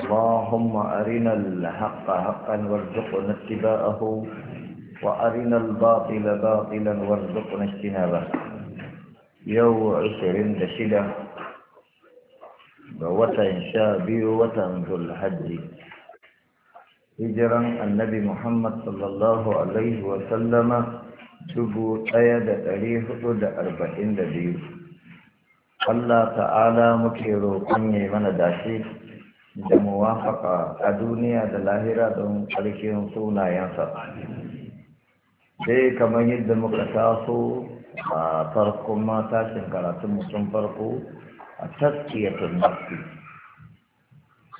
اللهم أرنا الحق حقا وارزقنا اتباعه وأرنا الباطل باطلا وارزقنا اجتنابه يو عسر دشلة بوتا شابي ووتن ذو الحج هجرا النبي محمد صلى الله عليه وسلم تبو أيد أليه قد أربعين da الله تعالى مكيرو Allah من muke da muwafaka a duniya da lahira don ƙarshen sunayensa Sai kamar yadda muka taso a farkon matashin karatun mutum farko a taskiyatun nafi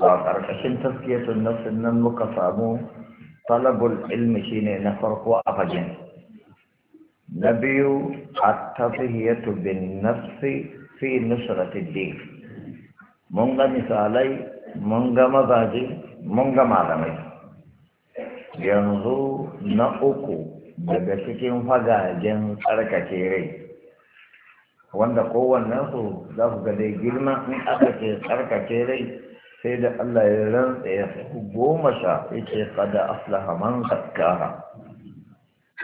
a ƙarƙashin taskiyatun nafsi nan muka samu talabul ilmi shine na farko a fagen na biyu a tafiyatun bin nafi fi nusratid din mun ga misalai mun ga mazaje mun ga malamai yanzu na uku daga cikin fagagen tsarkake rai wanda kowannensu za su ga dai girma in aka ce tsarkake rai sai da Allah ya rantsa ya su goma sha yake kada aslaha man zakkaha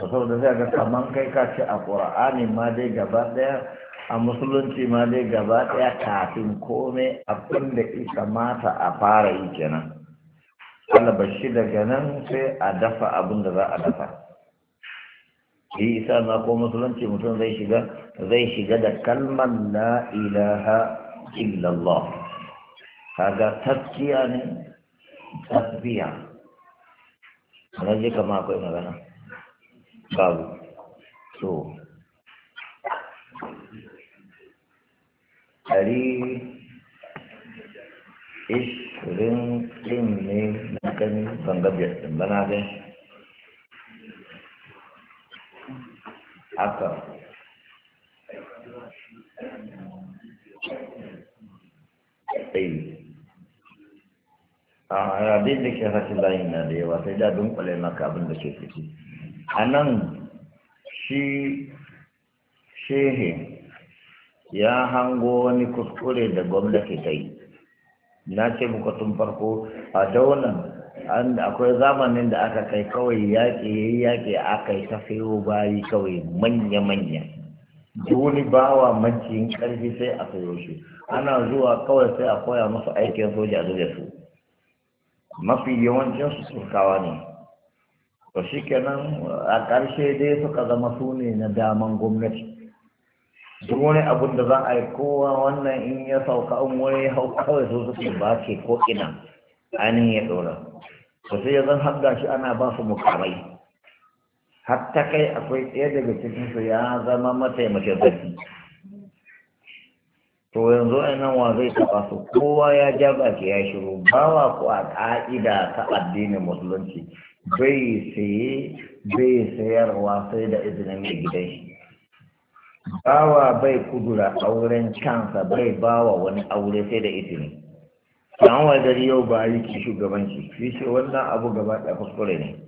to saboda sai ga kaman kai ka ce a qur'ani ma dai gaba ɗaya? a musulunci ma dai gaba ɗaya kafin kome abin da isa mata a fara yi kenan shi daga nan sai a dafa abin da za a dafa shi isa na ko musulunci mutum zai shiga zai shiga da kalmar la ilaha illallah kaga taskiya ne tasbiya jika ma akwai magana babu so ɗari ishirin ɗin ne na gani ban ga biyar ɗin ba na gani haka ɗai a rabin da ke hasi layin na da yawa sai da dunkule maka abin da ke fiti a nan shi shehin ya hango wani kuskure da gwamnati ta yi na ce muka tun farko a an akwai zamanin da aka kai kawai yaƙi yaƙi aka yi tafiyo bayi kawai manya-manya duni bawa manciyin ƙarfi sai a sayo shi ana zuwa kawai sai a koya masu aikin soja zuwa su mafi yawancin su turkawa ne to shi kenan a ƙarshe dai suka zama su ne na daman gwamnati duk wani abun da za a yi kowa wannan in ya sauka an wani ya hau kawai su suke ba ke ko ina ainihin ya ɗora to sai ya zan haɗa shi ana ba su mukamai hatta kai akwai ɗaya daga cikin su ya zama mataimakin zafi to yanzu a nan wa zai taɓa su kowa ya ja ke ya shiru bawa ko a ƙa'ida ta addinin musulunci bai saye bai sayarwa sai da izinin mai gidan shi bawa bai kudura auren kansa bai bawa wani aure sai da izini an wajen gari yau ba yi ki shugabanci shi ce wannan abu gaba da kuskure ne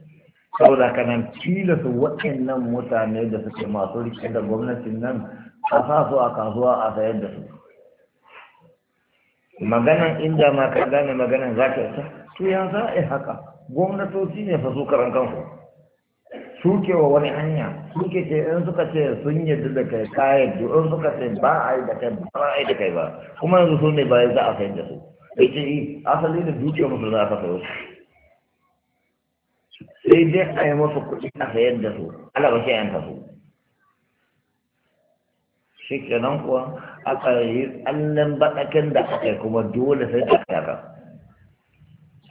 saboda kanan tilasa waɗannan mutane da suke masu rike da gwamnatin nan a sa su a kasuwa a sayar da su maganan inda ma ka gane maganan za ka ta to ya a yi haka gwamnatoci ne fa su karan kansu suke wa wani hanya suke ce in suka ce sun yadda da kai kayan in suka ce ba a yi da kai ba a yi da kai ba kuma yanzu su ne bayan za a sayar da su da ce eh, asali da dukiyar musu za ka wasu sai dai a yi masu kuɗi a sayar da su alaba shi yanka su shi kenan kuwa aka yi tsallen baɗakin da aka yi kuma dole sai a kaka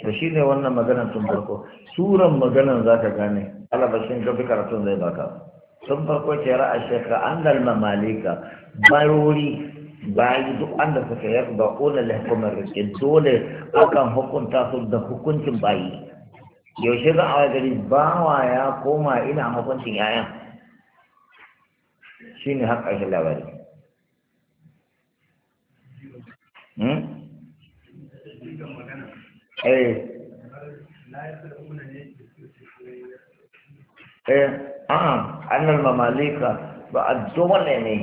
to shi ne wannan maganar tun farko suran maganar za ka gane alabashin gabi karatun zai baka sun farko ce ra'a shekha an dalma malika barori bayi duk da suka ba ƙona lahukumar rikin dole akan hukunta su da hukuncin bayi yaushe za a gari bawa ya koma ina hukuncin yayan shi ne haka ƙarshen labari hmm? eh eh a'a annal mamalika ba a dole ne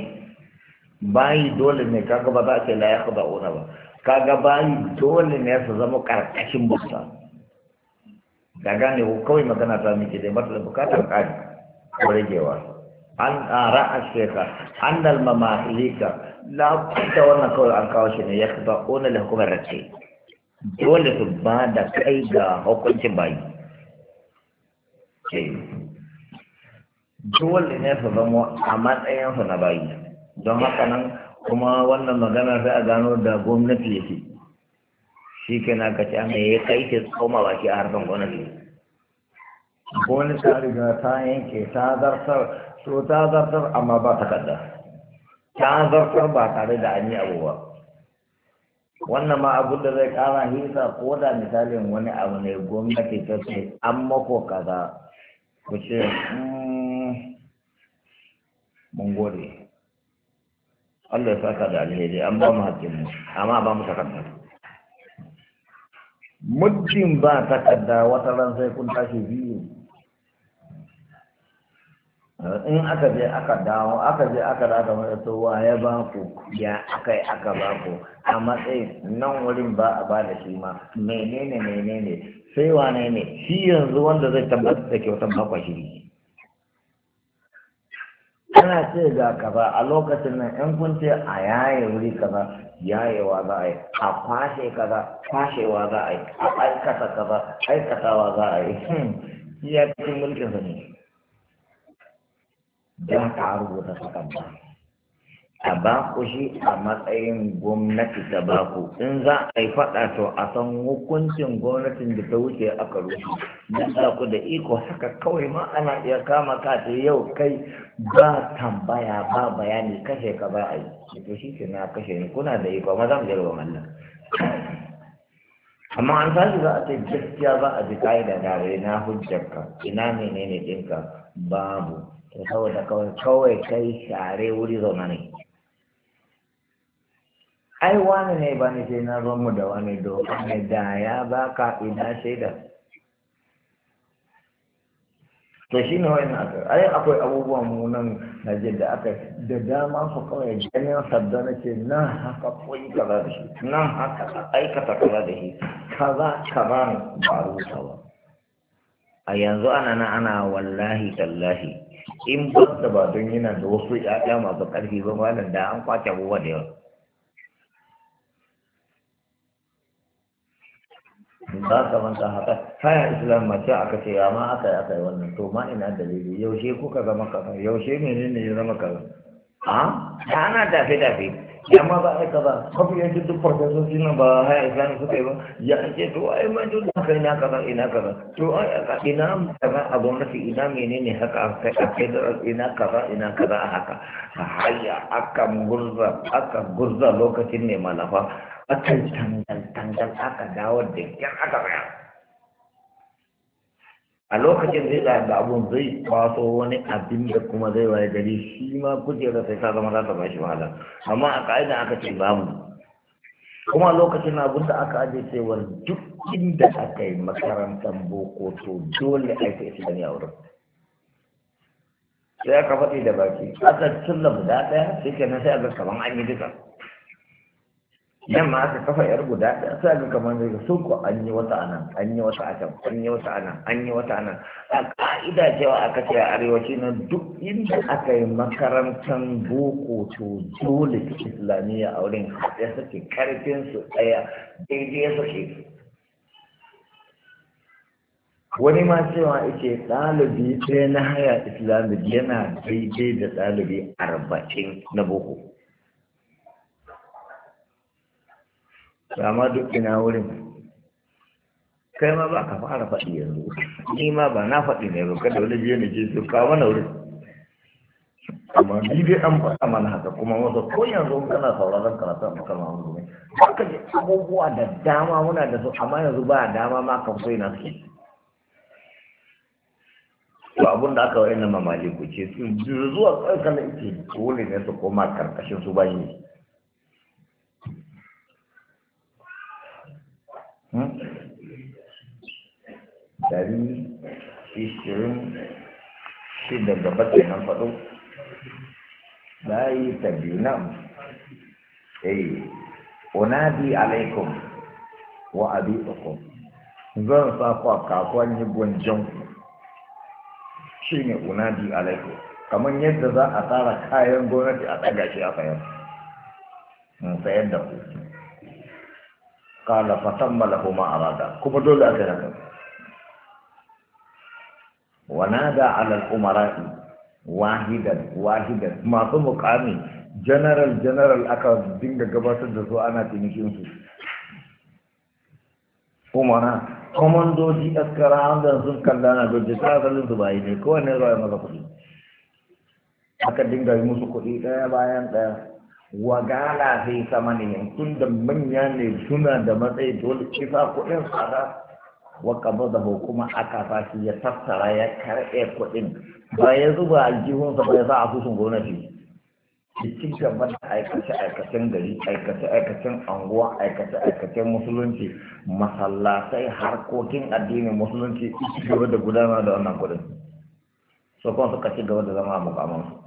bayi dole ne kaga ba za a ce la ya kuda ona ba kaga bayi dole ne su zama karkashin bauta ka gane ko kawai magana ta miki dai mata da bukatar kari ko ragewa an ara a sheka an dal mamalika la kuta wannan kawai an kawo shi ne ya kuda ona la kuma race dole su ba da kai ga hukuncin bayi eh. dole ne su zama a matsayinsu na bayi don haka nan kuma wannan magana sai a gano da gwamnati yake shi ke na kaci ah, mai ya kai ke tsoma shi a harkar gwamnati gwamnati ta riga ta yanke ta zartar so ta zartar amma ba takarda ta zartar ba tare da an yi abu ba wannan ma abu da zai kara hisa ko da misalin wani abu ne gwamnati ta ce an mako kaza ku ce hmm, mun gode Allah ya saka da alheri an ba mu hakkin mu amma ba mu takarda muddin ba takarda wata ran sai kun tashi biyu in aka je aka dawo aka je aka dawo mai wa ya ba ku ya akai aka ba ku a matsayin nan wurin ba a ba da shi ma menene menene sai wane ne shi yanzu wanda zai tabbatar da kyautar bakwa shi ana ce ga kaza a lokacin nan in kun ce a yaye wuri kaza yayewa za a yi a kwashe kaza kwashewa za a yi a aikata kaza aikatawa za a yi hmm, iya cikin mulkin sa ne don ka rubuta sakamba a ba ku shi a matsayin gwamnati ta baku, in za a yi faɗa to a san hukuncin gwamnatin da ta wuce aka rushe na ku da iko haka kawai ma ana iya kama ka ta yau kai ba tambaya ba bayani kashe ka ba a yi to shi ke na kashe ni kuna da iko ma za mu jarba amma an sashi za a ce gaskiya ba a ji da dare na ka, ina menene ɗinka babu saboda kawai kai share wuri zaune ne ai wani ne ba ni sai na da wani doka ne da ya ba ka ina shaida to shi ne wani aka ai akwai abubuwan mu nan na jin da aka da dama su kawai ganin sabda na ce nan haka koyi kaza da shi nan haka aikata kaza da shi kaza kaza ne ba rusa ba a yanzu ana na ana wallahi tallahi in ba da ba don yana da wasu yaya masu ƙarfi ba malam da an kwace abubuwa da yawa za ka manta haka haya islam mace aka ce ma aka yi aka yi wannan to ma ina dalili yaushe kuka zama kaza yaushe ne ne ya zama kaza a da ana tafe tafe yamma ba a kaza kafi ya ce duk farfesoci nan ba haya islam suka yi ba ya ce to ai ma duk haka ina kaza ina kaza to ai aka ina kaza a gwamnati ina me haka a kai a kai da ina kaza ina kaza a haka a haya aka gurza aka gurza lokacin ne malafa bakai tangal tangal aka dawo da kyan aka tsaya a lokacin zai tsaya da abun zai kwaso wani abin da kuma zai waye gari shi ma kujera sai ka zama za ta bashi wahala amma a ka'ida aka ce babu kuma lokacin abin da aka ajiye cewar duk inda aka yi makarantar boko to dole ake a wurin sai aka faɗi da baki aka cilla guda ɗaya sai kenan sai aka kaman an yi duka yamma aka kafa yar guda ɗaya sai ga kamar zai ga ko an yi wata anan an yi wata anan an yi wata anan an yi wata anan a ka'ida cewa aka ce a arewaci na duk inda aka yi makarantar boko to dole ta islamiyya a wurin ya sake karfin su ɗaya daidai ya sake wani ma cewa ake ɗalibi ɗaya na haya islamic yana daidai da ɗalibi arba'in na boko amma duk ina wurin kai ma ba ka fara faɗi yanzu ni ma ba na faɗi ne ba da wani je ne je su kawo mana wurin amma ni dai an faɗa mana haka kuma wasu ko yanzu kana sauraron karatun makarma mun wani ba haka ne abubuwa da dama muna da su amma yanzu ba dama ma kan so na suke to abun da aka wa'in na mamali ku ce su zuwa ƙarƙar da ita dole ne su koma karkashin su yi? Hmm? dari ishirin shida gaba kenan faɗo layi ta biyu nan eh unadi alaikum wa abidukum zan sa ku a kakuwan hibbon janku shi ne unadi alaikum kamar yadda za a tsara kayan gwamnati a ɗaga shi hmm, a sayar sayar da ku kala fatamma lahu ma arada kuma dole aka haka ونادى على الأمراء واحدا واحدا ما في مقامي جنرال جنرال أكا دينجا قباسة دسو أنا تنكين سو أمراء كوماندو جي أسكرا عمدا سن كلانا دو جتا سلن سبايي ني كوانا رأي مضا قدي أكا دينجا يمسو قدي تايا بايان تايا sai sama ne tun da manya ne suna da matsayi dole kisa kuɗin tsada wa qabadahu kuma aka shi ya tattara ya karɓe kuɗin ba ya zuba aljihunsa ba ya sa a kusun gwamnati ki ci gaba da aikace-aikacen gari aikace-aikacen anguwa aikace-aikacen musulunci masallatai harkokin addinin musulunci ci gaba da gudanar da wannan kuɗin so kuma suka ci gaba da zama a mukamansu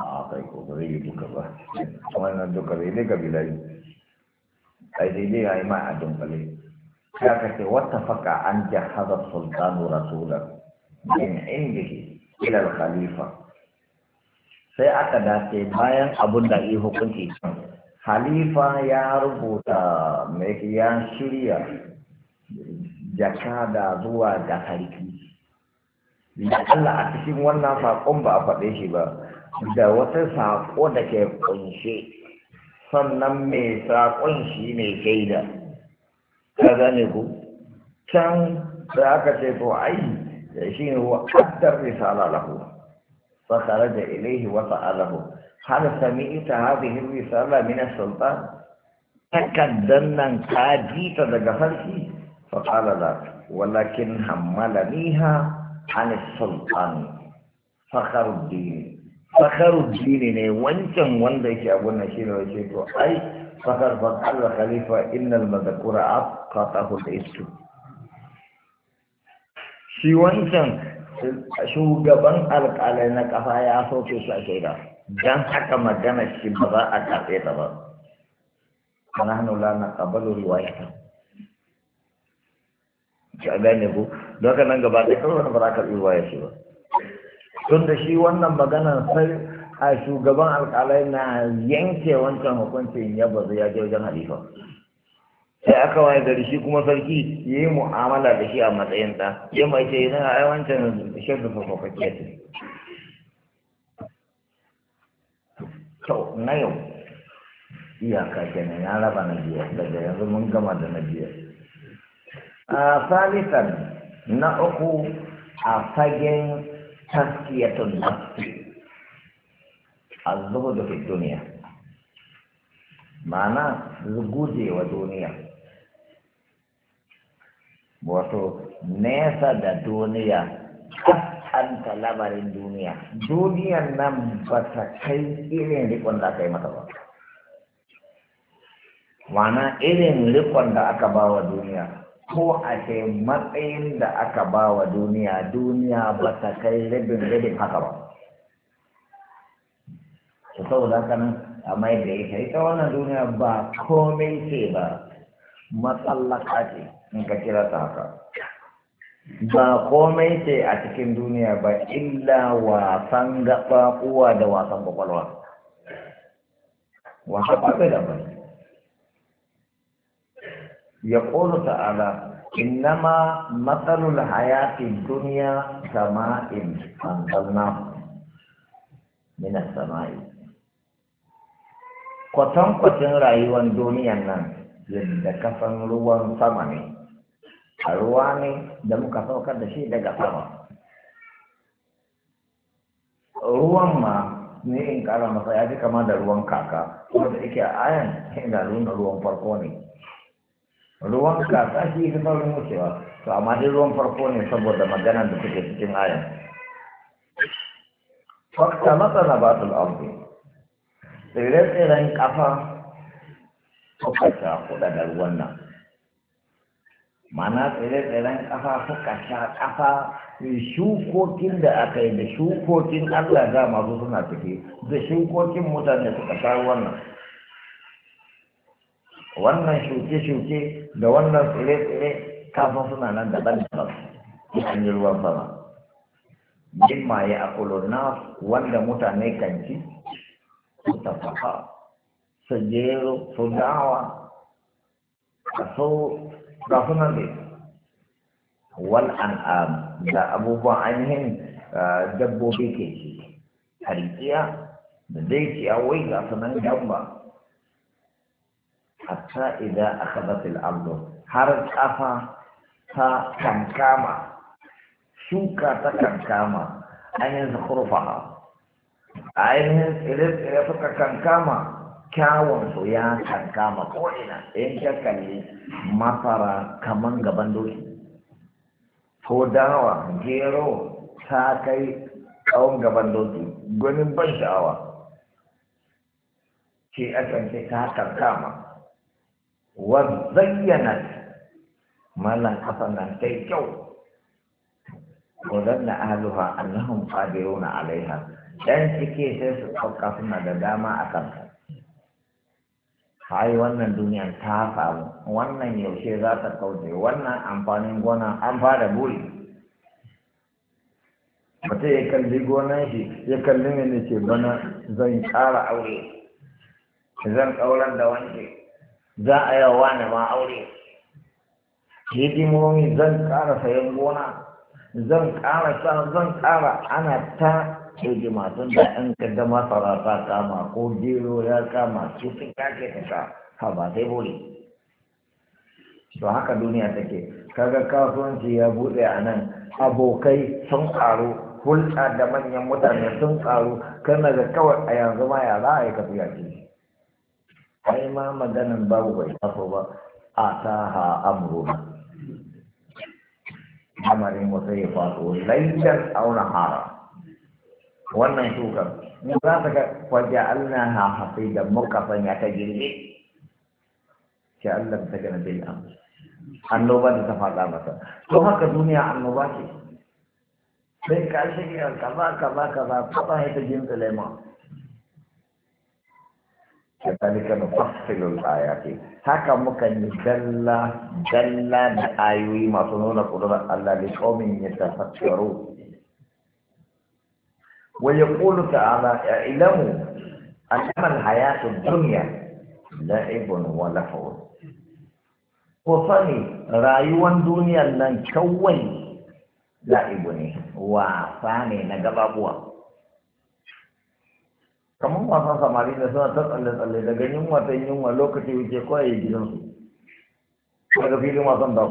a kai ko ba zai yi duka ba wannan duka zai dai kabila yi ai dai dai yayi ma a dunkule ya kace wata faka an jahaza sultanu rasulan min indihi ila khalifa sai aka dace bayan abun da yi hukunci khalifa ya rubuta mai ya shirya jakada zuwa ga sarki da Allah a cikin wannan saƙon ba a faɗe shi ba da wata saƙo da ke ƙunshe sannan mai saƙon shi mai gaida ka gane ku can da aka ce to ai shi ne wa addar risala lahu fa kharaja ilayhi wa sa'alahu hal sami'ta hadhihi risala min as-sultan takaddan nan ka ta daga farki fa qala la walakin hammalaniha an as-sultan fakhruddin fakaruddini ne wancan wanda yake shi ne wa wace to ai fakar fakar Allah khalifa innal a aqatahu da isu shi wancan shugaban alƙalai na ƙasa ya soke su a shaida don haka magana shi ba za a kafe ta ba nahnu la naqabalu riwayata ki gane ku don haka nan gaba da kawai wani ba za ka riwaya shi ba tun da shi wannan maganar sai a shugaban alƙalai na yanke wancan hukuncin ya bazu ya je wajen halifa sai aka waye gari shi kuma sarki ya yi mu'amala da shi a matsayin ɗa ya mai ce yana ai wancan shirin ce kyau na yau iyaka kenan ya raba na biyar daga yanzu mun gama da na biyar a salisan na uku a fagen تزكية النفس duniya, في الدنيا معنى زجوجي ودنيا wato nesa da duniya kaskanta labarin duniya duniyan nan ba ta kai irin rikon da aka yi mata ba mana irin rikon da aka ba wa duniya ko a ce matsayin da aka ba wa duniya duniya ba ta kai rabin ribin haka ba su saboda haka nan a mai da ita ita wannan duniya ba komai ce ba matsalaka ce in ka kira ta haka ba komai ce a cikin duniya ba illa wasan uwa da wasan kwakwalwa wasan kwakwalwa da bai Ya يقول تعالى إنما مثل الحياة الدنيا سماء أنزلناه من السماء kwatan kwatan rayuwar duniyan nan yadda kasan ruwan sama ne a ruwa ne da muka saukar da shi daga sama ruwan ma ne in kara masa ya fi kama da ruwan kaka kuma yake a ayan ina nuna ruwan farko ne ruwan kasa shi fi saurin wucewa to amma dai ruwan farko ne saboda magana da suke cikin ayan fakta matsala ba su al'amfi tsire-tsiren kafa suka sha kuɗa da ruwan mana tsire-tsiren kafa suka sha kafa shukokin da aka yi da shukokin allah ga masu suna ciki da shukokin mutane suka sha ruwan wannan shuke-shuke da wannan tsire-tsire kafin suna nan daban-daban cikin yi ruwan sama Jin ya akulu na wanda mutane kan ci su tafafa su jero su dawa a sau ga sunan ne wal an'am da abubuwan ainihin dabbobi ke ci harikiya da dai ciyawai ga sunan ba. hatta ida aka batil har kafa ta kankama shuka ta kankama ayin zakhrufa ayin tsire-tsire ta kankama su ya kankama ko ina? in ka kalli masara kaman gaban doki ko dawa gero ta kai tsawon gaban doki gwanin ban sha'awa ke a ce ta kankama wa zayyana malan hasanan kai kyau wadanna ahluha annahum qadiruna alaiha dan cike sai su ɗauka suna da dama a kan hai wannan duniyan ta samu wannan yaushe za ta kauce wannan amfanin gona an fara buri mutum ya kalli gonan shi ya kalli ne ce bana zan ƙara aure zan kaurar da wanke za a yawa wani ma aure hidimomi zan ƙara sayan gona zan ƙara sa zan kara ana ta hidima tun da an kada masara ta kama ko jero ya kama cikin kake ta sa ha ba sai bore to haka duniya take kaga kasuwanci ya buɗe a nan abokai sun ƙaru hulɗa da manyan mutane sun ƙaru kana da kawai a yanzu ma ya za a yi ka ai ma maganan babu bai taso ba a ta ha amruna amarin wata ya faso laifin auna hara wannan shukar mu za ta ga kwaja Allah ha hafi da muka sanya ta girbe. ke Allah ta gana bil am annoba da ta faɗa masa to haka duniya annoba ce sai ka shirya kaza kaza kaza faɗa ya ta jinsu lema كذلك نفصل الآيات هكا ممكن دل دل نأيوي ما تنونا قدر الله لقوم يتفكرون ويقول تعالى اعلموا أنما الحياة الدنيا لعب ولهو وصني رايوان دنيا لن كوي لعب وفاني نقبابوها kamar wasan samari da suna ta tsalle-tsalle daga yunwa ta yunwa lokaci wuce kwaye gidansu daga filin wasan ba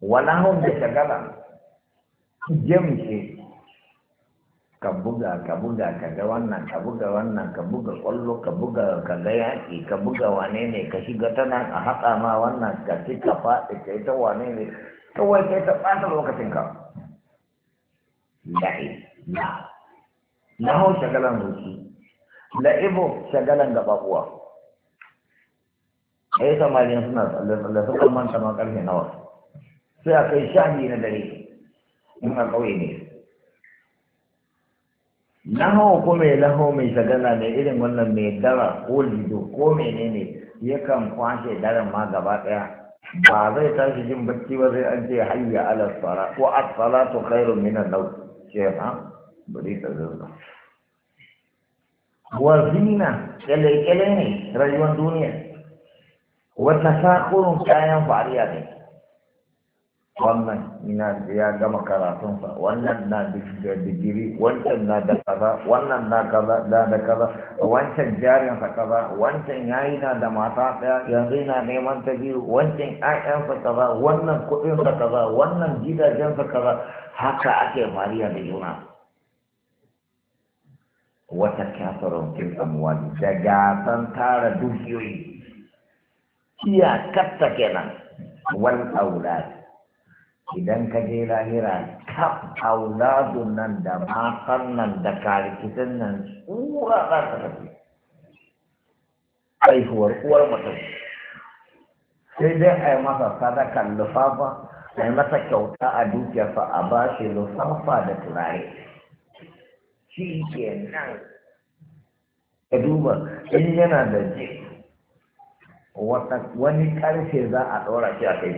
Wala hau da shagala jamce ka buga ka buga ka ga wannan ka buga wannan ka buga kwallo ka buga ka ga yaƙi ka buga wane ne ka shiga ta nan a haƙa ma wannan ka ci ka faɗi ka ta wane ne kawai kai ta ɓata lokacinka la'i naho shagalan zuci la ibo shagalan gaba kuwa ai samarin suna tsalle-tsalle su kan ma karfe nawa sai a kai sha biyu na dare in a ƙauye ne naho ko mai laho mai shagala ne irin wannan mai dara ko lido ko menene yakan kwashe daren ma gaba daya ba zai tashi jin bacci ba sai an ce hayya ala sala ko as-salatu khairun min an-nawm ce ha bari ka zurga wa zina kyale-kyale ne rayuwar duniya wata sakurun kayan fariya ne wannan ina ya gama karatunsa wannan na da digiri wancan na da kaza wannan na kaza da da kaza wancan jarinsa kaza wancan yayi na da mata daya yanzu yana neman ta biyu wancan ƴaƴansa kaza wannan kuɗinsa kaza wannan gidajensa kaza haka ake fariya da juna wata kasarar fil amwali da gasan tara dukiyoyi katta kenan wani aula idan ka je lahira kaf don nan da matan nan da karikitan nan tsura za ta tafi haihuwar uwar mutum sai dai a yi masa sadakan lufafa a yi masa kyauta a dukiyarsa a bashi lufafa da turare shi ke nan ka duba in yana da ji wani karfe za a ɗora shi a kai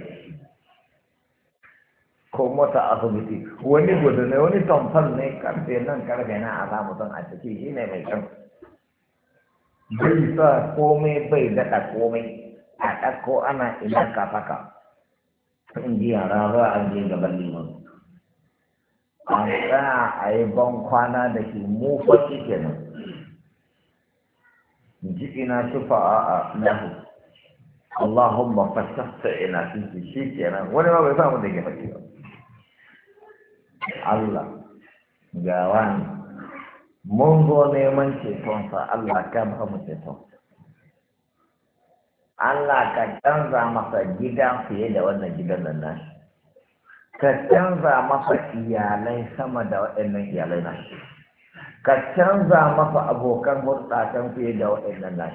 ko mota asibiti wani gudu ne wani tamfar ne karfe nan karfe na a samu son a ciki shi ne mai kyau bai sa komai bai daɗa komai a ɗako ana ina kafaka in ji yara za a je gaban lima an tsaya a yi ban kwana da shi mu fashi kenan jikina shufa a lahu Allahumma fasasta ina sinci shi nan wani ma bai samu da ke faɗi ba Allah ga wani mun zo neman cetonsa Allah ka ba mu ceton Allah ka canza masa gida fiye da wannan gidan nan nashi ka canza masa iyalai sama da waɗannan iyalai na ka canza masa abokan hulɗa can fiye da waɗannan na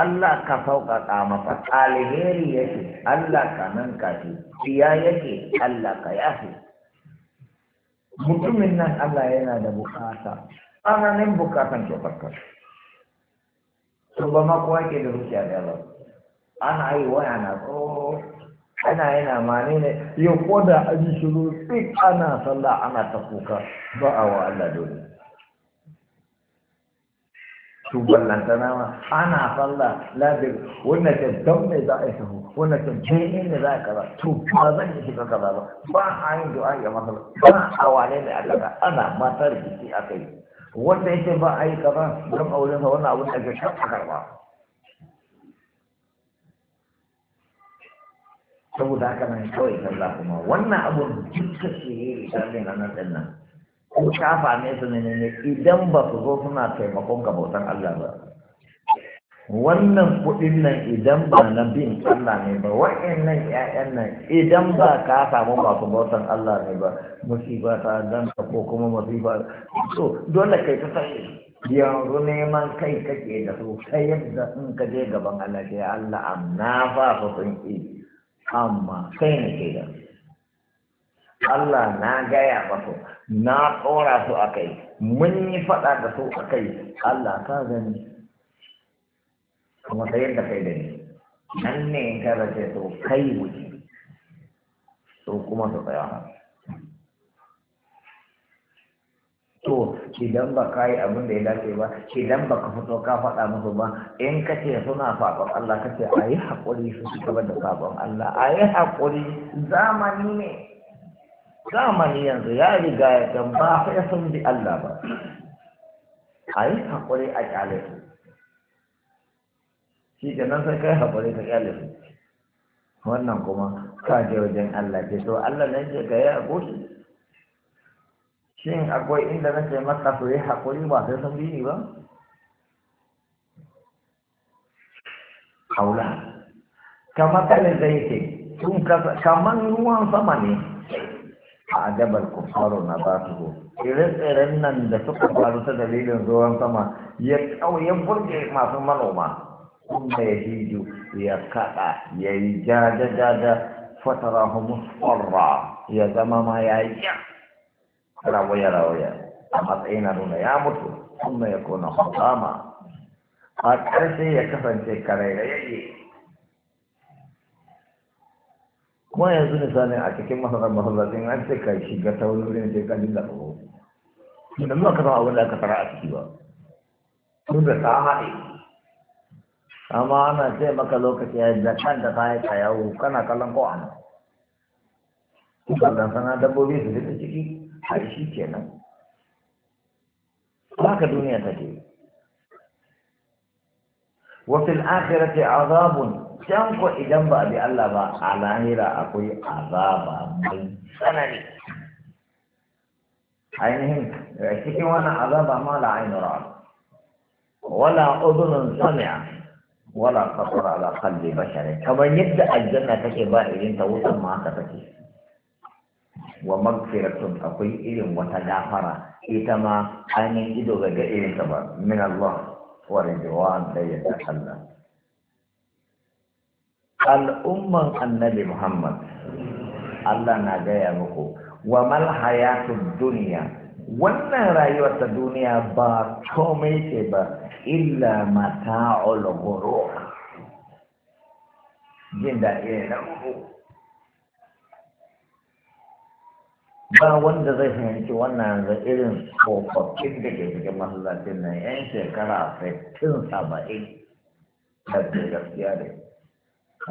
Allah ka sauƙaƙa masa alheri yake Allah ka nan kashi iya yake Allah ka yafe mutumin nan Allah yana da bukata tsananin bukatan kyautarka su ba ma ke da zuciya da yawa ana yi waya na tsoro ana yana mane ne yau ko da aji shiru duk ana sallah ana ta kuka ba a wa Allah dole to ballanta nama ana sallah labir wannan ta dan me za a yi sahu wannan ta dan ne za a kaza to ba zan yi shiga kaza ba ba a yin du'a ya masala ba a wane ne Allah ka ana matar a akai wanda yake ba a yi kaza don aure sa wannan abun da ke shakka karba saboda haka nan kawai sallah kuma wannan abun duka shi yi ranar ɗin nan ko shafa ne su ne ne idan ba su zo suna taimakon ka bautan Allah ba wannan kuɗin nan idan ba na bin Allah ne ba nan ƴaƴan nan idan ba ka samu masu bautan Allah ne ba musiba ta danta ko kuma musiba to dole kai ta sai yanzu neman kai kake da su kai yadda in ka je gaban Allah ya Allah amma fa sun yi amma kai ne ke da Allah na gaya masu na tsora su a kai mun yi faɗa da su a kai Allah ka gani kuma ta yadda kai da ni nan ne ka karace to kai wuce su kuma su tsaya to idan ba ka yi abin da ya dace ba idan ba ka fito ka faɗa musu ba in ka ce suna faɗon Allah ka ce a yi haƙuri su ci gaba da faɗon Allah a yi haƙuri zamani ne zamani yanzu ya riga ya can ba sai sun bi Allah ba a yi haƙuri a ƙyale su shi ke nan sai kai haƙuri ka ƙyale su wannan kuma ka je wajen Allah ce to Allah ne ke ka yi haƙuri shin akwai inda na ce maka su yi haƙuri ba sai sun bini ba haula kamar kalin zai ce sun kamar ruwan sama ne a ajabar kufaro na ba su zo tsire tseren nan da suka faru ta dalilin ruwan sama ya ƙauyen burge masu manoma kuma ya hiju ya kaɗa ya yi jaja-jaja fatara homo ya zama ma ya yi rawaya rawaya a matsayin nuna ya mutu kuma ya kona hukama a ƙarshe ya kasance karairayayye kuma yanzu misalin a cikin masarar masallacin an ce ka shiga ta wani wurin sai ka lilla ko aka abin a ciki ba tun da ta haɗe amma ana ce maka lokaci ya da kan kana kallon da sana dabbobi su ciki, Harshe shi kenan haka duniya ta ke. wa fil ce azabun can ko idan ba bi Allah ba a lahira akwai azaba mai tsanani ainihin cikin wannan azaba ma la ainu ra'a wala udhunun sami'a wala khatara ala qalbi bashari kamar yadda aljanna take ba irin ta wutan ma haka take wa magfiratun akwai irin wata gafara ita ma ainihin ido ga ga irin ta ba min Allah wa ridwan da ya ta Allah al'umman annabi Muhammad Allah na gaya muku wa mal hayatud dunya wannan rayuwar ta duniya ba komai ce ba illa mata'ul ghurur jin da irin na ba wanda zai fahimci wannan da irin tsofaffin da ke cikin masallacin nan yan shekara sittin saba'in da ke gaskiya da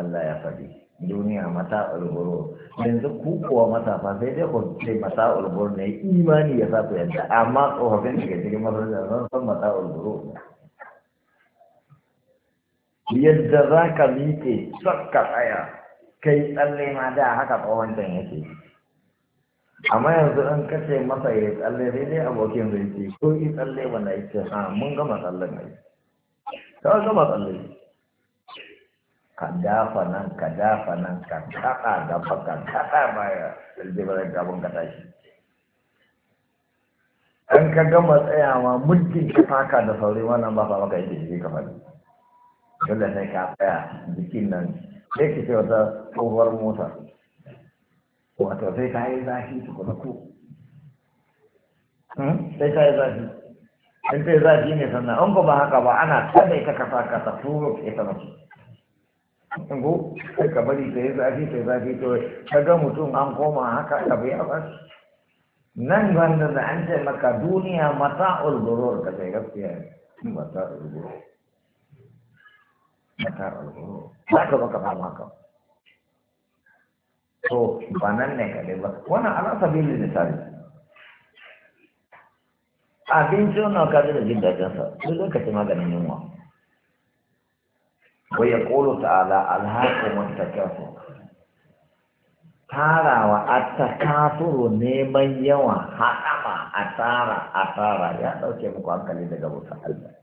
Allah ya faɗi duniya mata ulburu yanzu ku kuwa matafa sai dai ku ce mata ulburu ne imani ya sa yadda amma tsofaffin da ke cikin masallacin sun san mata ulburu yadda za ka miƙe sakka tsaya kai tsalle ma da haka tsohon can yake amma yanzu an kace masa ya tsalle sai dai abokin zai ce ko yi tsalle wanda ya ce ha mun gama tsallen ne ta gama tsalle ka dafa nan ka dafa nan ka kaɗa gaba ka kaɗa baya zai gabon ka tashi an ka gama tsayawa muddin ka faka da sauri wannan ba fa maka yadda jiki ka faɗi dole sai ka tsaya jikin nan sai ki ce wata tsohuwar mota wato sai ta yi zafi tukuna ku hmm? sai ta yi zafi in sai zafi ne sannan an ba haka ba ana tada ka kasa kasa turo ita mace in ko sai ka bari ta yi zafi ta yi zafi to ka ga mutum an koma haka ka bai a bashi nan gwanda da an ce maka duniya mata ulgurur ka sai gaskiya mata ulgurur mata ulgurur za ka baka fama haka to ba nan ne kaɗai ba wannan ala sabilin misali abinci wannan ka da jin daɗinsa duk lokacin maganin yunwa wa ya ƙolo ta'ala alhaƙumun takasu tarawa a takasuru neman yawa haɗama a tara a tara ya ɗauke muku hankali daga wuta Allah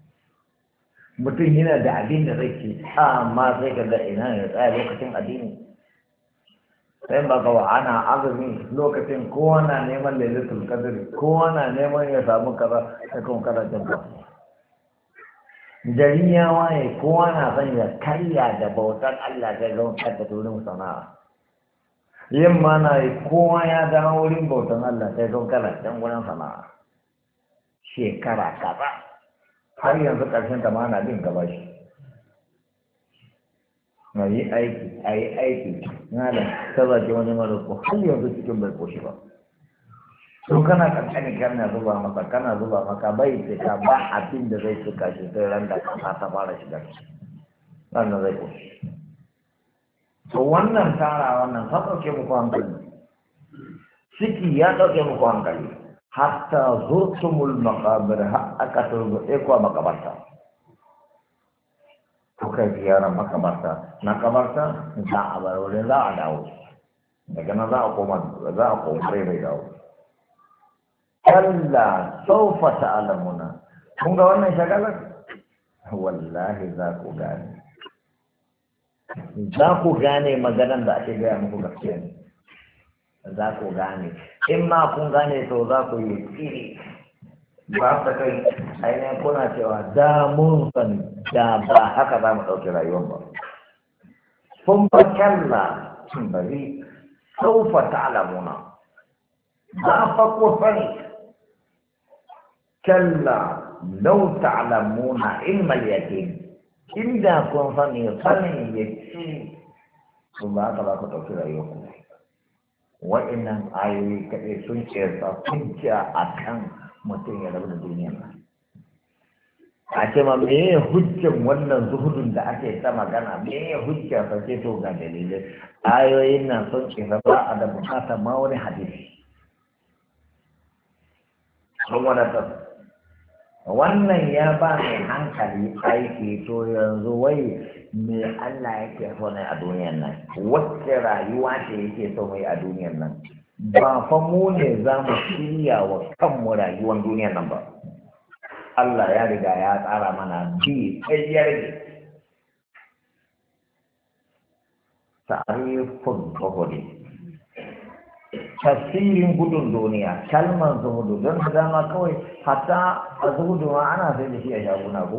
mutum yana da abin da zai ci amma sai ka ga ina ya tsaya lokacin addini sai ba ga ana azumi lokacin kowa na neman lailatul qadr kowa na neman ya samu kaza sai kan kada jin jari ya waye kowa na son ya karya da bautar Allah ga zaun kada wurin sana'a Yin mana yi kowa ya zama wurin bautar Allah sai zaun kada jin wurin sana'a shekara kaza har yanzu karshen ta mana bin gaba na yi aiki a yi aiki na da sarrafa wani mara ko har yanzu cikin bai koshi ba to kana kankani kana zuba masa kana zuba maka bai cika ba abin da zai cika shi sai ran da kasa ta fara shiga wannan zai koshi to wannan tara wannan ta ɗauke muku hankali ciki ya ɗauke muku hankali hatta zurtumul maqabir har aka turbe ku makabarta kuka ziyara makabarta na kabarta za a bar wurin za a dawo daga nan za a koma za a koma bai dawo kalla saufa ta'lamuna kun ga wannan shagalar wallahi za ku gane za ku gane maganar da ake gaya muku gaskiya ne za ku gane in ma kun gane to za ku yi tsiri ba su kai ainihin kuna cewa da mun san da ba haka za mu ɗauki rayuwar ba kun ba kyalla bari saufa ta alamuna za fa ko sani kyalla lau ta alamuna ilmal yakin inda kun sani sanin ce, sun ba haka za ku ɗauki rayuwar ku wa'innan ayoyi kaɗai sun ce sa kunciya a kan mutum ya rabu da duniyar nan a ce ma me ya hujjan wannan zuhudun da ake ta magana me ya hujja sa to ga dalilai ayoyin nan sun kira ba a da bukata ma wani hadisi sun wadatar wannan ya ba mai hankali aiki to yanzu wai me Allah yake so ne a duniyar nan wacce rayuwa ce yake so mai a duniyar nan ba fa mu ne za mu shirya wa kanmu rayuwar duniyar nan ba Allah ya riga ya tsara mana bi sai ya rage tarifin tasirin gudun duniya kalmar zuhudu don da dama kawai hatta a zuhudu ma ana sai da shi a shaguna ko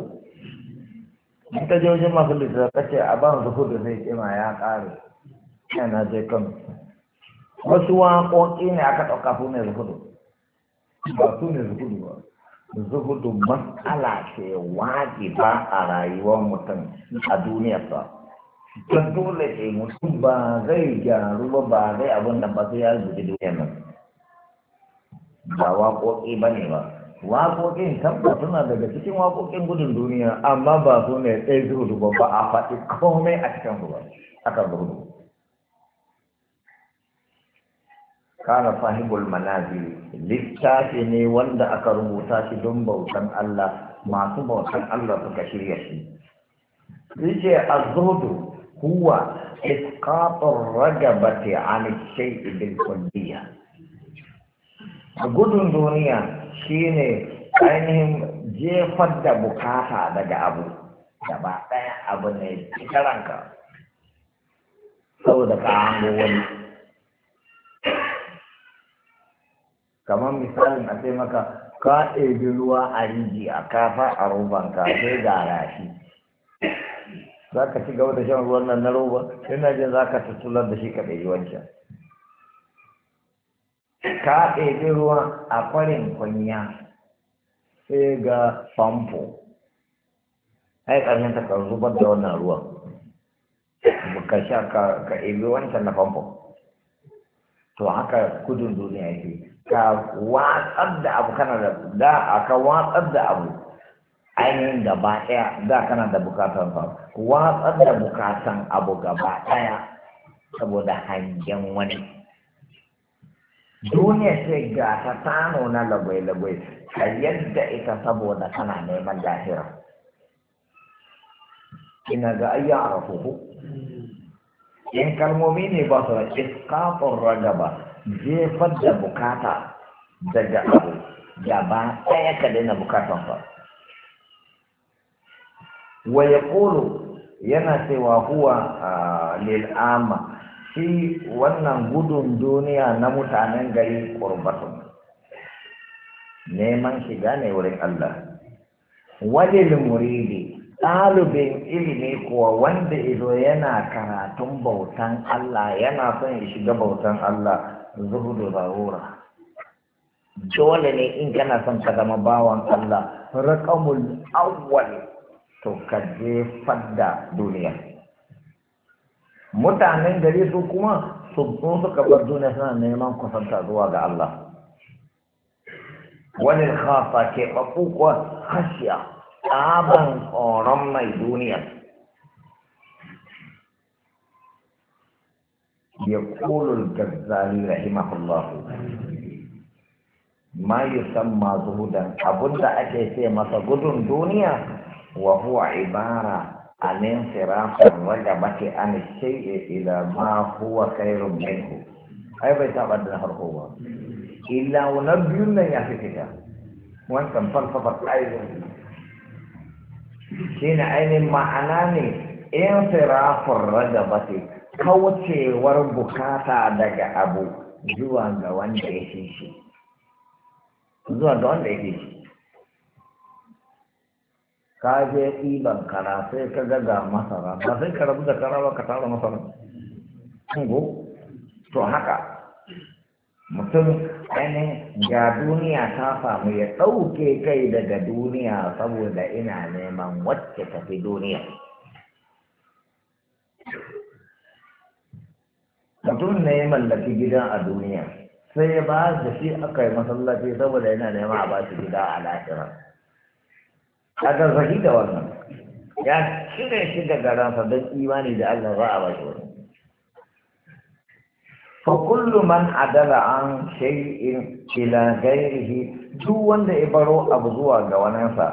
in ta je wajen masu littattafa ce a ban zuhudu zai tsima ya ƙare yana je kan wasu waƙoƙi ne aka ɗauka su ne zuhudu ba su ne zuhudu ba zuhudu matsala ce wajiba a rayuwar mutum a duniya ba ta dole ce mutum ba zai gyaru ba ba zai abin da ba sai ya guji duniyar nan ba waƙoƙi ba ne ba waƙoƙin tabbas suna daga cikin waƙoƙin gudun duniya amma ba su ne ɗaya zuhudu ba ba a faɗi komai a cikin ruwa akan zuhudu kana sahibul manazil littafi ne wanda aka rubuta shi don bautan Allah masu bautan Allah suka shirya shi yace az-zuhdu huwa isqatur ragabati an shay'i bil kulliyya gudun duniya shine ainihin jefar da bukata daga abu gaba ɗaya abu ne ranka saboda ka hango wani kamar misalin a sai maka ka ɗebi ruwa a riji a kafa a ka sai ga rashi za ka ci gaba da shan ruwan nan na roba ina jin za ka tuttular da shi ka ɗebi wancan ka ɗebi ruwa a kwarin kwanya sai ga famfo ai ƙarshen ta ka zubar da wannan ruwan ka sha ka ɗebi wancan na famfo to haka kudin duniya yake ka watsar da abu kana da da aka watsar da abu ainihin gaba ɗaya da kana da bukatan sa watsar da bukatan abu gaba ɗaya saboda hangen wani duniya ce ga ta tano na lagwai-lagwai ka yadda ita saboda kana neman lahira ina ga ayya a hmm. in kalmomi ne ba su da iskafin ragaba jefar da bukata daga abu gaba ɗaya ka daina bukatan ba wa ya yana cewa huwa lil'ama shi wannan gudun duniya na mutanen gari ƙurbatun neman shiga ne wurin Allah wajen muridi ɗalibin ilimi kuwa wanda ido yana karatun bautan Allah yana son ya shiga bautan Allah zuhudu zarura dole ne in kana son ka zama bawan Allah raƙamul awwal to ka jefar da duniya mutanen gari su kuma su zo suka bar duniya suna neman kusanta zuwa ga Allah wani khafa ke babu kuwa khashiya tsaban tsoron mai duniya يقول الغزالي رحمه الله ما يسمى زهدا أبدا أكيسي مسجد دنيا وهو عبارة عن انصراف الرغبة عن الشيء إلى ما هو خير منه أي بيت أبدا هو إلا ونبينا يا فكرة وأنتم فلسفة أيضا شين عين معناني انصراف الرغبة kaucewar bukata daga abu zuwa ga wanda ya fi shi zuwa ga wanda ya fi shi ka je ɗiban kara sai ka gaga masara ba sai ka rabu da kara ba ka tara masara ko to haka mutum ainihin ga duniya ta samu ya ɗauke kai daga duniya saboda ina neman wacce tafi duniya mutum ne ya mallaki gidan a duniya sai ya ba da shi aka yi masallaci saboda yana nema a ba gida a lahira kaga zaki da wannan ya cire shi daga ransa don imani da Allah za a ba shi wani fa kullu man adala an shay'in ila ghairihi duk wanda ya baro abu zuwa ga sa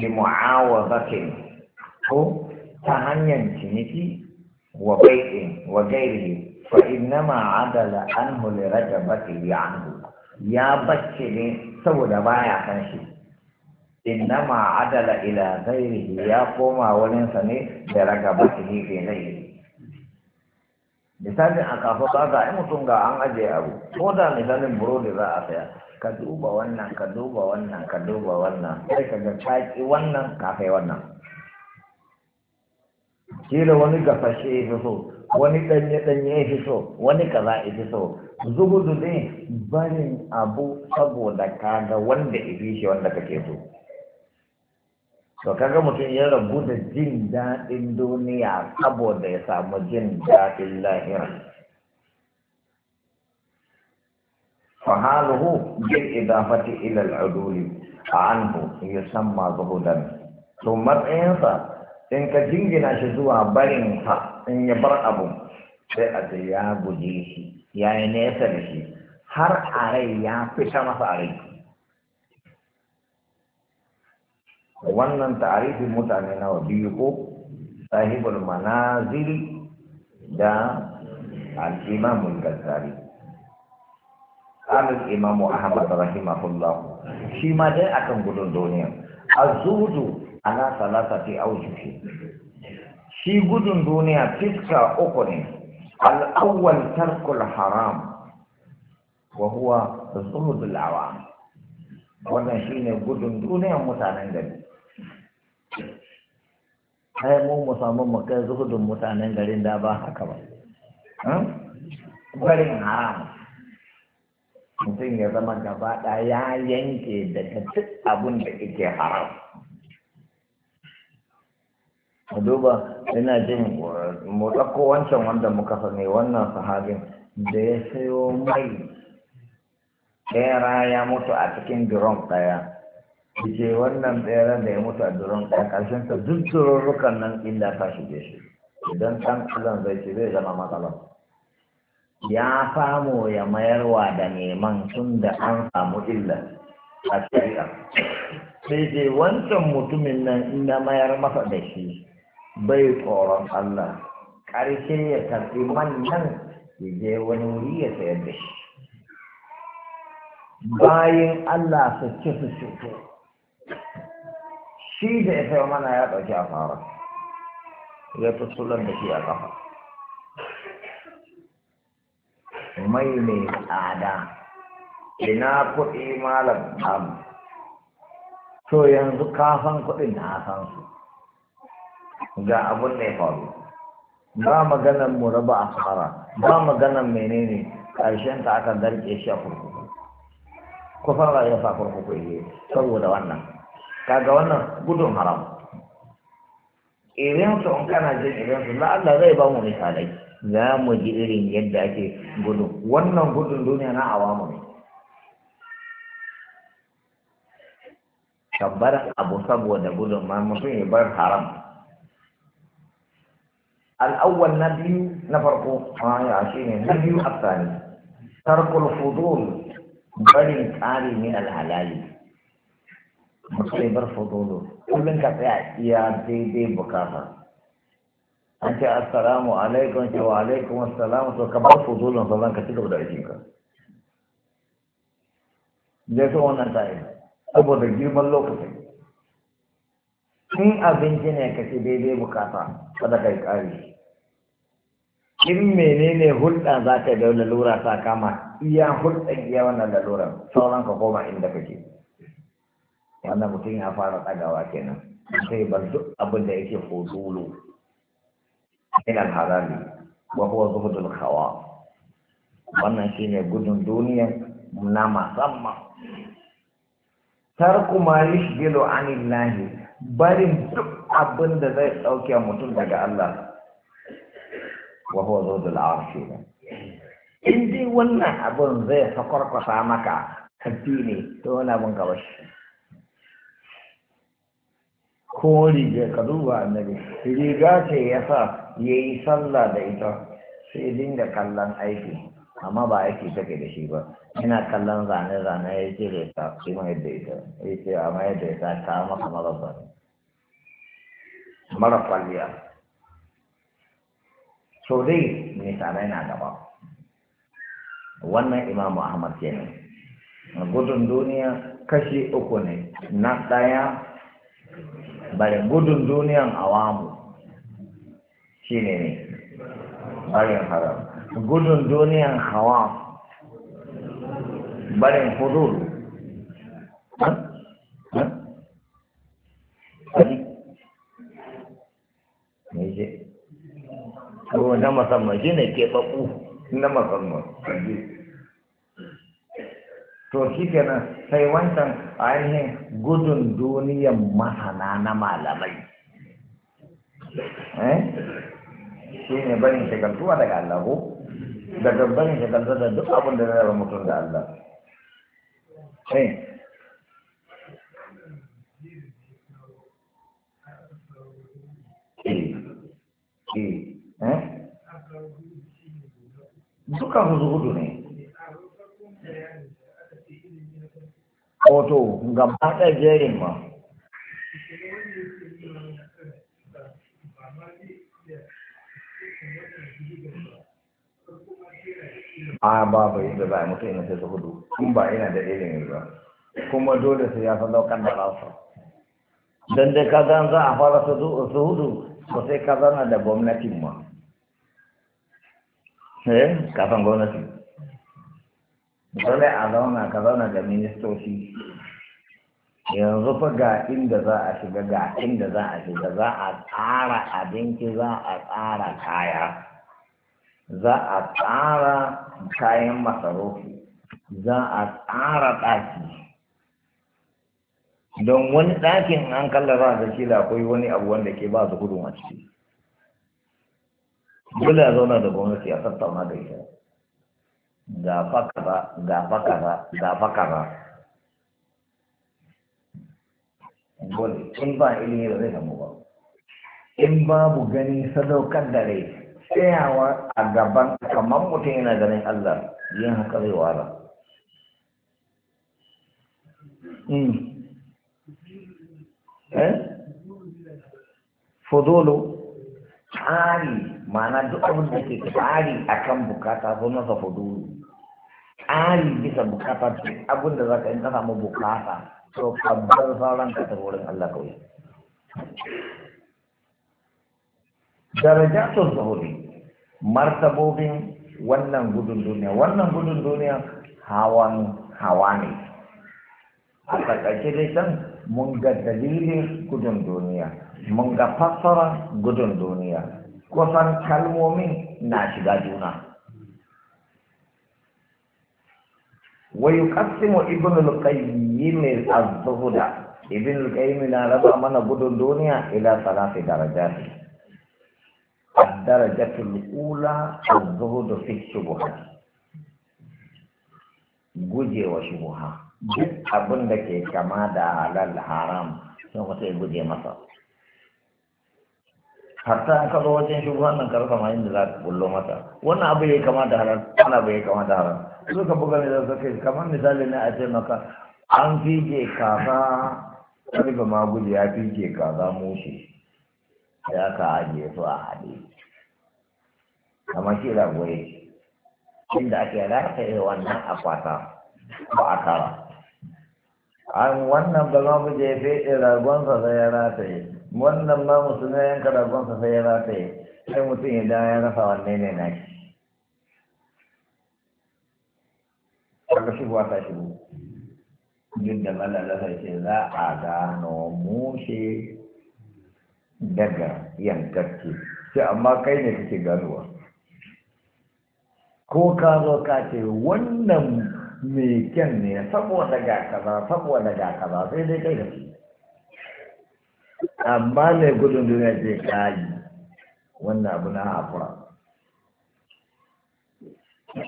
bi mu'awazatin ko ta hanyar ciniki wa bai'in wa ghairihi fa inna ma adala da li rajabati li anhu ya bacce ne saboda baya kan shi inna ma adala ila ghairihi ya koma wani sa ne da ragabati ne ke nai misalin a kafa a yi mutum ga an ajiye abu ko da misalin burodi za a saya ka duba wannan ka duba wannan ka duba wannan sai ka ga wannan kafai wannan kila wani gafashe ya fi so wani danye-danye ya fi so wani kaza ya fi so zugudu ne barin abu saboda kaga wanda ya fi shi wanda kake so to kaga mutum ya rabu da jin daɗin duniya saboda ya samu jin daɗin lahira fahaluhu bil idafati ila al a anhu yusamma zuhudan to matsayinsa in ka jingina shi zuwa barin ha in ya bar abu sai a da ya guje shi ya yi nesa da shi har a rai ya fita masa a rai wannan ta'arifin mutane nawa biyu ko sahibul manazil da al-imamul gazzali imamu Ahmad rahimahullah shi ma dai akan gudun duniya azudu الزهد على ثلاثة shi gudun duniya fiska uku ne al'awwal tarkul haram wa huwa zuhudul awam wannan shine gudun duniyan mutanen gari ai mu mu samu mu kai zuhudun mutanen garin da ba haka ba barin hmm? haram mutum ya zama gaba ɗaya ya yanke daga duk abin da yake haram ka duba ina jin mu ɗauko wancan wanda muka sani wannan sahabin da ya sayo mai ɗera ya mutu a cikin duron ɗaya ce wannan ɗera da ya mutu a duron ɗaya ƙarshen ta duk zururrukan nan inda ta shige shi idan ɗan ƙazan zai ce zai zama matsala ya samu ya mayarwa da neman tun da an samu illa a shari'a sai dai wancan mutumin nan in mayar masa da shi bai tsoron Allah ƙarshe ya tafi manyan ya je wani wuri ya sayar da shi bayan Allah su ci su cuto shi da ya sayar mana ya ɗauki a fara ya sulan da shi a ƙafa mai mai tsada ina kuɗi malam to yanzu kafan kuɗin na san su ga abun ya faru ba maganan mu raba asara ba maganan menene karshen ta aka garke shi a kurkuku kufar ya sa kurkuku ne saboda wannan kaga wannan gudun haram irin su in kana jin irin su na Allah zai ba mu misalai za mu ji irin yadda ake gudun wannan gudun duniya na awamu ne kabbar abu saboda gudun ma mutum ya bar haram al'awwal na biyu na farko ma'aya shi ne na biyu afsani tarkul fudul barin tsari min alhalali mutane bar fudulu kullum ka tsaya iya daidai bukata an ce assalamu alaikum wa alaikum assalamu to ka bar fudulun sannan ka cika da ajinka zai so wannan tsari saboda girman lokacin in abinci ne ka ci daidai bukata kada kai kare in menene hulɗa za ka da lalura ta kama iya hulɗan iya wannan laluran sauran ka koma inda kake wannan mutum ya fara tsagawa kenan sai bar duk abin da yake fudulu min al-harami wa huwa zuhdul khawa wannan shine gudun duniya na musamman tarku ma yushgilu anillahi barin duk abin da zai ɗauke mutum daga Allah wa huwa zawdul arshi in dai wannan abin zai sakwarkwasa maka kaddi ne to wani abin ka bashi ko riga ka duba annabi riga ce ya sa ya sallah da ita sai dinga kallon aiki amma ba aiki take da shi ba yana kallon zane-zane ya ce da ita kima yadda ita ya ce amma yadda ita ta maka mara zane mara kwalliya so dai misalai na gaba wannan Imam ahmad kenan gudun duniya kashi uku ne na ɗaya bari gudun duniyan awamu shi ne ne barin haram gudun duniyan hawa barin huduru ko na musamman shi ne ke babu, na musamman to shi kenan sai wancan ainihin gudun duniyan masana na malamai eh shi ne barin shagaltuwa daga allahu da gabban shi kanta da duk abin da na yaba mutum da Allah sai eh? duka huzu hudu ne hoto gaba ɗaya jerin ma a babu yadda za a mutu ina sai su hudu kun ba ina da irin ba kuma dole sai ya san daukar da ransa don dai ka zan za a fara su hudu ko sai ka zana da gwamnatin ma eh ka san gwamnati dole a zauna ka zauna da ministoci yanzu fa ga inda za a shiga ga inda za a shiga za a tsara abinci za a tsara kaya za a tsara kayan masarufi za a tsara ɗaki don wani ɗakin an kallara da shi da akwai wani abu wanda ke ba su gudun a ciki dole a zauna da gwamnati a tattauna da ita ga fakara ga fakara ga fakara dole in ba ilimi da zai samu ba in babu gani sadaukar da rai tsayawa a gaban kamar mutum yana ganin Allah yin haka zai wara. Fodolo, tsari, mana duk abin da ke tsari a kan bukata zo nasa fodolo. Tsari bisa bukata ce abin da za ka yi ta samu bukata, so kabbar sauran ka ta wurin Allah kawai. darajatun zuhuri martabobin wannan gudun duniya wannan gudun duniya hawan hawa ne a takaice dai can mun ga dalilin gudun duniya mun ga fassara gudun duniya kusan kalmomin na shiga juna ويقسم ابن القيم الزهد ابن na لا mana gudun duniya? دنيا الى ثلاث درجات الدرجة الأولى الزهد في الشبهة guje wa shubuha duk abin da ke kama da halal haram sun wata guje masa hatta an kazo wajen shubuha nan karu kama za ka bullo mata wannan abu ya kama da halal wannan abu ya kama da haram su ka misali ne a ce maka an fije kaza wani ba ma guje ya fije kaza mushe sai aka ajiye su a haɗe kamar shi rago yake inda ake yi wannan akwata ko a kara an wannan ba za mu je feɗe ragonsa sai ya rataye wannan ma musulmi yanka ragonsa sai ya rataye sai mutum idan ya rasa wanne ne na shi kaga shigowa ta shigo duk da malalasa ce za a gano mushe daga yankarki sai amma kai ne kake ganuwa ko ka zo ka ce wannan mai kyan ne saboda ga kaza saboda ga kaza sai dai kai gaske amma mai gudun duniya ce kayi wannan abu na haƙura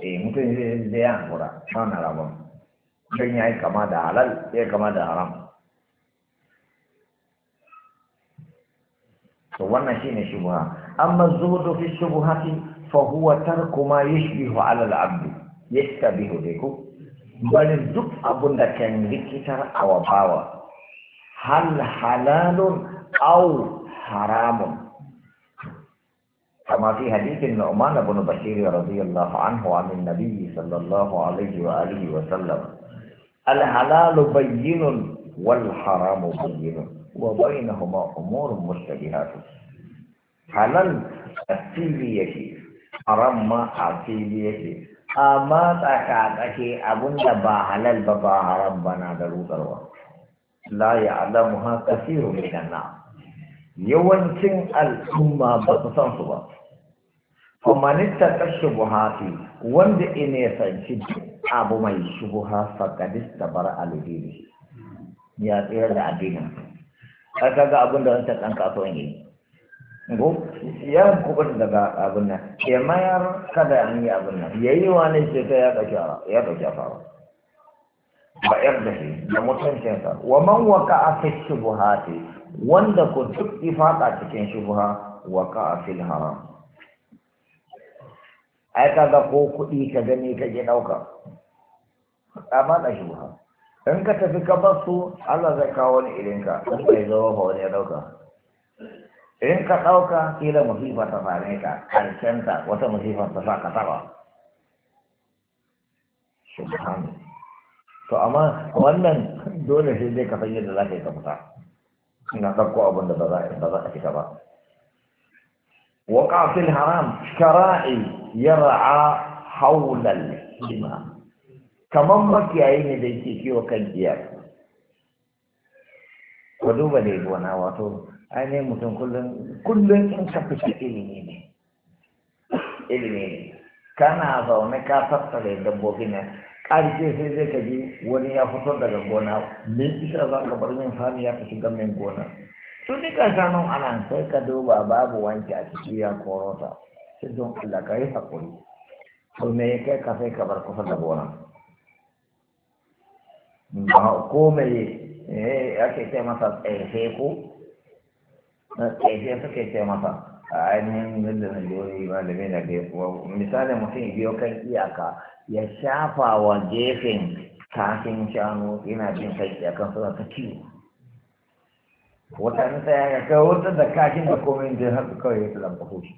eh mutum zai yi ya haƙura ba na rabon don ya yi kama da halal ya kama da haram to wannan shine shubha amma zuhudu fi shubhati fa huwa tarku ma yashbihu ala al-abd yastabihu deku bani duk abun da kan rikitar awa bawa hal halalun aw haramun kama fi hadithin Nu'man ibn Bashir radiyallahu anhu an nabiy sallallahu alayhi wa alihi wa sallam al halalu bayyinun والحرام بين وبينهما أمور مشتبهات حلال أتيلي يكي حرام ما أتيلي يكي أما تكاتكي أبن با حلال ببا حرام بنا درو دروا لا يعلمها كثير من الناس yawancin al'umma ba su san su ba famanista ta shubuhati wanda ina ya sanci abu mai shubuha faƙadis da bar alheri ya tsira da addinin har ga abin da wancan ɗan kasuwan yi go ya kubuta daga abin nan ya mayar kada an yi abin nan ya yi ne ce ta ya ɗauki ya ɗauki afawa ba yar da shi da mutuncinsa wa man waka a fi shubuhati wanda ku duk ifaka cikin shubuha waka a fil haram ai ga ko kuɗi ka gani ka je ɗauka amma da shubuha in ka tafi ka bar su Allah zai kawo wani irinka in bai zo ba wani ya dauka in ka dauka kila musifa ta same ka alkenta wata musifa ta sa ka taba subhanu to amma wannan dole sai dai ka san yadda za ka yi ka fita ina ɗauko abin da ba za a cika ba وقع في الحرام كراعي يرعى حول الحمى kamar makiyayi ne da yake kiwo kan giya ku duba da gona wato ainihin mutum kullum kullum in ka fice ilimi ne ilimi ne kana zaune ka tattare dabbobi ne ƙarfe sai zai ka ji wani ya fito daga gona me isa za ka bar min sami ya fi shiga min gona tun ni ka nan ana sai ka duba babu wanke a ciki ya korota sai don Allah ka yi haƙuri to me ya kai ka sai ka bar kusa da gona ba ko mai eh, ake ce masa tsefe ko tsefe suke ce masa a ainihin yadda na jori ba da mai da misali mutum biyo kan iyaka ya shafa wa gefen kafin shanu yana bin kai iyakan suna ta kiwo. wata nisa ya ga kai wata da kashin da komai da haka kawai ya lamba hoshi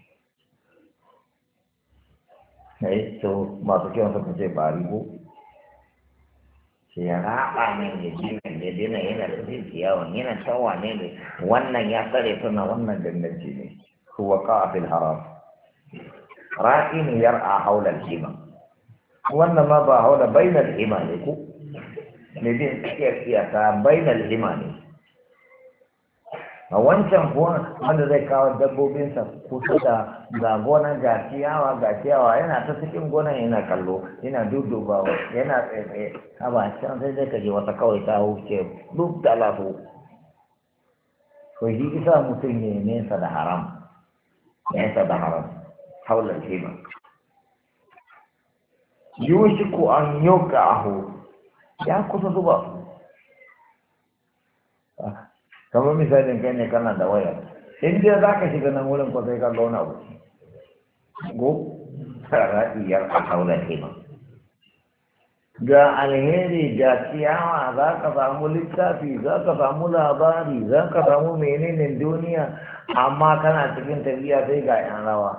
eh to masu kyau suka ce ba rigo ya raba min ya dina yana da jin yawon yana cewa ne ne wannan ya tsare suna wannan gangaci ne huwa abin haram ra'in yar haula haular hima wannan ma ba haula bainar hima ne ku ne din tsakiyar siyasa bainar hima ne a wancan kuwa wanda zai kawo dabbobinsa kusa da ga gona ga ciyawa ga ciyawa yana ta cikin gonan yana kallo yana dudubawa yana tsaye a ba can sai zai kaje wata kawai ta huce duk da lafu to shi isa mutum ya nesa da haram nesa da haram haular kima yushiku an yoka ahu ya kusa zuba kamar misalin kai ne kana da waya in dai za ka shiga nan wurin ko sai ka ga wani go tara a haula kima ga alheri ga ciyawa za ka samu littafi za ka samu labari za ka samu menene duniya amma kana cikin tafiya sai ga yan rawa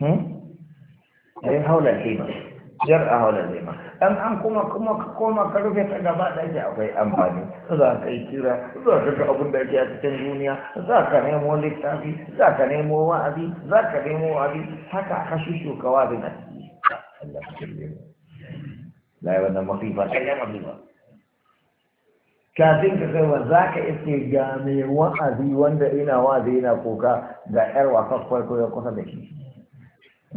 ai haula kima jar'a haula kima dan an kuma kuma koma ka rufe ta gaba da ke akwai amfani za ka yi kira za ka ga abin da ke a cikin duniya za ka nemo littafi za ka nemo wa'azi za ka nemo wa'azi haka ka shushu ka wa'azi na Allah ka shirye mu lai wannan masifa sai ya masifa kafin ka kai wa za ka iske ga mai wa'azi wanda ina wa'azi ina koka ga yar wasan farko ya kusa da shi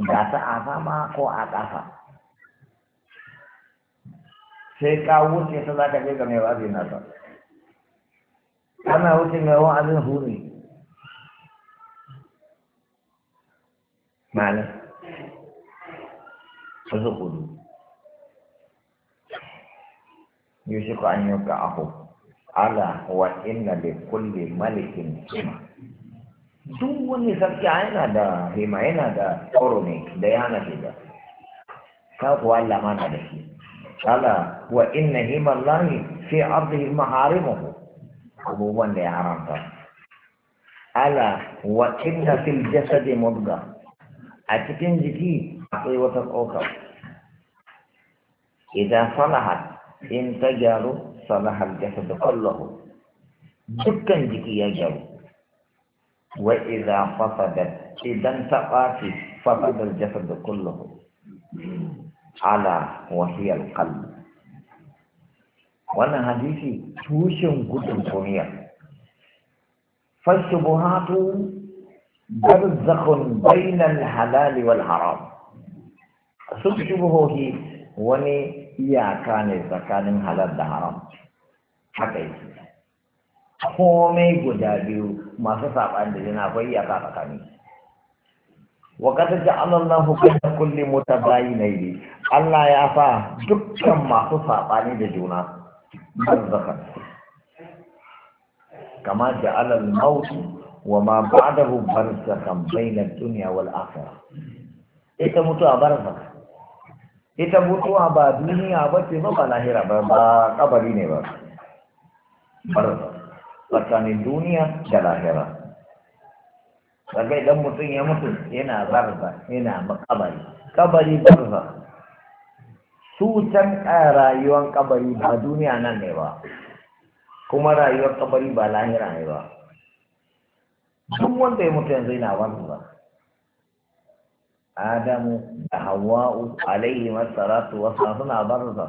ga a fama ko a ƙafa sai ka wuce ta za ka je ga mai wa'azi na ba ana wuce mai wa'azin huri malam wasu hudu ko an yi ka aho? ala wa inna li kulli malikin hima duk wani sarki yana da rima yana da tsoro ne da yana ke da ka Allah ma na da shi kala wa inna himan lahi fi ardihi maharimuhu abubuwan wanda ya haramta ala wa inna fil jasadi mudga a cikin jiki akwai wata tsoka idan salahat in ta gyaru salahar jasadu kullahu dukkan jiki ya gyaru وإذا فسدت إذا تقاتي فسد الجسد كله على وهي القلب وانا حديثي توشن قدر دنيا فالشبهات برزخ بين الحلال والحرام شبهه وني إياكاني زكاني حلال ده حرام حقيقي komai guda biyu masu saɓan da jina akwai iyaka tsakani wa kada ja'ala Allahu kulli kulli mutabayyin Allah ya fa dukkan masu saɓani da juna barzakan kama ja'ala al Mautu, wa ma ba'dahu barzakan bainad dunya wal akhirah ita mutuwa barzaka ita mutuwa ba duniya ba ce ba lahira ba ba kabari ne ba barzaka tsakanin duniya da lahira daga idan mutum ya mutu yana barza yana makabari kabari barza su can rayuwar kabari ba duniya nan ne ba kuma rayuwar kabari ba lahira ne ba duk wanda ya mutu yanzu yana barza adamu da hawa'u alaihi masaratu wasu suna barza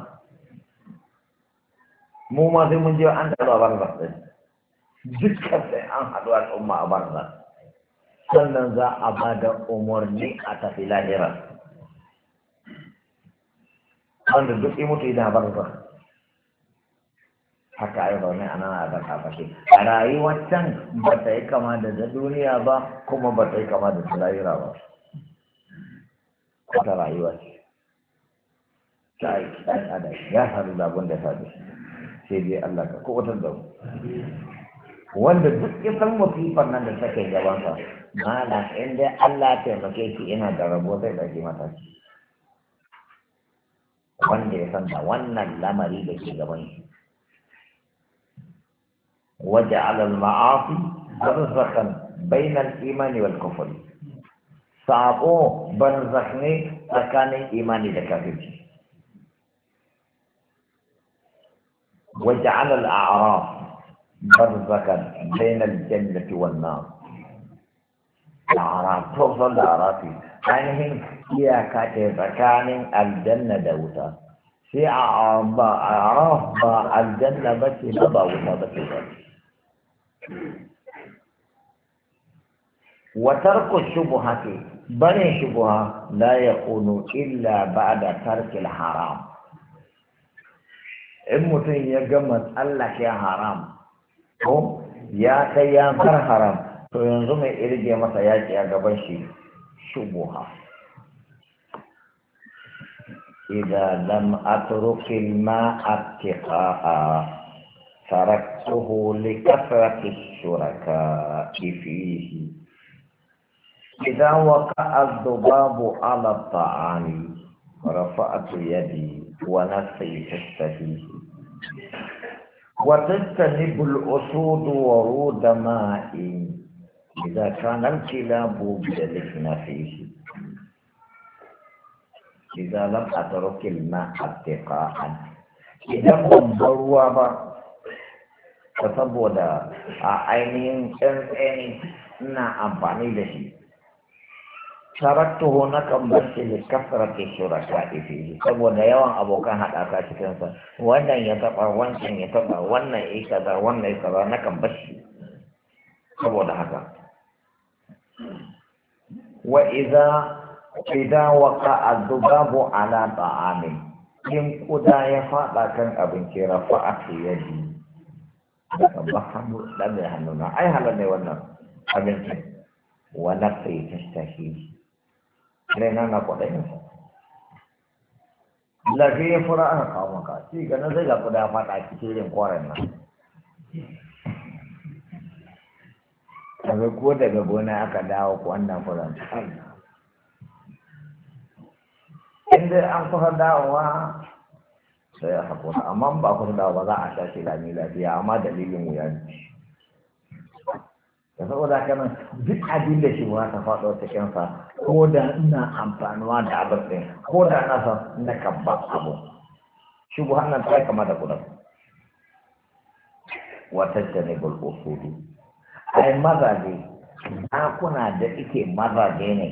mu ma sai mun je an taɓa barza ɗin dukkan sai an haɗu al'umma a banza sannan za a ba da umarni a tafi lahira wanda duk yi mutu idan banza haka ai zaune a nan a zaka fashe a rayuwar can ba ta yi kama da ta duniya ba kuma ba ta yi kama da ta lahira ba wata rayuwar ta yi ɗan adam ya sadu da abin da ta sai dai Allah ka kowatar da mu wanda duk ya san masifar nan da take gabansa malam in dai Allah taimake shi ina da rabo zai ɗauki mataki wanda ya san da wannan lamari da ke gaban shi waje alal ma'afi barzakan bainal imani wal kufri sabo barzak ne tsakanin imani da kafirci waje alal a'raf برزخا بين الجنة والنار العراف تفضل العرافي أنهم إياكا كان الجنة دوتا في أعراف الجنة بس نبا ومضت وترك الشبهة بني شبهة لا يكون إلا بعد ترك الحرام إن متين يجمد الله يا حرام to ya kai ya bar haram to yanzu mai irge masa yaƙi a gaban shi shubuha idan lam atrukil ma atiqa a taraktuhu li kasrati shuraka fihi idan waka adubabu ala ta'ani rafa'atu yadi wa nasi tastahihi وتجتنب الأسود ورود ماء إذا كان الكلاب يلفن فيه إذا لم أترك الماء اتقاء إذا كنت ضروة فتبودا a إن إن نعم amfani da taraktuhu na kan bashi da ka shuraka fihi saboda yawan abokan haɗaka cikin sa wannan ya taba wancan ya taba wannan ya kaza wannan ya kaza na kan bashi saboda haka wa idza idza waqa adzubabu ala ta'ami in kuda ya fada kan abinci rafa'a yadi daga bahamu hannu na ai halal ne wannan abincin wa nafsi tastahi raina na kwaɗayin lafi ya fura aka kawo maka shi ganin zai ga kuda faɗa cikin rin kwarin nan daga ko daga gona aka dawo ko wannan furan inda an kusa dawowa sai a haƙura amma ba kusa dawowa za a sha shi lami lafiya amma dalilin wuya ne da saboda haka nan duk abin da shi ba ta faɗo cikin sa ko da ina amfanuwa da abin ɗin ko da na san na ba abu shi bu hannun ta kama da kudan wata janibul usulu ai mazaje kuna da ike mazaje ne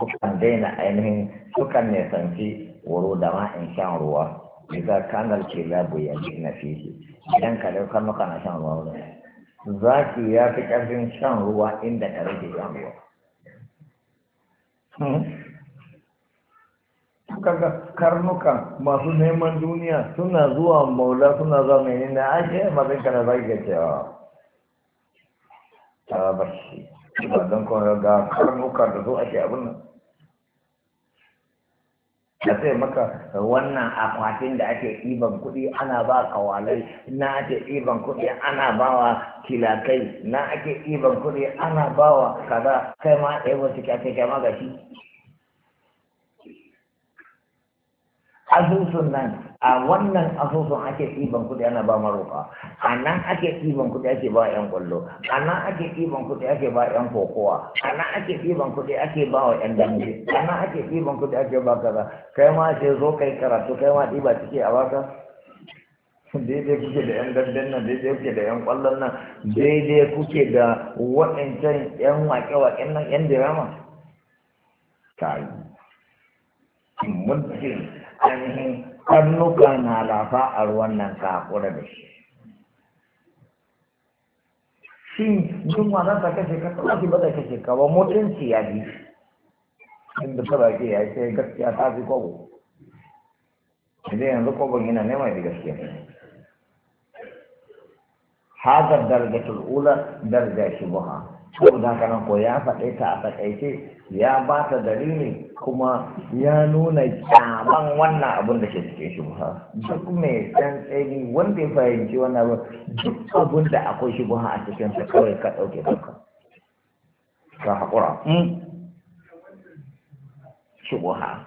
sukan daina ainihin sukan nisanci wuro da in shan ruwa idan kanar ke labu yanzu na fiye idan ka dauka maka na shan ruwa ne. zaki ya fi ƙarfin shan ruwa inda ka rage damuwa. Hmm? kaga karnuka masu neman duniya suna zuwa maula suna zuwa mai na ake mazin kana zaki ga cewa ah, ta shi, ba don kuma ga karnuka da zo ake abin nan da sai maka wannan akwatin da ake ɗiban kuɗi ana ba kawalai na ake ɗiban kuɗi ana ba wa kilakai na ake ɗiban kuɗi ana ba wa kaza kai ma ɗaya eh, wasu kyakkyakya ma asusun nan a wannan asusun ake ɗiban kuɗi ana ba maroka a nan ake ɗiban kuɗi ake ba yan kwallo a nan ake ɗiban kuɗi ake ba yan kokowa a nan ake ɗiban kuɗi ake ba wa yan dambe a nan ake ɗiban kuɗi ake ba kaza kai ma ce zo kai karatu kai ma ɗiba cike a baka daidai kuke da 'yan dandan nan daidai kuke da 'yan kwallon nan daidai kuke da waɗancan 'yan waƙe-waƙen nan 'yan dirama ta yi mulkin ainihin karnuka na lafa a ruwan nan ka haƙura da shi shi duk wannan ta kashe ka tsara shi ba ta kashe ka ba mutunci ya bi inda ta baki ya ce gaskiya ta fi kwabo idan yanzu kwabon yana nema da gaskiya hazar darajatul ula daraja shubha saboda haka nan ko ya faɗe ta a faɗaice? ya ba ta dalilin? kuma ya nuna kyaman wannan abin da ke cikin shubha duk mai san tsari wanda ya fahimci wannan abin duk abin da akwai shubha a cikin sa kawai ka ɗauke kanka ka haƙura hmm. shubha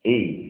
eh eh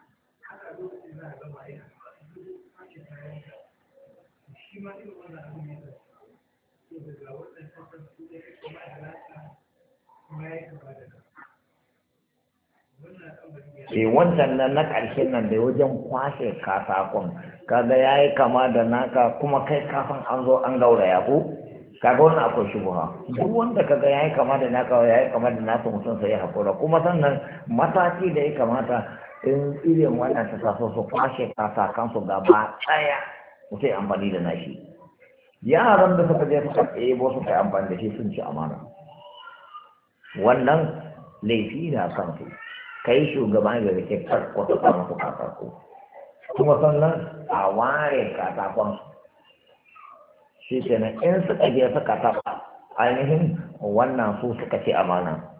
Ke wannan E wancan eh, nan na ƙarshen nan da wajen kwashe katakon kaga ya yi kama da naka kuma kai kafin an zo an ya ku kaga wannan akwai buha. duk wanda kaga ya yi kama da naka ya yi kama da nasa, mutum sai ya haƙura kuma sannan mataki da ya kamata in irin wannan ta sa su kwashe katakon su gaba ɗaya ku yi amfani da nashi yaran da suka je suka ɗebo suka amfani da shi sun ci amana wannan laifi na kan su kai shugaban da ke farko ta kama su katako kuma sannan a ware katakon su. shi kenan in suka je suka taɓa ainihin wannan su suka ci amana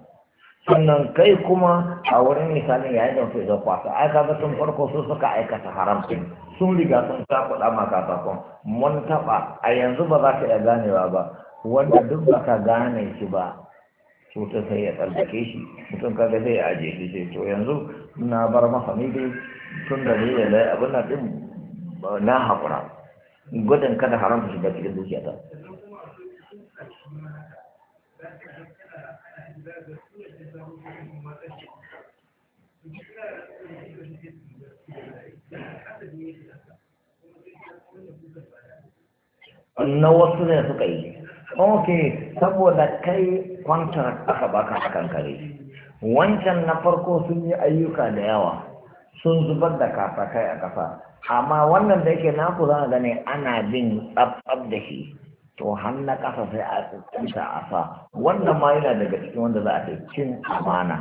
sannan kai kuma a wurin misalin ya yi mutum zai kwasa ai kaga sun farko su suka aikata haramcin sun riga sun ta kuɗa ma katakon mun taɓa a yanzu ba za ka iya ganewa ba wanda duk ba ka gane shi ba cutar sai ya tsallake shi mutum kaga zai ya ajiye shi sai to yanzu na bar masa ni tun da zai yalai abin na ɗin na haƙura gudun kada haramta shiga cikin dukiyata na wasu ne suka yi ok saboda kai kwantar aka baka a kankare wancan na farko sun yi ayyuka da yawa sun zubar da kafa kai a kafa amma wannan da yake naku da gane ana bin tsab da shi to har na sai a tsinta a sa wannan ma yana daga cikin wanda za a ce cin amana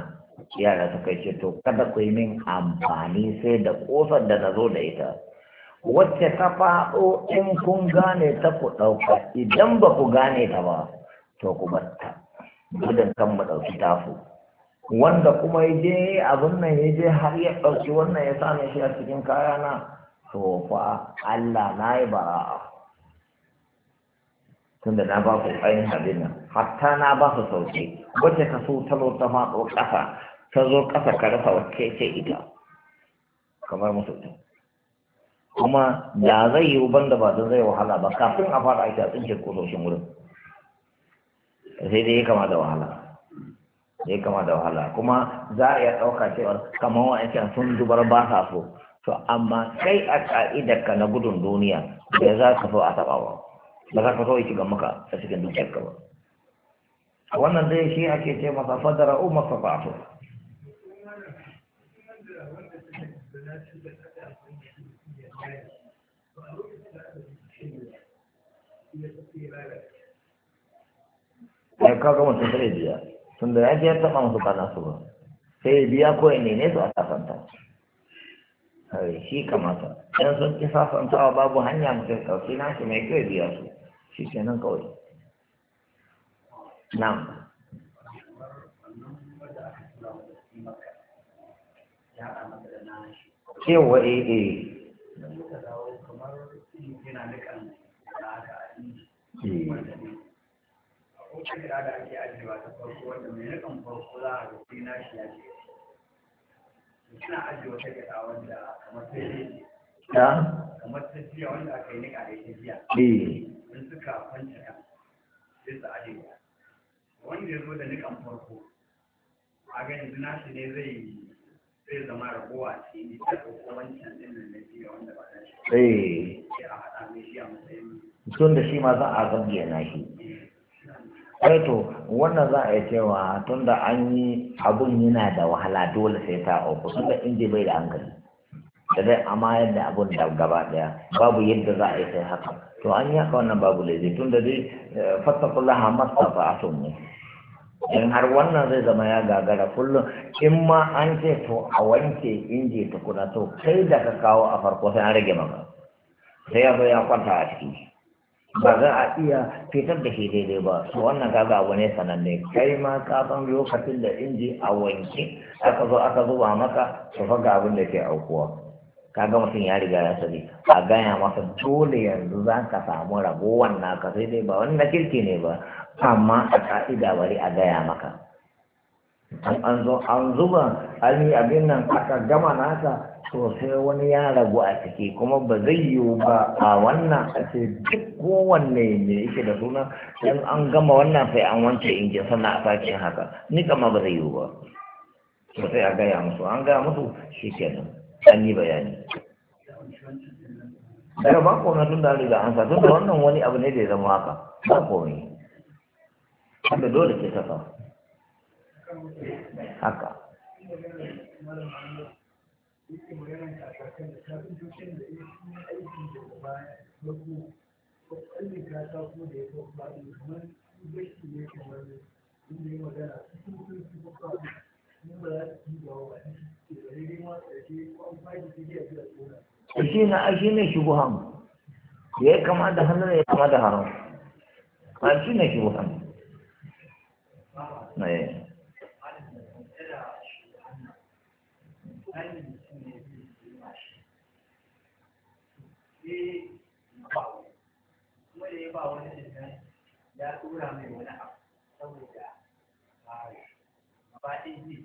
yara suka ce to kada ku yi min amfani sai da kofar da na zo da ita wacce ta faɗo in kun gane ta ku ɗauka idan ba ku gane ta ba to ku batta gudun kan mu ɗauki tafu wanda kuma ya je abin nan ya je har ya ɗauki wannan ya same shi a cikin kaya na to fa Allah na yi bara'a tunda na ba ku ainihin abin nan hatta na ba su sauke wacce ka so ta zo ta faɗo ƙasa ta zo ƙasa ka rasa wacce ce ita kamar musulmi kuma da zai yi ban da ba da zai wahala ba kafin a fara aiki a tsinke kusoshin wurin sai dai ya kama da wahala ya kama da wahala kuma za a iya ɗauka cewar kamar wa'ancan sun zubar ba sa so to amma kai a ka na gudun duniya da za ka so a taɓa ba ba za ka so ya shiga maka a cikin ka ba wannan dai shi ake ce masa fadara umar fafatu ai kaga mutum sai biya tun da ya je taɓa musu kaza su ba sai biya ko ya nene su a sasanta shi kamata yan sun ki sasantawa babu hanya mutum ɗauki nasu mai kyau biya su shi ke kenan kawai nan cewa eh eh yana nikan da aka aji eh. wanda ne wata kira da ake ajiyewa ta farko wanda mai nikan farko za a rufi na shi ya ce suna aji wata kira wanda kamar ta yi kamar ta jiya wanda aka yi nika da ita jiya in eh. suka kwanta kan sai su aji wanda ya zo da nikan farko a ga yanzu nashi ne zai yi Eh. sai shi da shi ma za a zabbiyana shi eh to wannan za a yi cewa tun da an yi abun yana da wahala dole sai ta auku tun da inji bai da hankali da dai amma yadda abun da gaba daya babu yadda za a yi sai haka to an yi haka wannan babu laifi tun da dai eh, fattakullaha mastafa sun ne in har wannan zai zama ya gagara kullum in ma an ce to a wanke inji tukuna to kai da ka kawo a farko sai an rage maka sai ya zo ya kwanta a ciki ba za a iya fitar da shi daidai ba to wannan kaga abu ne sananne kai ma ka san lokacin da inji a wanke aka zo aka zuba maka to fa abin da ke aukuwa kaga mutum ya riga ya sani a gaya masa dole yanzu za ka samu wannan naka sai dai ba wani na kirki ne ba amma a ka'ida bari a gaya maka an zo an zuba an yi abin nan aka gama naka to sai wani ya ragu a ciki kuma ba zai yiwu ba a wannan a ce duk kowanne ne yake da suna in an gama wannan sai an wance injin sana a sake haka ni kama ba zai yiwu ba sosai a gaya musu an gaya musu shi kenan an yi bayani daga ba komai tun da riga an sa tun da wannan wani abu ne da ya zama haka ba komai da dole ke kasa haka Thank you. shi na ne shubuhan ya yi kama da ya kama da haram ne shubuhan eh. ya tura mai wani abu saboda ah, ba ɗin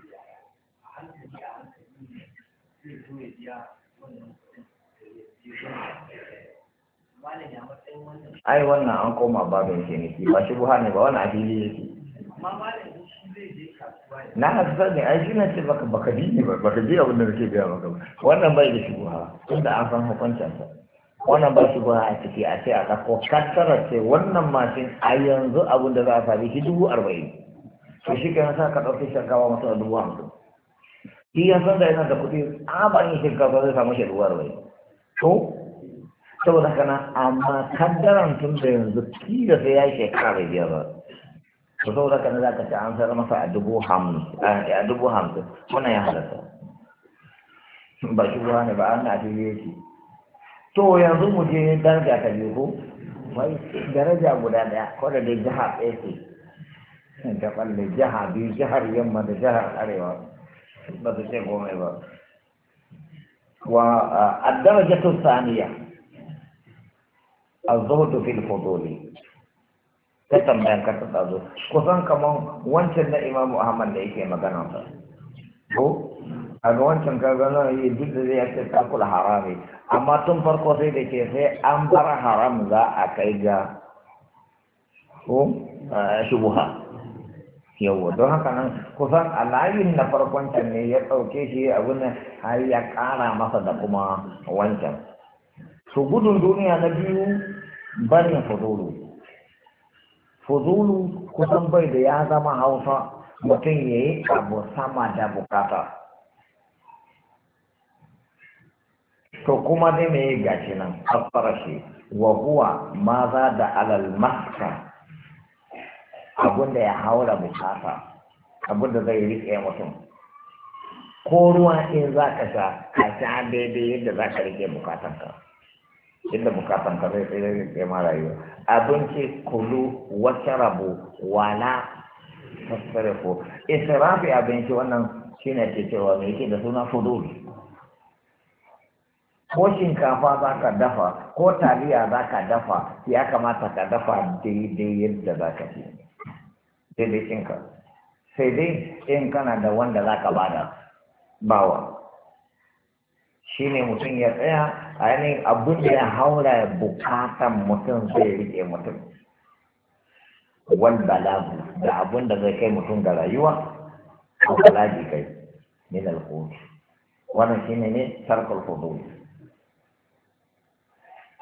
ai wannan an koma babin ciniki ba shi buhar ne ba wani adili yake na hasar ne ai shine ce baka baka dini ba baka ji abin da kake biya maka wannan bai da shubuha tunda an san hukuncin sa wannan ba shubuha a ciki a ce a dako kattara ce wannan mashin a yanzu abin da za a sami shi dubu arba'in to shi kenan sa ka ɗauki shankawa mutum a dubu hamsin shi yana da kuɗi tsaban yin shinkafa zai samu amma tun ya ba to saboda kana za ka ta an masa a dubu hamsin ya ne ba an na to yanzu mu je wai daraja guda ɗaya ko dai jiha ɗaya ce biyu jihar yamma da jihar arewa ba su ce komai ba والدرجة الثانية الزهد في الفضول تتمنى كتتازو كسان كمان وانشن إمام أحمد ليكي مغانا ko kaga wancan kaga na yi duk da zai ce takul harami amma tun farko sai da ke sai an bar haram za a kai ga ko shubuha yawa don haka nan kusan a layin na farkon can ne ya ɗauke shi abin har ya ƙara masa da kuma wancan su gudun duniya na biyu barin fuzulu fuzulu kusan bai da ya zama hausa mutum ya yi abu sama da bukata to kuma dai me gashi nan a farashi wa huwa ma da alal maska abun da ya haura bukata abun da zai riƙe mutum ko ruwa in za ka sha ka sha daidai yadda za ka riƙe bukatanka yadda bukatanka zai tsaye riƙe ma rayuwa abinci kulu wata rabu wala isa israfi abinci wannan shine ke cewa me yake da suna fudul ko shinkafa za ka dafa ko taliya za ka dafa ya kamata ka dafa daidai yadda za ka fi daidai ɗinka sai dai in kana da wanda za ka bada bawa shi ne mutum ya tsaya a yanayin abin da ya haura ya bukatan mutum zai rike mutum wanda labu da abin da zai kai mutum ga rayuwa a kalaji kai min alkoci wannan shi ne ne sarkar fudu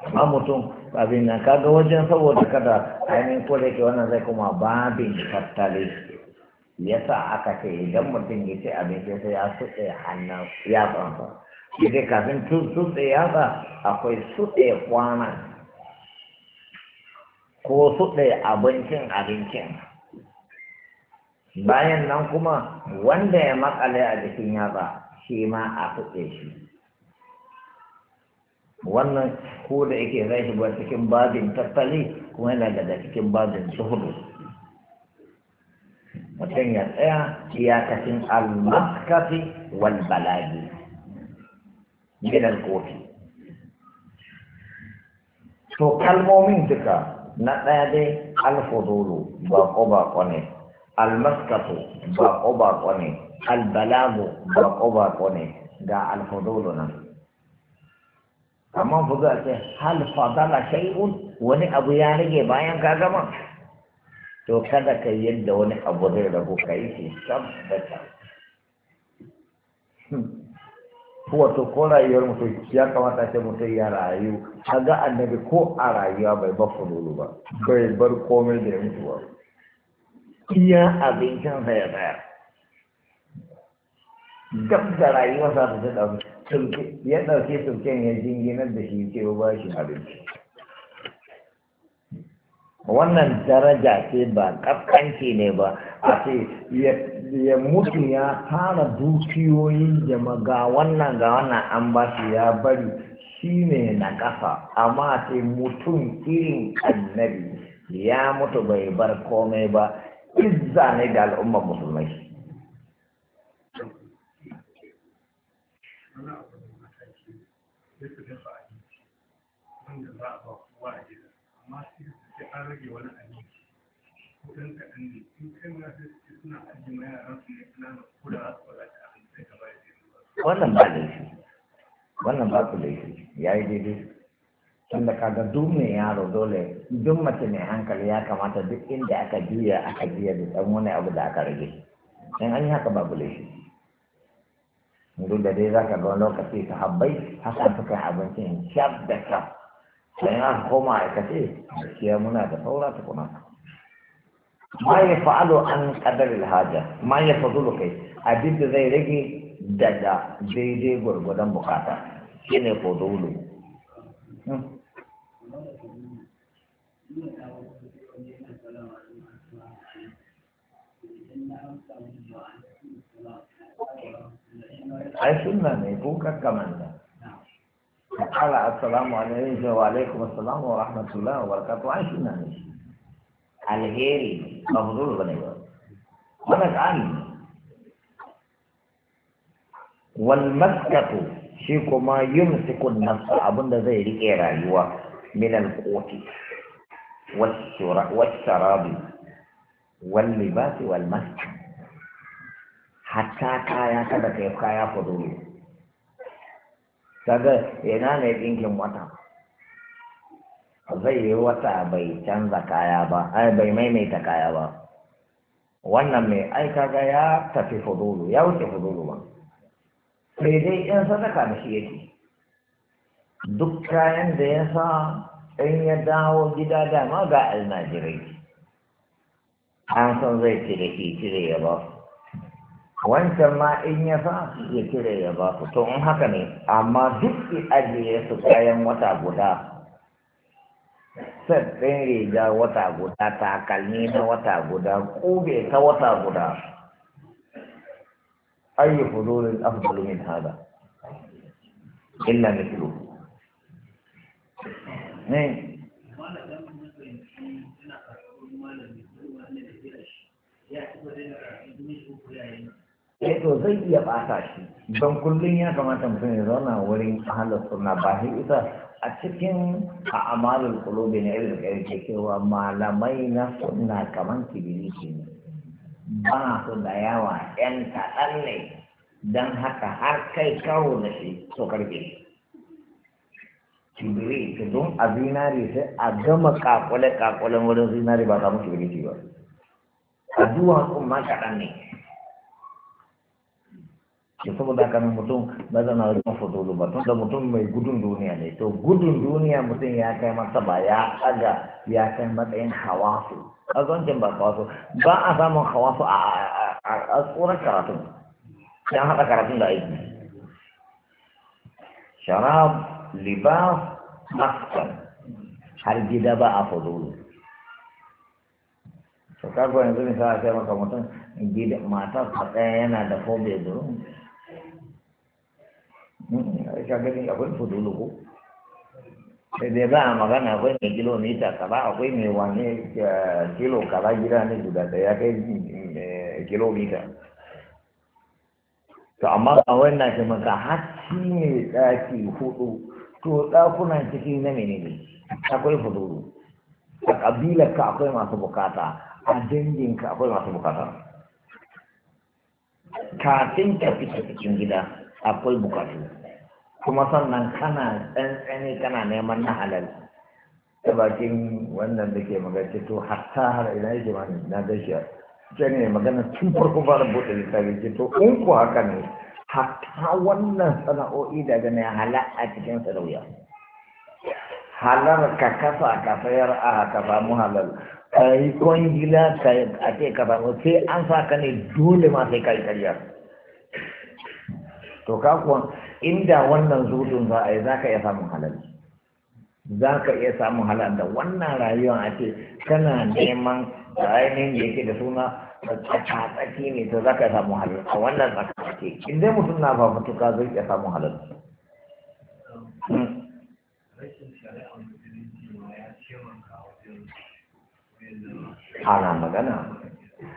amma mutum abin nan kaga wajen saboda kada ainihin ko da yake wannan zai kuma babin tattali yasa aka ce idan mutum ya ce abinci sai ya sutse hannun ya tsansa shi kafin sutse yatsa akwai sutse kwana ko sutse abincin abincin bayan nan kuma wanda ya makale a jikin yatsa shi ma a sutse shi wannan ko da yake zai shiga cikin babin tattali kuma yana daga cikin babin zuhudu mutum ya tsaya iyakacin almaskafi wal balagi min kofi to kalmomin duka na ɗaya dai alfudulu baƙo baƙo ne almaskatu baƙo baƙo ne albalagu ko ba ne ga alfudulu nan amma buga za a ce hal fadala shay'un wani abu ya rage bayan ka gama to kada ka yadda wani abu zai rabu ka yi shi can. Hmm. wato ko rayuwar mutum ya kamata ce mutum ya rayu A ga annabi ko a rayuwa bai ba fululu ba bai bar komai da yanzu ba iya abincin sa ya tsaya da rayuwa za ta ji ɗauki ya ɗauki turken ya jinginar da shi ce ba shi abinci wannan daraja ce ba ƙasƙanci ne ba a ce ya mutu ya tara dukiyoyin jama ga wannan ga wannan an ba shi ya bari shi ne na ƙasa amma ce mutum irin annabi ya mutu bai bar komai ba izza ne da al'ummar musulmai amma sai su an rage wani abinci kudin kaɗan ne in kai ma sai su suna ajiye ma yaran su ne suna ko da za su wadata abinci da gaba da wannan ba laifi wannan ba ku laifi ya yi daidai tunda kaga duk mai yaro dole duk mace mai hankali ya kamata duk inda aka juya aka juya da ɗan wani abu da aka rage in an yi haka ba babu laifi duk da dai zaka ga wani lokaci ka sahabbai haka suka abincin shaf da shaf sai an koma aikace gaskiya muna da saura tukuna ma ya fa'alo an kadaril haja ma ya fadulu kai abin da zai rage daga daidai gwargwadon bukata shine fadulu hmm. ai sunna ne ko kakkamanta فقال السلام عليكم وعليكم السلام ورحمة الله وبركاته عايشين نعيش الهيري مفضول غنيوة ولك عالم والمسكة شيكو ما يمسك النفس أبن زي يوا من القوت والشراب واللباس والمسك حتى كايا كذا كيف كايا فضولي kaga yana ne dinkin wata zai yi wata bai canza kaya ba ai bai maimaita kaya ba wannan mai ai kaga ya tafi fudulu ya wuce fudulu ba sai dai yan sadaka da shi yake duk kayan da ya sa in ya dawo gida dama ga almajirai an san zai cire ke cire ya ba wancan ma in ya sa ya cire ya ba su to in haka ne amma duk ajiye su kayan wata guda sabbin riga wata guda takalmi na wata guda kube ta wata guda ayi hudurin afdalu min hada illa mithlu ne ya ci da eh to zai iya ɓata shi don kullum ya kamata mutum ya zauna wurin ahalar suna ba shi isa a cikin a amalul na irin da cewa malamai na suna kamar kibiri ke ne ba su da yawa yan kaɗan ne don haka har kai kawo da shi so karfe kibiri ta don a zinari sai a gama kakule kakulen wurin zinari ba samu kibiri ba a duwatsun ma kaɗan ne ke saboda haka mutum ba zana wajen fudulu ba tunda mutum mai gudun duniya ne to gudun duniya mutum ya kai masa ba ya aga ya kai matsayin hawasu a zancin ba hawasu ba a samun hawasu a tsoron karatun ya haɗa karatun da aiki sharab libas maskan har gida ba a fudulu to kago yanzu a sai maka mutum gida matar ɗaya yana da fobe durum Hmm, akwai gani abin fudulu ko a magana akwai mai kilomita kaba akwai mai wane eh, kilo kaza gida ne guda da ya kai eh, kilomita to amma a wannan shi maka hacci ne ɗaki hudu to ɗakunan ciki na menene akwai fudulu a ƙabilar ka akwai masu bukata a dangin ka akwai masu bukata kafin ka fita cikin gida akwai bukatu kuma sannan kana tsantsani kana neman na halal ta bakin wannan da ke magance to hatta har ina yake ma na gashiya ce ne magana tun farko fara buɗe littafi ce to in ku haka ne hatta wannan sana'o'i daga ne hala a cikin sarauya halar ka kafa ka sayar a ka samu halal ka yi kwangila a ce ka sai an sa ka ne dole ma sai ka yi to ka kuwa inda wannan zuɗin za a yi za ka iya samun halal za ka iya samun halal da wannan rayuwa a ce kana neman da ainihin da yake da suna tsakatsaki ne to za ka iya samun halal a wannan tsakatsaki in mutum na fafutuka zai iya samun halal hmm. ana magana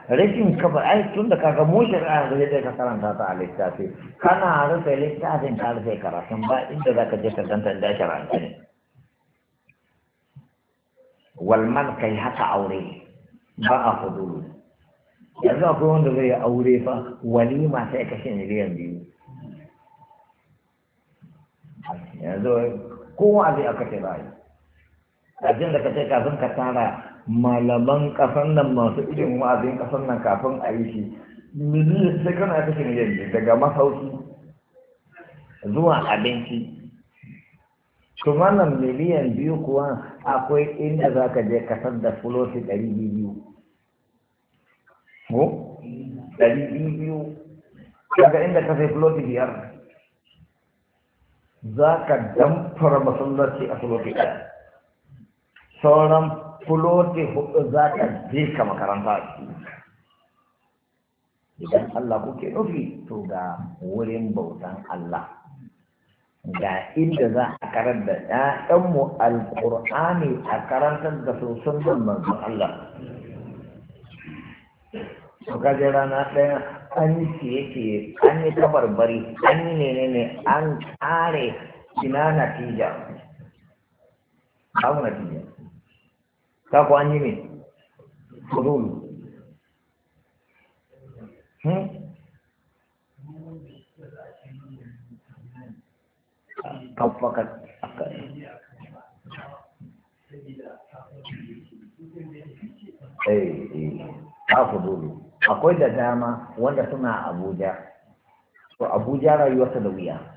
rashin kafa ai tun da kaga mu shari'a da zai ka karanta ta a littafi kana rufe littafin ka rufe karatun ba inda za ka je ka ganta da shari'a ne walman kai haka aure ba a fudulu yanzu akwai wanda zai aure fa walima sai ka kashe miliyan biyu yanzu kowa zai aka ce ba yi kafin da ka ce kafin ka tara malaman kasan nan masu irin wa'azin kasan nan kafin a yi shi miliyan sai kana ta shi ne daga masauki zuwa abinci kuma nan miliyan biyu kuwa akwai inda za ka je kasar da fulosi ɗari biyu ko ɗari biyu daga inda ka sai fulosi biyar za ka damfara masallaci a fulosi ɗaya sauran fulote hudu za ta je ka makaranta idan Allah kuke nufi to ga wurin bautan Allah ga inda za a karar da ‘ya'yanmu alkur'ani a karantar da su sun Allah to kaje rana ɗaya an yi ciye-ciye an yi tabarbari an yi ne an kare ina natija babu natija kako an yi ne fudulu kafaka akwai da dama wanda suna abuja to abuja rayuwarsa da wuya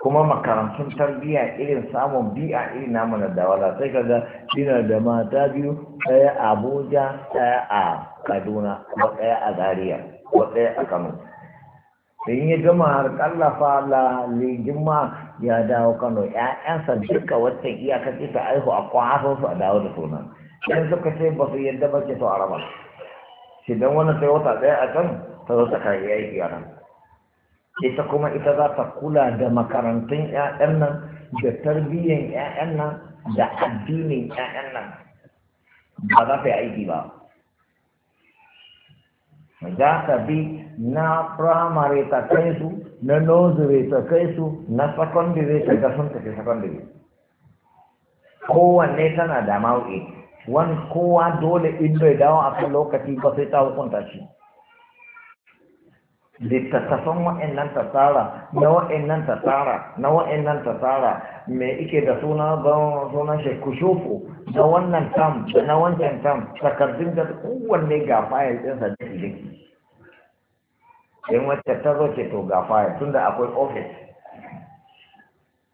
kuma makarantun tarbiyya irin samun bi'a irin namu na dawala sai kaga ina da mata biyu ɗaya a abuja ɗaya a kaduna ko ɗaya a zaria ko ɗaya a kano sai ya gama har kallafa la lijima ya dawo kano ƴaƴansa duka wata iyaka ce ta aihu a kwaso su a dawo da sunan sai suka ce ba su yadda ba ce to a raba shi dan wani sai wata ɗaya a can ta zo ta kai yayi iyaka ita kuma ita za ta kula da makarantun 'ya'yan nan da tarbiyyan 'ya'yan nan da addinin 'ya'yan nan ba za ta yi aiki ba za ta bi na firamare ta kai su na nursery ta kai su na secondary ta ga sun tafi secondary kowanne tana da mawuƙi wani kowa dole in bai dawo a kan lokaci ba sai ta hukunta shi littattafan wa'annan tasara na wa'annan tasara na wa'annan tasara mai ike da suna ban sunan shi kushofo na wannan tam da na wancan tam takardun da kowanne ga fayil ɗinsa da jiki in wacce ta zo ce to ga fayil da akwai ofis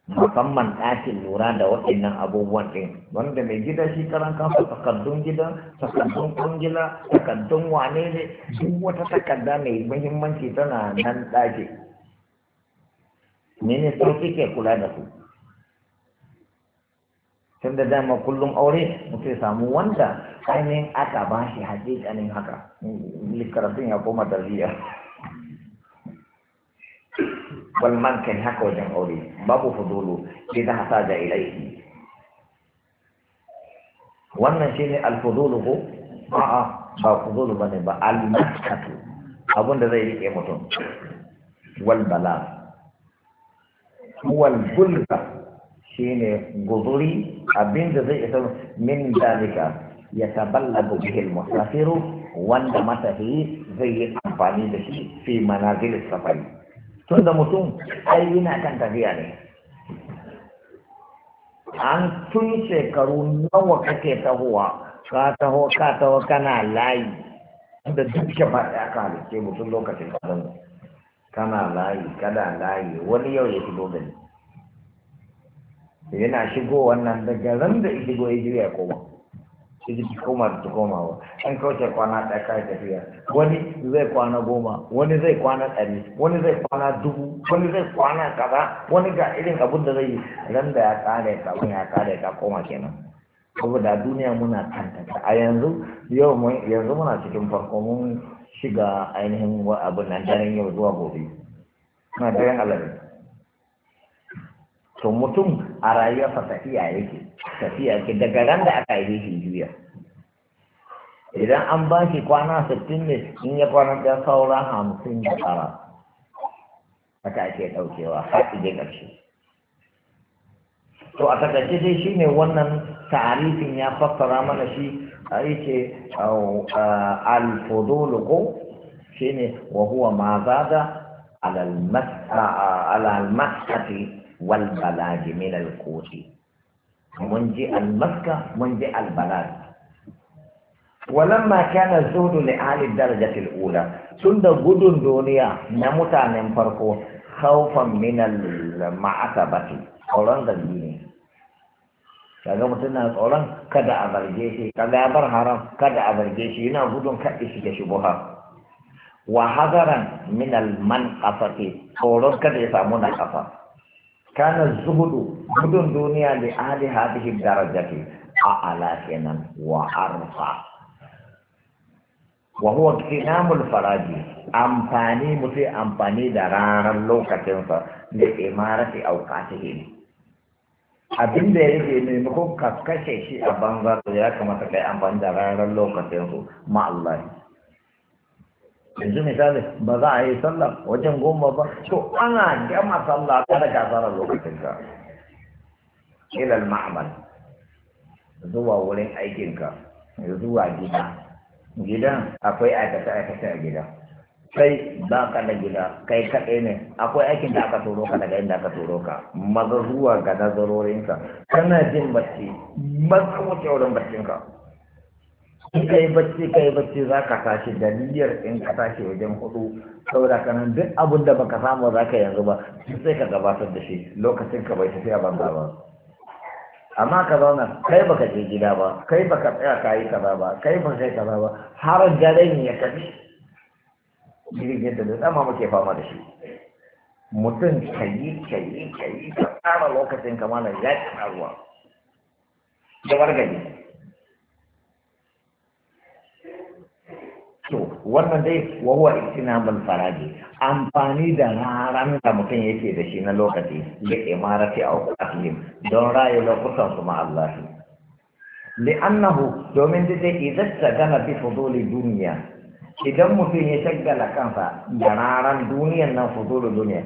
musamman ɗakin lura da waɗannan abubuwan ɗin wanda mai gida shi karan kansa takardun gida takardun kungila takardun wane ne duk wata takarda mai muhimmanci tana nan ɗaki ne sun ke kula da su tun da dama kullum aure mutum samu wanda ainihin aka ba shi haƙiƙanin haka likarafin ya koma tarbiyya والمن كان هكا وجن أولي باب فضوله إذا احتاج إليه wannan shine alfudulu ko a'a ba fudulu bane ba almaskatu abun da zai rike mutum wal bala wal bulga shine guzuri abin da zai isa min dalika ya taballagu bihi almusafiru wanda matafi zai yi amfani da shi fi manazilis safari tunda mutum ai yana kan tafiya ne an tun shekaru nawa kake tahowa ka taho ka taho kana layi da duk gaba ɗaya ka halice mutum lokacin kadan kana layi kana layi wani yau ya shigo gani yana shigo wannan daga ran da shigo ya juya koma sai ji koma da komawa an kauce kwana ɗaya tafiya wani zai kwana goma wani zai kwana ɗari wani zai kwana dubu wani zai kwana kaza wani ga irin abin da zai ran da ya kare ka wani ya kare ka koma kenan saboda duniya muna tantance a yanzu yau yanzu muna cikin farko mun shiga ainihin abin nan daren yau zuwa gobe na daren alamin to mutum a rayuwarsa tafiya yake tafiya yake daga ran da aka yi shi juya idan an ba shi kwana sittin ne in ya kwana saura hamsin da tsara haka ake ɗaukewa har ije ƙarshe to a takaice dai shi ne wannan ta'arifin ya fassara mana shi a yi ce ko shi ne wa huwa ma zaga wal balad min al quti mun ji al maska mun ji al balad ولما كان الزهد لأهل الدرجة الأولى سند غدن دنيا نموت عن خوفا من المعتبة tsoron zargi ne kaga mutum na tsoron kada a zarge shi kaga ya bar haram kada a zarge shi yana gudun kaɗi shi da shubuha wa hazaran min man tsoron kada ya samu na kafa kana zuhudu gudun duniya li ahli daraja darajati a ala kenan wa arfa wa huwa kinamul faraji amfani mutai amfani da ranar lokacin sa da imarati auqatihi abin da ya rike maimakon ka kashe shi a banza ya kamata ka yi amfani da ranar lokacin su ma'allahi yanzu misali ba za a yi sallah wajen goma ba to ana gama sallah kada ka fara lokacin ka ilal ma'amal zuwa wurin aikinka zuwa gida gidan akwai aikata aikata a gida kai ba ka da gida kai kaɗai ne akwai aikin da aka turo ka daga inda aka turo ka maza zuwa ga nazarorinka kana jin bacci maza wuce wurin baccinka in ka yi bacci ka yi bacci za ka tashi daliliyar in ka tashi wajen hudu saboda kanan duk abin da baka samu za ka yanzu ba sai ka gabatar da shi lokacin ka bai tafiya banza ba amma ka zauna kai baka je gida ba kai baka tsaya ka yi kaza ba kai ba kai kaza ba har garen ya tafi jirgin da dama muke fama da shi mutum ka yi ka yi ka yi ka tsara lokacin kamar ya ci ruwa da wargaje to wannan dai wawa istinabul faraji amfani da ranar da mutum yake da shi na lokaci da imarati a wakatihim don raye lokutan su ma'allahi li'annahu domin da zai idan gana bi fuduli duniya idan mutum ya shaggala kansa da ranar duniyan nan fuduli duniya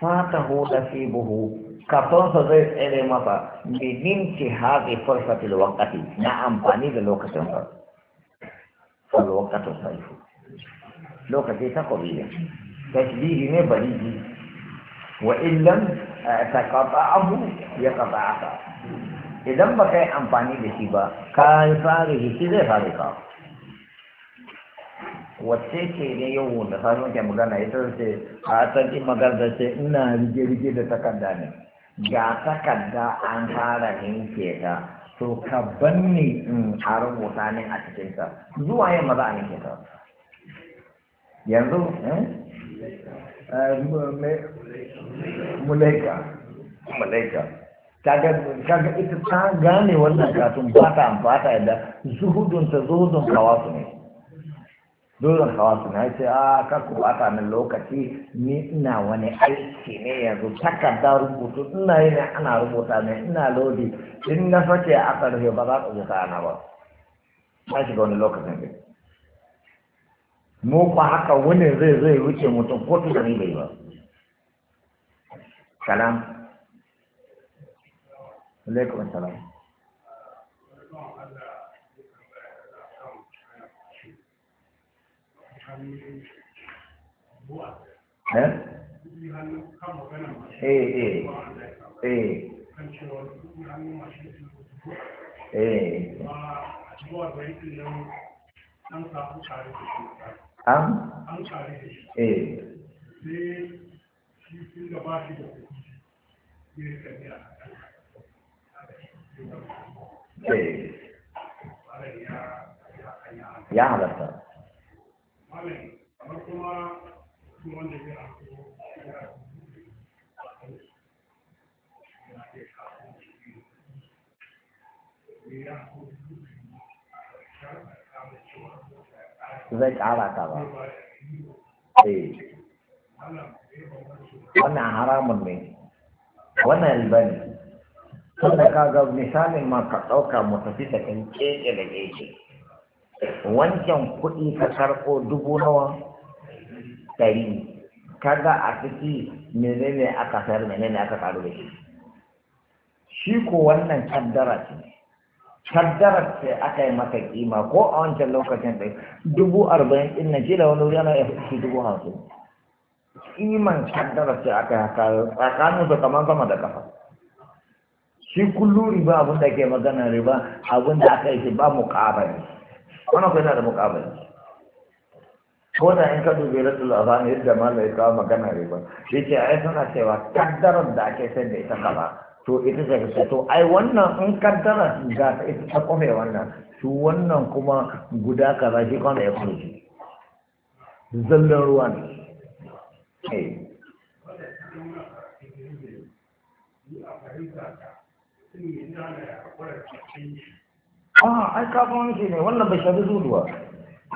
fatahu da fi buhu kafansa zai tsere masa bidin ci haɗe farfatil wakati na amfani da lokacin farko alwakatu saifu lokaci takobi ne tasbihi ne baligi wa illan taqata'ahu yaqata'aka idan ba amfani da shi ba ka fara shi zai fara ka wacce ce ne yau da sanin ke magana ita ce a asali magana ce ina rige-rige da takarda ne ga takarda an fara yanke ta to ka banni in a rubuta min a cikin sa zuwa yamma za a yanke ta yanzu eh? eh, mulaika mulaika kaga ita ta gane wannan katun ba ta amfata da zuhudunta zuhudun kawasu ne dole kawasu na ce a kaku bata min lokaci ni ina wani aiki ne yanzu takarda rubutu ina yi ne ana rubuta ne ina lodi in na fake a karfe ba za ku buka ana ba ta shiga wani lokacin ne mu ba haka wani zai zai wuce mutum ko tunani bai ba salam alaikum salam eh eh eh, eh. eh. eh. ya amen kamar kuma su wanda ya zai kara ka ba eh. wannan haramun ne wannan albani tun da ka ga misalin ma ka ɗauka mu tafi da kan keke da keke wancan kuɗi ka karɓo dubu nawa ɗari kaga a ciki menene aka sayar menene aka karu da shi shi ko wannan kaddara ce kaddara ce aka yi maka kima ko a wancan lokacin ɗai dubu arba'in ɗin na da wani wuri ana iya fi dubu hamsin kiman kaddara ce aka haka tsakanin su kamar sama da kafa shi kullum riba abin da ke magana riba abin da aka yi shi ba mu ne wannan kuma yana da muƙabali ko da in ka dubi rasul azan yadda malai kawo magana ne ba shi ce ai suna cewa kaddarar da ake san da ita kaza to ita ce ka to ai wannan in kaddara ga ta ita ta kome wannan su wannan kuma guda kaza shi kuma ya shi zallan ruwa ne Thank eh. you. ah ai kafin shi ne wannan bai shari zuwa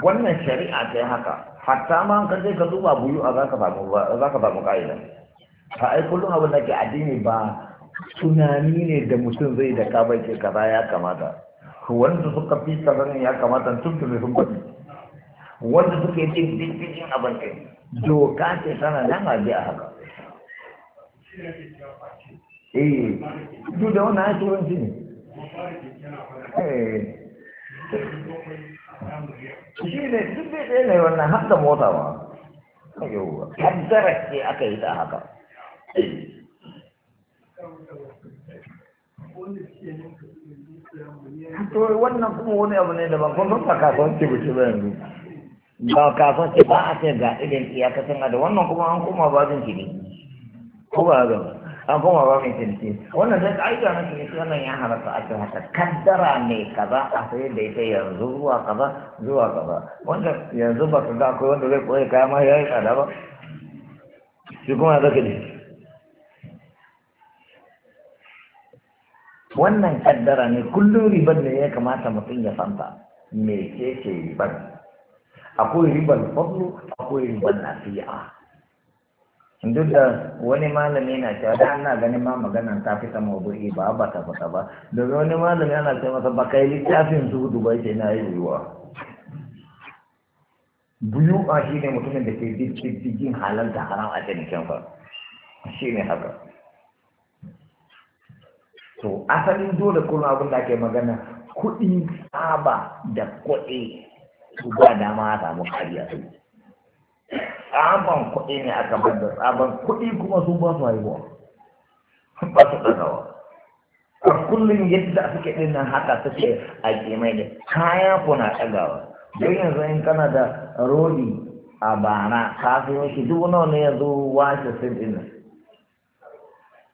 wannan shari'a ta haka hatta ma ka je ka duba buyu a zaka ka zaka samu ka'ida ta ai kullum abin da ke addini ba tunani ne da mutum zai da ka bai ke kaza ya kamata wanda suka fi kaza ne ya kamata tuntuni sun gwadi wanda suke jin bincin abin kai doka ce sana nan a biya haka eh duk da wannan ya ne Eh. shi ne duk da ɗaya ne wannan har da mota ba yauwa ce aka yi ta haka to wannan kuma wani abu ne daban kuma ba kasuwanci ba ce ba yanzu ba kasuwanci ba a ce ga irin iyakacin da wannan kuma an kuma babin shi ne ko ba ga an kuma ba mai ciniki wannan zai aika na ciniki wannan ya halatta ake haka kaddara ne kaza a sai da ita yanzu zuwa kaza zuwa kaza wanda yanzu ba ka ga akwai wanda zai koya kaya ma ya yi tsada ba shi kuma ya zaka ne wannan kaddara ne kullum ribar ne ya kamata mutum ya fanta me ce ce ribar akwai ribar fadlu akwai ribar nasi'a duk da wani malami na cewa da ana ganin ma maganan ta fita maudu'i ba ba ta fita ba daga wani malami ana ce masa ba kai littafin su dubai ce na yi yiwuwa buyu a shi ne mutumin da ke diddigin halarta haram a cinikin fa shi ne haka to asalin dole kuma abin da ake magana kuɗi tsaba da kuɗi su ba dama a samu kariya su tsaban kuɗi ne aka bar da tsaban kuɗi kuma sun ba su haihuwa ba su ɗagawa a kullum yadda suke ɗin nan haka suke a kimai da kaya kuna ɗagawa don yanzu in kana da rodi a bara kafin yake duk nawa ne ya zo washe sun ɗin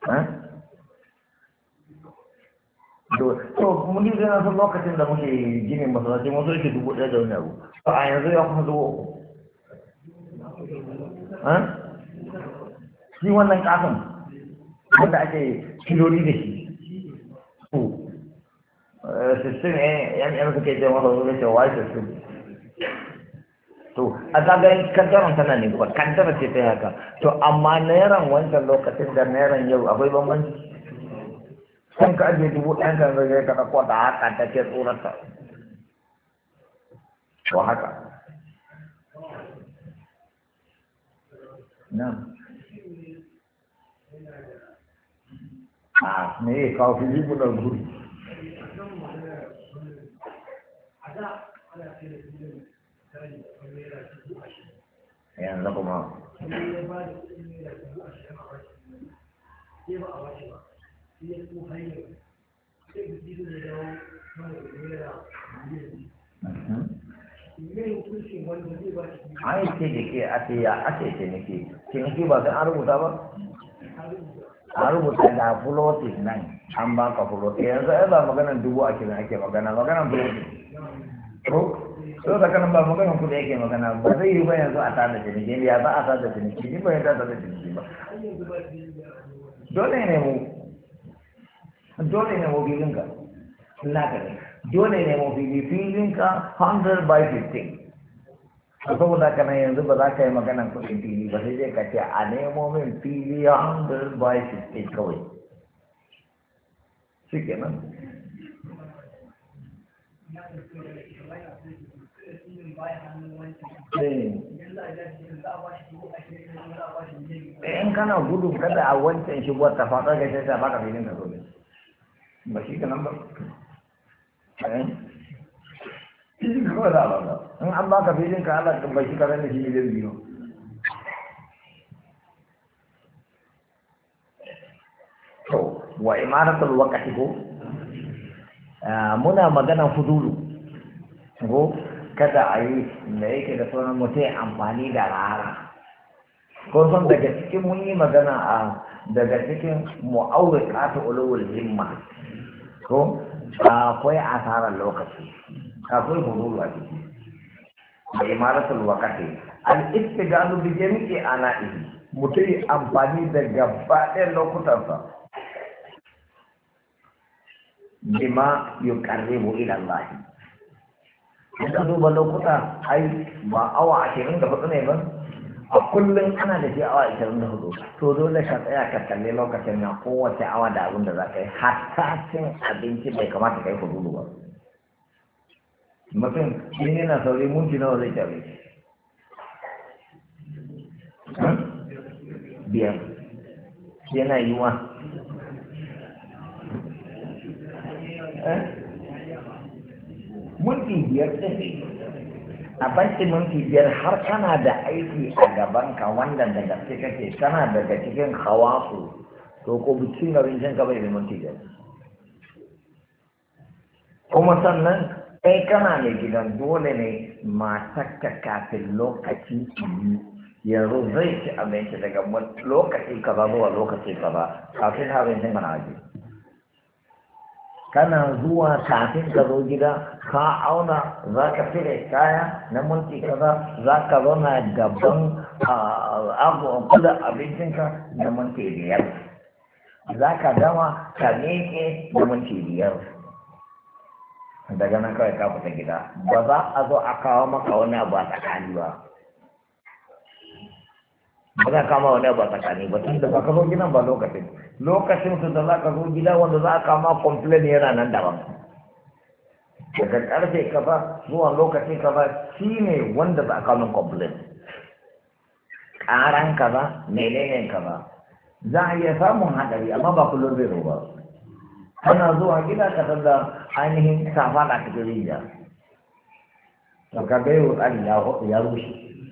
nan to mun yi zai na san lokacin da muke ginin masallaci mun zo yake dubu ɗaya da wani abu a yanzu ya kuma zuwa shi wannan kafin wanda ake kiloli da shi to eh, sistin eh, yan yan suke ce masa zuwa ce wai sistin to a zagayen kaddaran tana ne ba kaddara ce ta haka to amma nairan wancan lokacin da nairan yau akwai bambanci sun ka ajiye dubu ɗan kan zai ka ɗauko da haka ta ke tsorata to haka nan a ah, me ya kawo fi ribunar guri yanzu kuma Mm-hmm. an ce da ke a ce ya a ce ce nake ce ba sai an rubuta ba an rubuta da fulotis nan an ba ka fulotis eh, yanzu ai ba maganan dubu a kiran ake magana maganan fulotis ko so da ba maganan kuɗi ake magana ba zai yi ba yanzu a tada ciniki ya ba a tada ciniki ni ba ya tada ciniki ba dole ne mu dole ne mu bi dinka Allah ka dole ne mu fili filin ka 100 by 15 saboda kana yanzu ba za ka yi maganan kuɗin fili ba sai dai ka a nemo min fili by kawai shi in kada a wancan shi wata ba ba Filin kawai za In an baka filin ka Allah ka bashi ka ranar shi miliyan biyu. To, wa imaratul wakati ko? Muna maganan fudulu. Ko kada a yi da yake da sauran mutum amfani da rara. Ko son daga cikin mun yi magana a ah, daga cikin mu'aure ƙata ulowar himma. Ko akwai asarar lokaci akwai hururu a ciki da imaratul wakati al istigalu bi jami'i ana'ihi mutum amfani da gaba ɗayan lokutansa bima yuqarribu ila Allah idan duba lokuta ai ba awa ba ne ba a kullum ana da shi awa ishirin da hudu to dole ka tsaya ka kalli lokacin na kowace awa da abin da za ka yi hatta cin abinci bai kamata ka yi hudu ba mutum shi ne na sauri minti nawa zai ci hmm? biyar yana yiwa eh? minti biyar ɗin a banki minti biyar har kana da aiki a gabanka wanda da gaske kake kana daga cikin hawasu to ko bikin abincin ka bai da minti biyar kuma sannan kai kana mai gidan dole ne matakka kafin lokaci yanzu zai ci abinci daga lokaci kaza zuwa lokaci kaza kafin abincin kana aji kana zuwa kafin ka zo gida ka auna za ka fire kaya na mulki kaza za ka zauna gaban kula abincinka na mulki biyar za ka dama ka miƙe da mulki biyar daga nan kawai ka fita gida ba za a zo a kawo maka wani abu a tsakani ba ba za kama wani abu a tsakani ba tun da ba ka zo gidan ba lokacin lokacin su da za ka zo gida wanda za a kama complain yana nan daban daga karfe kaza zuwa lokacin kaza shi ne wanda za a kawo complain ƙaran kaza menene kaza za a iya samun haɗari amma ba kullum zai zo ba Tana zuwa gida ka da ainihin safa da cikin rijiya to ka bai wa tsari ya rushe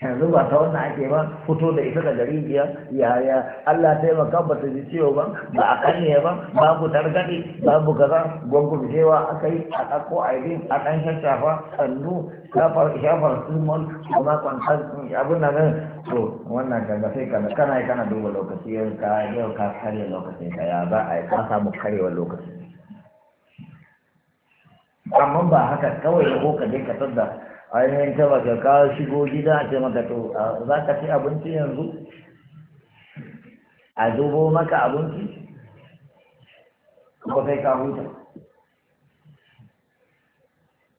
yanzu ba ta wannan ake ba fito da ita daga rijiya yaya Allah taimaka ba ta ji ciwo ba ba a kanye ba babu targaɗe babu kaza gwangwam cewa aka yi a ɗauko a ɗan shafa sannu shafar sumon kuma kwantar abin nan eh. to wannan ganga sai kana kana kana duba lokaci yau ka yau ka karya lokaci. ka ya za a yi ka samu karyewar lokaci amma ba haka kawai ko ka je ka tsadda ainihin ta baka ka shigo gida a ce maka to za ka ci abinci yanzu a zubo maka abinci kuma kai ka huta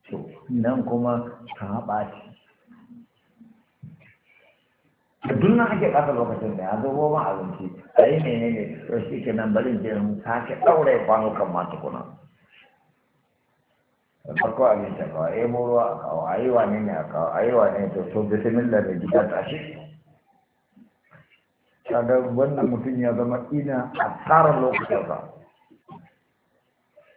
to nan kuma ka ɓaci da duk nan ake ƙasa lokacin da ya zubo ma abinci a yi ne ne ne to shi ke nan barin jirin sake ɗaure kwanukan ma tukuna farko abin ta kawo ya ruwa a kawo a yi wane ne a kawo a yi wane to so bismillah da gida ta shi kaga wannan mutum ya zama ina a tsara lokacin ba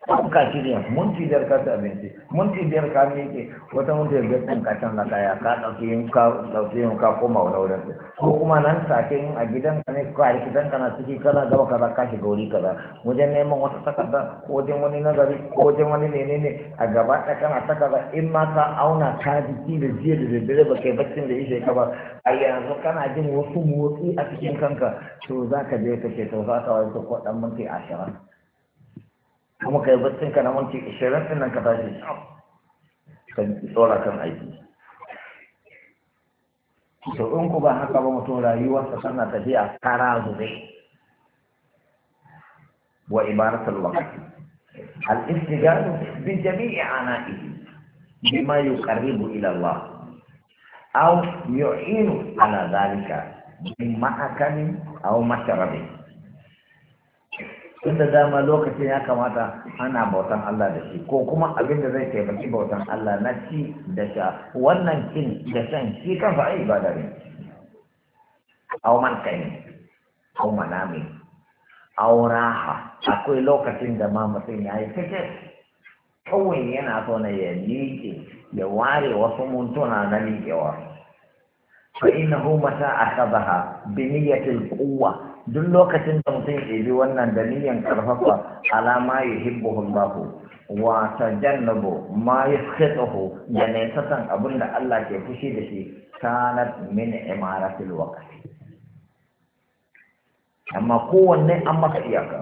ka shirya munti biyar ka ci abinci munti biyar ka miƙe wata munti biyar kan ka na kaya ka ɗauki yin ka ɗauki yin ka koma wani wurin ko kuma nan sake a gidan ka ne ko a gidan ka na ciki kana gaba kaza ka shiga wuri kaza wajen neman wata takarda ko wajen wani nazari ko wajen wani ne a gaba ɗaya kana takarda in ma ka auna ka ji jiki da jiya da daddare ba kai baccin da ishe ka ba a yanzu kana jin wasu motsi a cikin kanka to za ka je ka ce to za ka wani ko ɗan minti ashirin kuma kai bacin ka na minti ishirin din nan ka tashi kan tsora kan aiki to in ku ba haka ba mutum rayuwa rayuwarsa tana tafiya kara zube wa ibaratul waqti al-istigharu bi jami'i ana'ihi bima yuqarribu ila Allah aw yu'inu ala dhalika bi ma'akani aw masharabi tunda dama lokacin ya kamata ana bautan Allah da shi ko kuma abin da zai taimaki bautan Allah na ci da sha wannan cin da shan shi kansa ai ibada ne aw man kai aw manami aw raha akwai lokacin da ma mutum ya yi kake kawai yana so na ya liƙe ya ware wasu mintuna na liƙewa fa innahu mata akhadha bi niyyatil quwwa duk lokacin da mutum ya bi wannan dalilin karfafa alama ya hibbu hullahu wa jannabo ma yaskhitahu da ne san abin da Allah ke fushi da shi kanat min imara waqti amma kowanne an maka iyaka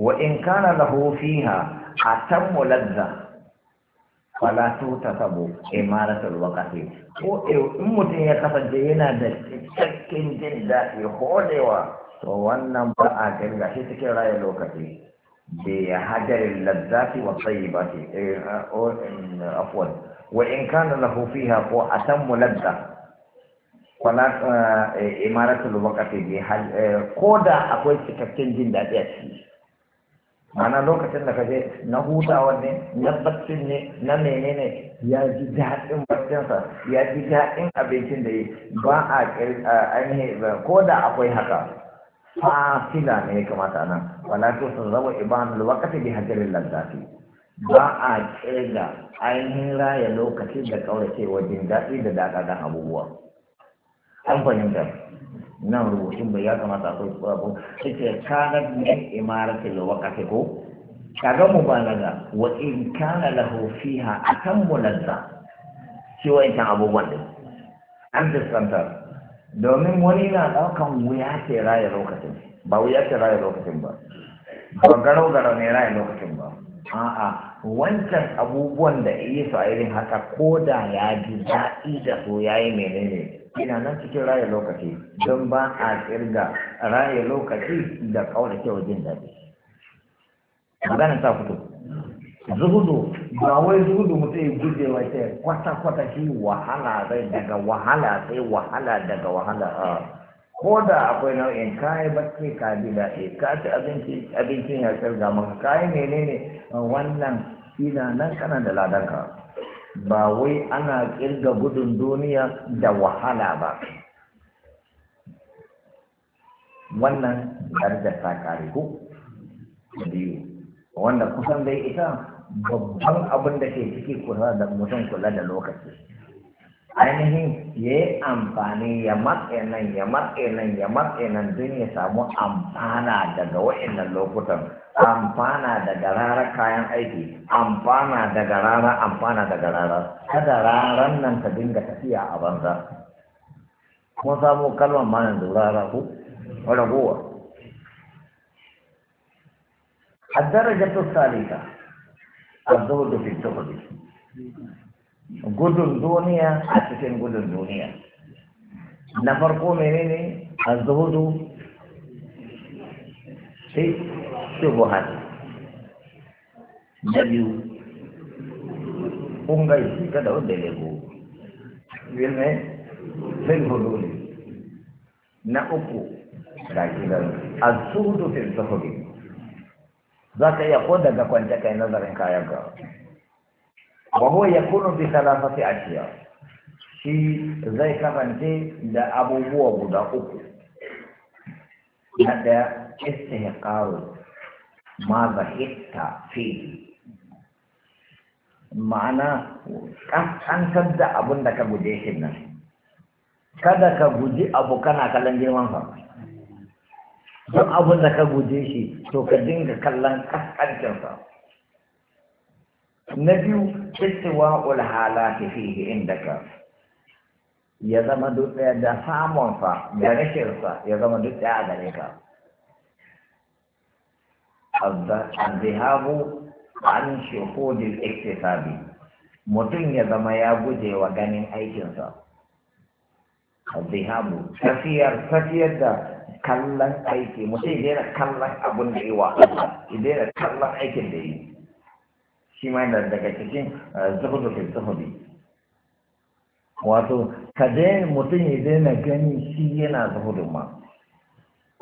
wa in kana lahu fiha atammu ladza fala ta sabo imaratul waqafi ko oh, eh, in mutum ya kasance yana da cikakken jin daɗi holewa to wannan ba a ganga shi cikin raya lokaci ya hajarin lazzafi wa tayyibati eh, oh, eh, afuwan wa in kana lahu fiha ko mu ladda fala imaratul waqafi bi ko da akwai cikakken jin daɗi a ciki ma'ana lokacin da ka je, na hutawar ne na baccin ne na menene ya ji daɗin baccinsa ya ji daɗin abincin da yi ba a ainihi ko da akwai haka fasila ne ya kamata nan wala to sun zama ibanul waqti bi hajarin lantafi ba a ƙirga ainihin raya lokacin da kaurace wajen daɗi da daɗaɗan abubuwa an fahimta nan rubutun bai ya kamata akwai abu ita kana min imaratil waqti ko kaga mubalaga wa in kana lahu fiha akan mulazza shi wa kan abubuwan da an distantar domin wani na daukan wuya ce raya lokacin ba wuya ce raya lokacin ba ba garau garau ne raya lokacin ba a'a wancan abubuwan da iya su a irin haka ko da ya ji daɗi da so ya yi menene ina nan cikin raya lokaci don ba a kirga raya lokaci da kawar kyau jin daɗi magana ta fito zuhudu ba wai zuhudu mutum ya guje wa ce kwata-kwata shi wahala zai daga wahala sai wahala daga wahala a ko da akwai nau'in kayan bacci ka bi daɗi ka ci abinci abincin ya tsirga maka kayan menene wannan ina nan kana da ladanka ba wai ana kirga gudun duniya da wahala ba wannan daraja da kare ku biyu wanda kusan dai ita babban abin da ke ciki kula da mutum kula da lokaci ainihin ya yi amfani ya matse nan ya matse nan ya matse nan don ya samu amfana daga wa'annan lokutan amfana daga rara kayan aiki amfana daga rara amfana daga rara kada raran nan ta dinga tafiya a banza mun samu kalmar manan da rara ku ragowa الدرجة a الزهد da الزهد gudun duniya a cikin gudun duniya na farko menene azhudu sai shubuhat na biyu kungai kada wanda ya go ne sai hudu na uku ga kiran azhudu fil sahbi za ka iya ko daga kwance kai nazarin kayan ka wa huwa yakunu bi thalathati ashiya shi zai kasance da abubuwa guda uku na ɗaya istihqaru ma zahitta fihi ma'ana san da abin da ka guje shi nan kada ka guji abu kana kallon girman fa. Don abin da ka guje shi to ka dinga kallon kaskancin sa na biyu istiwa ulhala ta da ka. ya zama dutse da samunsa da rashinsa ya zama dutse a gare ka azzihabu an shuhudil ikisabi mutum ya zama ya guje wa ganin aikinsa azzihabu tafiyar tafiyar da kallon aiki mutum ya daina kallon abin da yi wa ya daina kallon aikin da yi shi ma yana daga cikin eh, zuhudu fi zuhudi wato ka daina mutum ya daina gani shi yana zuhudun ma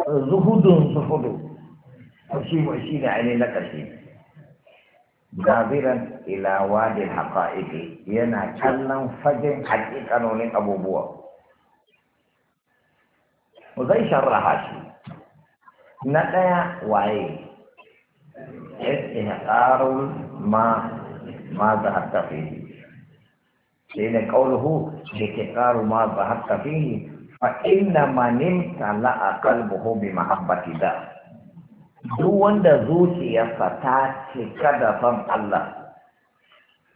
zuhudun zuhudu shi ba shi da ainihin na ƙarshe gabiran ila wadi haƙa'iƙe yana kallon fagen haƙiƙanonin abubuwa zai sharraha shi na ɗaya waye استحقار ما ما ظهرت فيه لأن قوله استحقار ما ظهرت فيه فإن من امتلأ قلبه بمحبة الله duk wanda zuciyarsa ta cika da son Allah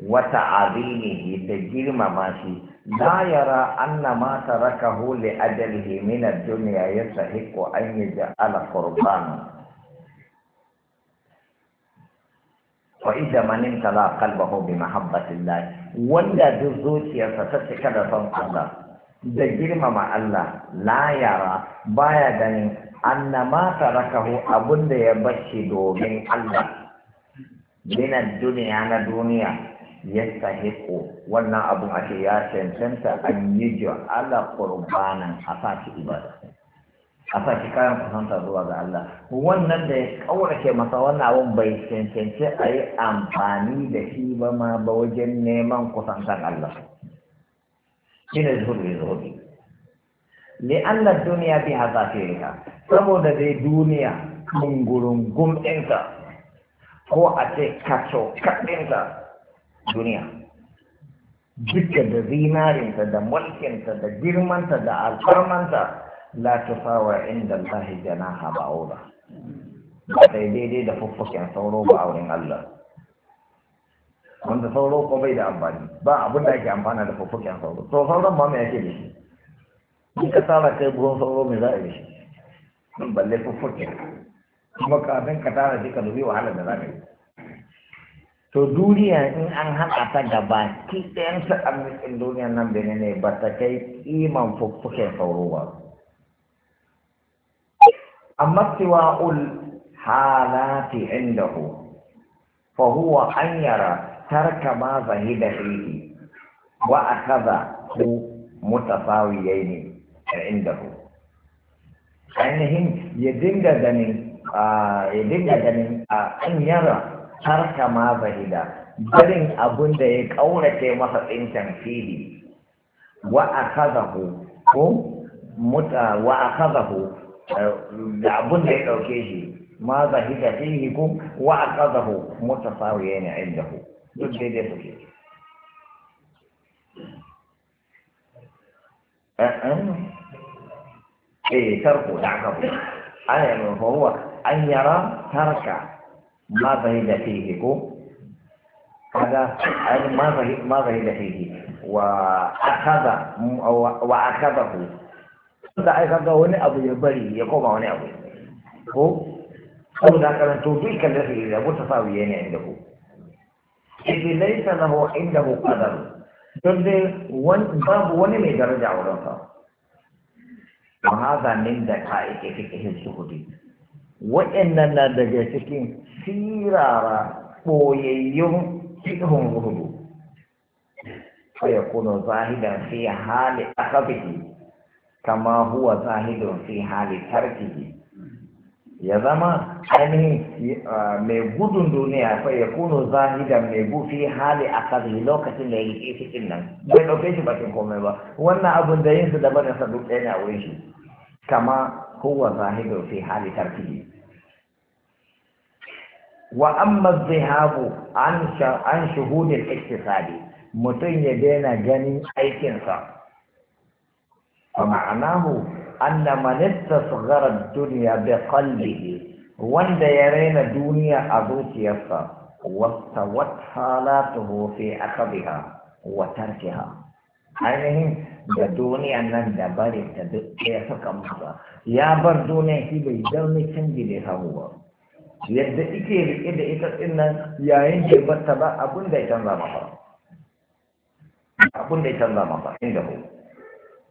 wata azimihi da girmama shi la yara anna ma tarakahu li ajalihi min ad-dunya yastahiqu an yaj'ala fa idda man imtala qalbahu bi mahabbatillah wanda duk zuciyarsa ta cika da son Allah da girmama Allah la yara baya ganin anna ma tarakahu abunda ya bashi domin Allah dinar duniya na duniya ya sahiqu wannan abun ake ya cancanta an yi ala qurbanan a ibada kasashe kayan kusanta zuwa ga Allah wannan da ya kaurace masa wannan abun bai cancanci a yi amfani da shi ba ma ba wajen neman kusantar Allah shi ne zuhudu zuhudu ne Allah duniya bi rika saboda dai duniya gungurungum gumɗinsa ko a ce kaso kaɗinsa duniya dukkan da zinarinta da mulkinta da girmanta da alfarmanta la tusawa inda Allah janaha ba'uda ba sai daidai da fuffuken sauro ba a wurin Allah wanda sauro ko bai da amfani ba abin da ake amfana da fuffuken sauro to sauron ba mai yake da shi in ka tara kai buhun sauro mai za a yi shi balle fuffuken kuma kafin ka tara shi ka dubi wahala da za ka yi to duniya in an haɗa ta gaba ki ɗayan sa'ar duniya nan bene ne ba ta kai kiman fuffuken sauro ba amma siwa'ul halati indahu fa huwa an yara tarka ma zahida fihi wa akhadha hu mutasawiyaini indahu ainihin ya dinga ganin ya dinga ganin a an yara tarka ma zahida barin abun da ya kaurace masa tsinken fili wa akhadahu ko muta wa abun da ya ɗauke shi ma zahida fihi kum wa aqadahu mutasawiyan indahu duk daidai suke eh tarku da aka fi ana yi fahuwa an yara tarka ma zahida fihi ko kaga an ma zahida fihi wa akada wa akadahu da aka ga wani abu ya bari ya koma wani abu ko da saboda karanto dukkan da su da ta sa wuya ne inda ku idan laisa lahu indahu qadar don dai babu wani mai daraja a wurin sa wa hadha min da ka'ike fiqh zuhudi wa'annan na daga cikin sirara boyayyun fiqhun hudu. fa yakunu zahidan fi hali akabihi kama huwa zahidun fi hali tarkihi ya zama ainihin mai gudun duniya fa ya kuno zahida mai gu fi hali a kazi lokacin da ya yi cikin nan bai ɗauke shi bakin komai ba wannan abin da yin su da bane sa duk ɗaya wurin shi kama huwa zahidun fi hali tarkihi wa amma zihabu an shuhudin iktisadi mutum ya daina ganin aikinsa فمعناه أن من استصغر الدنيا بقلبه وند يرين الدنيا أبوك يسا واستوت حالاته في أخذها وتركها ainihin da duniyan nan da barin ta duk ya saka masa ya bar duniya shi bai zaune canji da samu ba yadda ike riƙe da ita din nan yayin da ba ta ba abin da ya canza masa abin da ya canza inda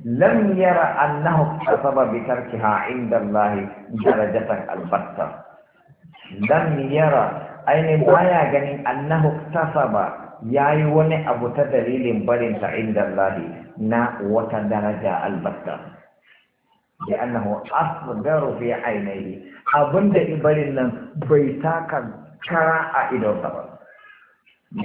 lam yara annahu kasaba bi tarkiha inda Allah darajatan albatta lam yara ainihin baya ganin annahu kasaba yayi wani abu ta dalilin barin ta inda Allah na wata daraja albatta da annahu asgaru fi ainihi abinda ibarin nan bai taka kara a idon ba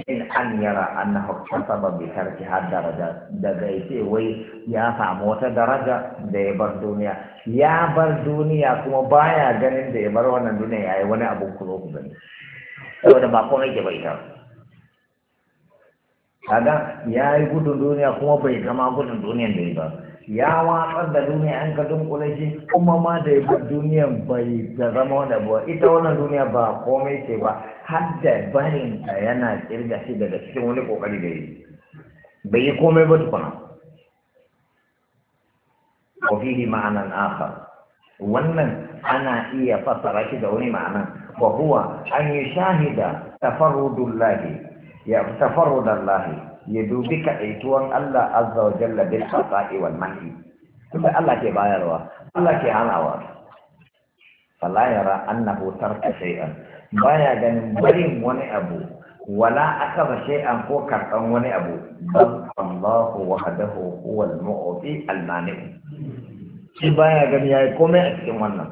in an yara annahu kasaba bi har daraja daga ite. wai ya samu wata daraja da ya bar duniya ya bar duniya kuma baya ganin da ya bar wannan duniya yayi wani abu ku ku gani saboda ba kuma yake bai ta kaga yi gudun duniya kuma bai gama gudun duniyan da ya ba ya watsar da duniya an ka dunkule shi kuma ma da ya duniya bai da zama da buwa ita wannan duniya ba komai ce ba har da barin ta yana kirga shi daga cikin wani kokari da yi bai yi komai ba tukuna wa fihi ma'anan akhar wannan ana iya fassara shi da wani ma'anan wa huwa an shahida tafarrudullahi ya tafarrudallahi ya dubi kaɗaituwan Allah azza wa jalla bil fasa'i wal mahi tunda Allah ke bayarwa Allah ke hanawa fala yara annahu tarka shay'an baya ganin barin wani abu wala akaba shay'an ko karɓan wani abu bal Allahu wahdahu huwal mu'ti al mani shi baya gani yayi komai a cikin wannan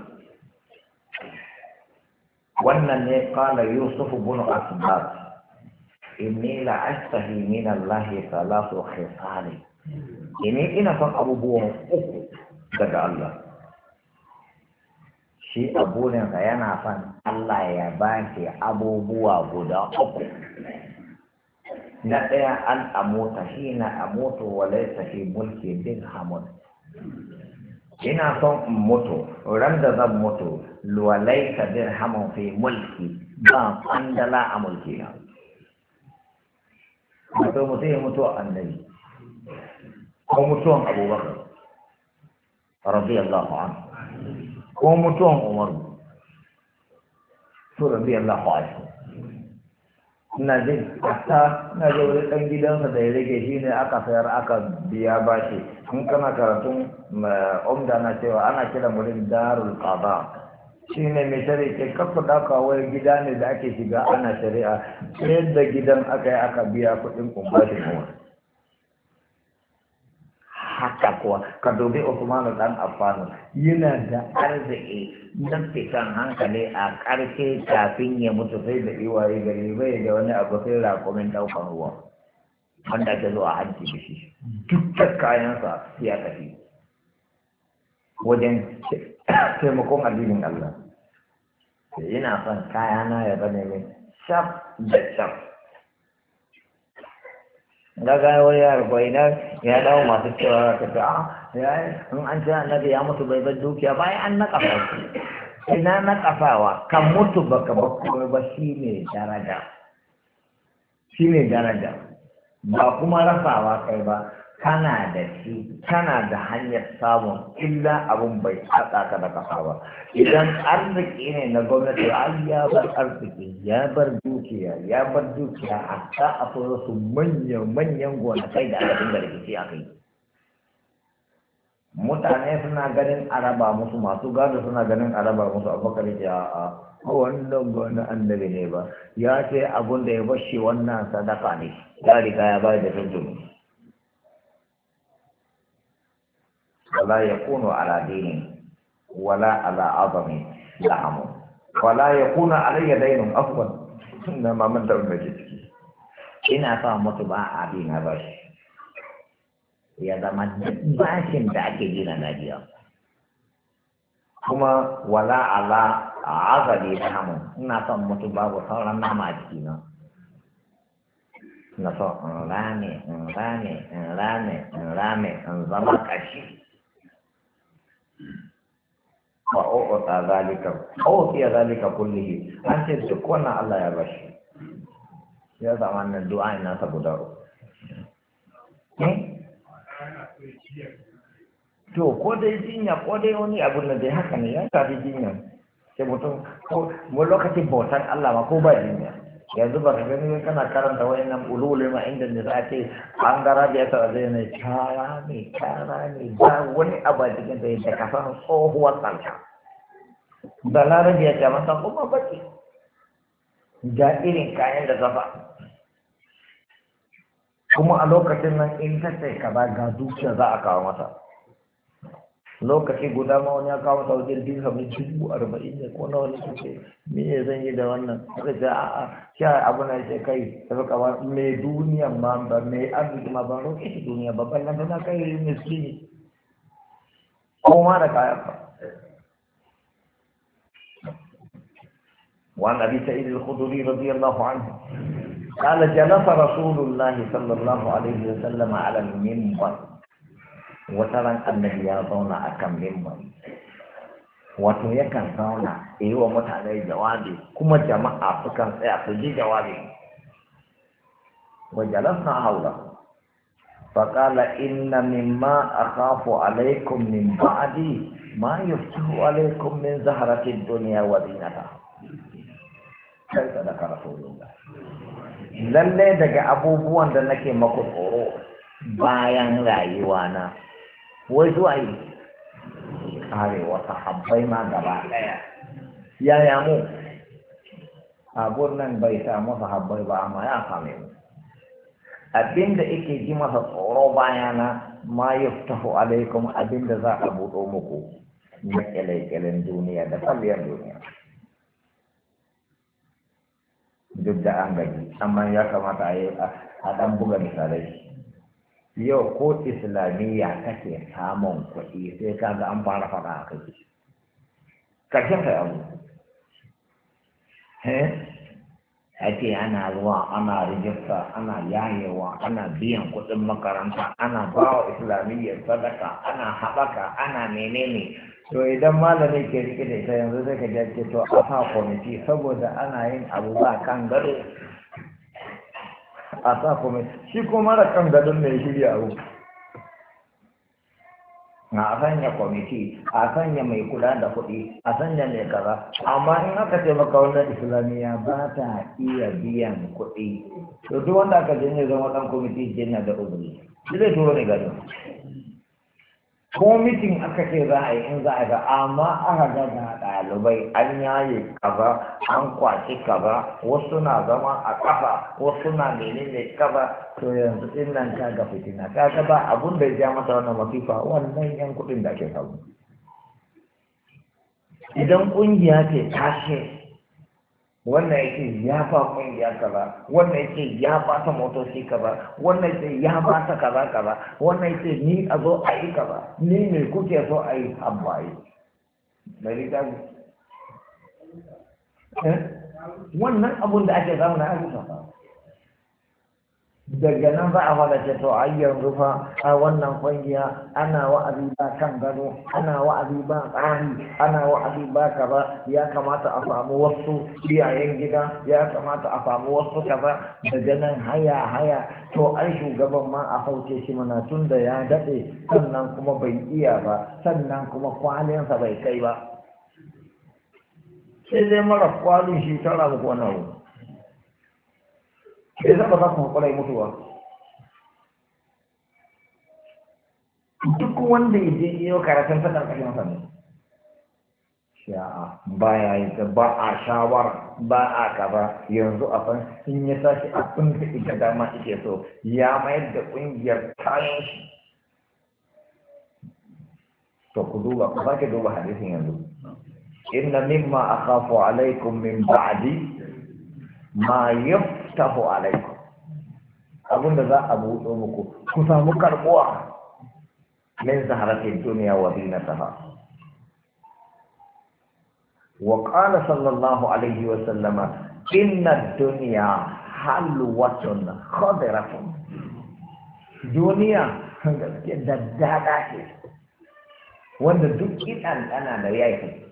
wannan ne qala yusuf ibn asbab inni la astahi min Allah salatu khisali ini ina son abubuwan uku daga Allah shi abuninsa yana son Allah ya ba shi abubuwa guda uku na ɗaya an amota shi na amoto walai fi mulki bin hamud ina son in mutu ran da zan mutu walai bin hamud fi mulki ba kwandala a mulki na akwai mutum ya mutu a annabi ko mutuwan abubakar radiyallahu anhu ko mutuwan umar su radiyallahu anhu ina jin hatta ina ji wani ɗan gidansa da ya rage shi ne aka sayar aka biya ba shi, in kana karatun omda eh, na cewa ana kiran wurin darul qada shi ne mai tare ke kafa daka wani gida ne da ake shiga ana shari'a sai da gidan aka yi aka biya kuɗin kumbashin kuma? haka kuwa ka dubi usman dan Affan yana da arziki na fitan hankali a karfe kafin ya mutu sai da iwaye gari bai da wani abu sai rakumin ɗaukar ruwa wanda zo zuwa hanci da shi da kayansa ya tafi wajen taimakon addinin Allah ina son kayana ya zane mai shaf da shaf daga wani yarkwai na ya dawo masu cewa ka ce ah, a yi, in an ce annabi ya mutu bai bai dukiya bayan an na naka ina na kafawa kan mutu baka ka bakwai ba shi ne daraja shi ne daraja ba kuma rafawa kai ba kana da shi kana da hanyar samun illa abun bai tsaka ka da kasa ba idan arziki ne na gwamnati ai ya bar arziki ya bar dukiya ya bar dukiya a fara su manyan manyan gonakai da aka dinga rikici a kai mutane suna ganin araba musu masu gado suna ganin araba musu abubakar ya a wannan gona annabi ne ba ya ce abun da ya bashi wannan sadaka ne ya riga ya bayar da tuntuni ولا يكون على دين ولا على عظم لعم ولا يكون علي دين أفضل إنما من لو مجدك إن فهمت باع دين باش يا زمان باش دعك دين ناجيا kuma wala ala a azali namu ina son mutu babu sauran nama a jikina na so in rame in rame in rame in rame zama Wa ta zalika o'otiya zalika kullihi an ce duk wannan Allah ya bashi ya zama na du'a ina ta guda hmm? to ko dai jinya ko dai wani abu na dai haka ne ya tafi jinya sai mutum ko lokacin bautan Allah ma ko ba jinya yanzu ba ka gani kana karanta wayannan ulule ma inda ne za ce an gara da ya tara zai ne kara ne kara ne ba wani abu a cikin da yadda kasan tsohuwar tsarka da larabi ya ce masa kuma baki ga irin kayan da zafa kuma a lokacin nan in ka ce ka ba ga dukiya za a kawo masa lokaci guda ma wani ya kawo wajen biyu hamsin dubu arba'in ne ko nawa ne suke me ne zan yi da wannan suka ce a'a sha abu na ce kai ta suka ba me duniya ma ba mai arziki ma ban roƙe shi duniya ba ban nan na kai miskini ko ma da kaya ba وعن ابي سعيد الخدري رضي الله عنه قال جلس رسول الله صلى الله عليه وسلم على المنبر wata ran annabi ya zauna a kan mimbar wato yakan zauna yi wa mutane jawabi kuma jama'a sukan tsaya su ji jawabi jalasa haula faƙala inna mimma akhafu alaikum min ba'di ma yuftihu alaikum min zaharati dunya wa zinata sai lalle daga abubuwan da nake maku tsoro bayan rayuwa na wai zuwa yi karewa habbai ma gaba ɗaya yaya mu abun nan bai masa sahabbai ba amma ya same mu abinda ike ji masa tsoro bayana ma yaftahu alaikum da za a buɗo muku na kyalekyalen duniya da tsalliyar duniya duk da an gaji amma ya kamata a yi a ɗan buga misalai yau ko islamiyya kake samun kuɗi sai ka ga an fara fara a kai ƙarshen ka A ake ana zuwa ana rijista ana yayewa ana biyan kuɗin makaranta ana ba wa islamiyyar sadaka ana haɓaka ana menene to idan malami ke rike da ita yanzu sai ka jace to a sa kwamiti saboda ana yin abu ba kan gado a sa kome shi ko mara kan gadon mai shirya ru na a sanya kwamiti a sanya mai kula da kuɗi a sanya mai kaza amma in aka ce maka wannan islamiyya ba ta iya biyan kuɗi to duk wanda aka je zama ɗan kwamiti jinya da uzuri shi zai turo ne gadon komitin aka ce za a yi in za a ga amma aka ga ga ɗalibai an yaye kaza an kwaci kaza wasu na zama a kafa wasu na menene kaza to yanzu in nan ka ga fitina ka ga ba abun da ya ja masa wannan masifa wannan yan kuɗin da ake samu idan ƙungiya ce tashe wannan yake ya fa kungiya kaza wannan yake ya ba ta motoci kaza wannan yake ya ba ta kaza kaza wannan yake ni a zo a yi kaza ni me kuke so a yi amma yi eh? wannan abun da ake zamu na abuta daga nan za a falace to a yanzu fa a wannan kungiya ana wa'azi ba kan gado ana wa'azi ba tsari ana wa'azi ba kaza ya kamata a samu wasu iyayen gida ya kamata a samu wasu kaza daga nan haya haya to ai shugaban ma a sauke shi mana tun da ya daɗe sannan kuma bai iya ba sannan kuma kwalinsa bai kai ba sai dai mara kwalin shi tara ko nawa bai zaba za su hankula mutuwa duk wanda ya je iyo karatun ta ƙarƙashin sa ne sha'a ba ya yi ba a shawar ba a kaza yanzu a san in ya tashi abin da ita dama ike so ya mayar da ƙungiyar kayan shi to ku duba ku sake duba hadisin yanzu inna mimma akhafu alaikum min ba'di ma yaftahu alaikum abinda za a buɗo muku ku samu karbuwa min zaharatin duniya wa zinataha wa qala sallallahu alaihi wa sallama inna dunya halwatun khadiratun duniya gaske daddada ce wanda duk idan ana da yayi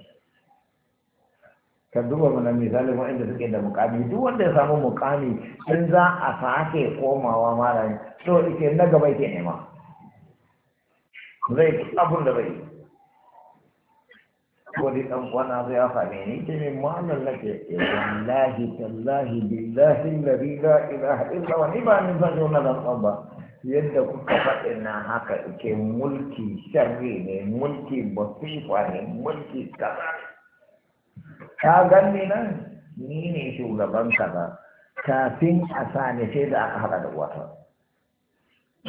ka duba mana misalin waɗanda suke da mukami duk wanda ya samu mukami in za a sake komawa mara to ike na gaba yake nema zai duk abin da bai ko dai dan kwana zai ya same ni ce min mu'amal nake eh, wallahi tallahi billahi alladhi la ilaha illa wa ba min zan yau na dan ba yadda kuka faɗi na haka ike mulki sharri ne mulki basifa ne mulki kaza ka ganni nan ni ne shugaban kaza kafin a sani ni sai da aka haɗa da wata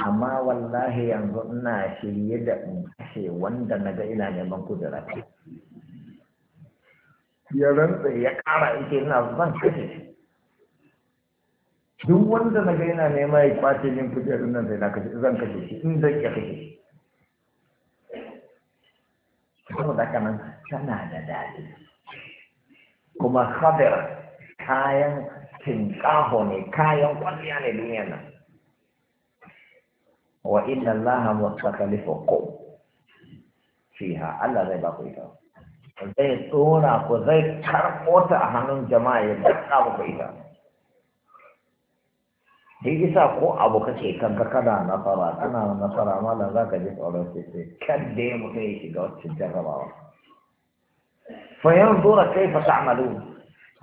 amma wallahi yanzu ina shirye da in kashe wanda na ga ina neman kudura ya rantsa ya ƙara ike ina zan kashe shi duk wanda na ga ina nema ya kwace min kujerun nan sai na kashe zan kashe shi in zan iya kashe shi saboda haka tana da daɗi kuma khadir kayan kinkaho ne kayan kwalliya ne duniya nan wa inna allaha mustaqlifukum fiha Allah zai ba ku ita zai tsora ku zai karɓo ta a hannun jama'a ya daɗa muku ita da isa ko abu kake kanka kana nasara kana nasara malam za ka ji tsoron sai sai kan da ya mutum ya shiga wacce jarrabawa فينظر كيف تعملون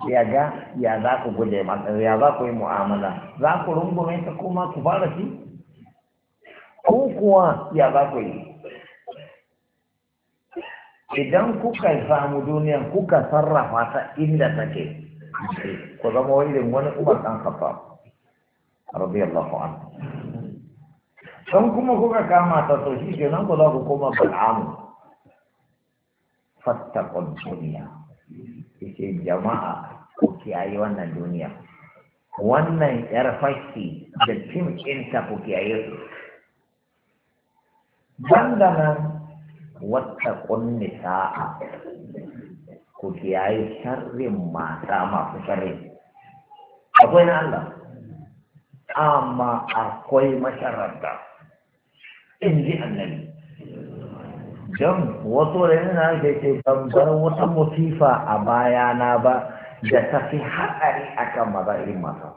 ya ga ya za ku gode ya za ku yi mu'amala za ku rungume ta kuma ku fara ci ko kuwa ya za ku yi idan kuka samu duniyan kuka sarrafa ta inda take ku zama irin wani umar ɗan kafa radiyallahu anhu don kuma kuka kama ta to shi ke nan ku za ku koma bal'amu fastakon duniya yace jama'a ku kiyaye wannan duniya wannan yar fashi da fim ɗinta ku kiyaye su banda nan wattakun nisa'a ku kiyaye sharrin mata masu sharri akwai na Allah amma akwai da, in ji annabi don wasu da yana da ke gambar wata musifa a bayana ba da ta fi haɗari a kan mazarin masa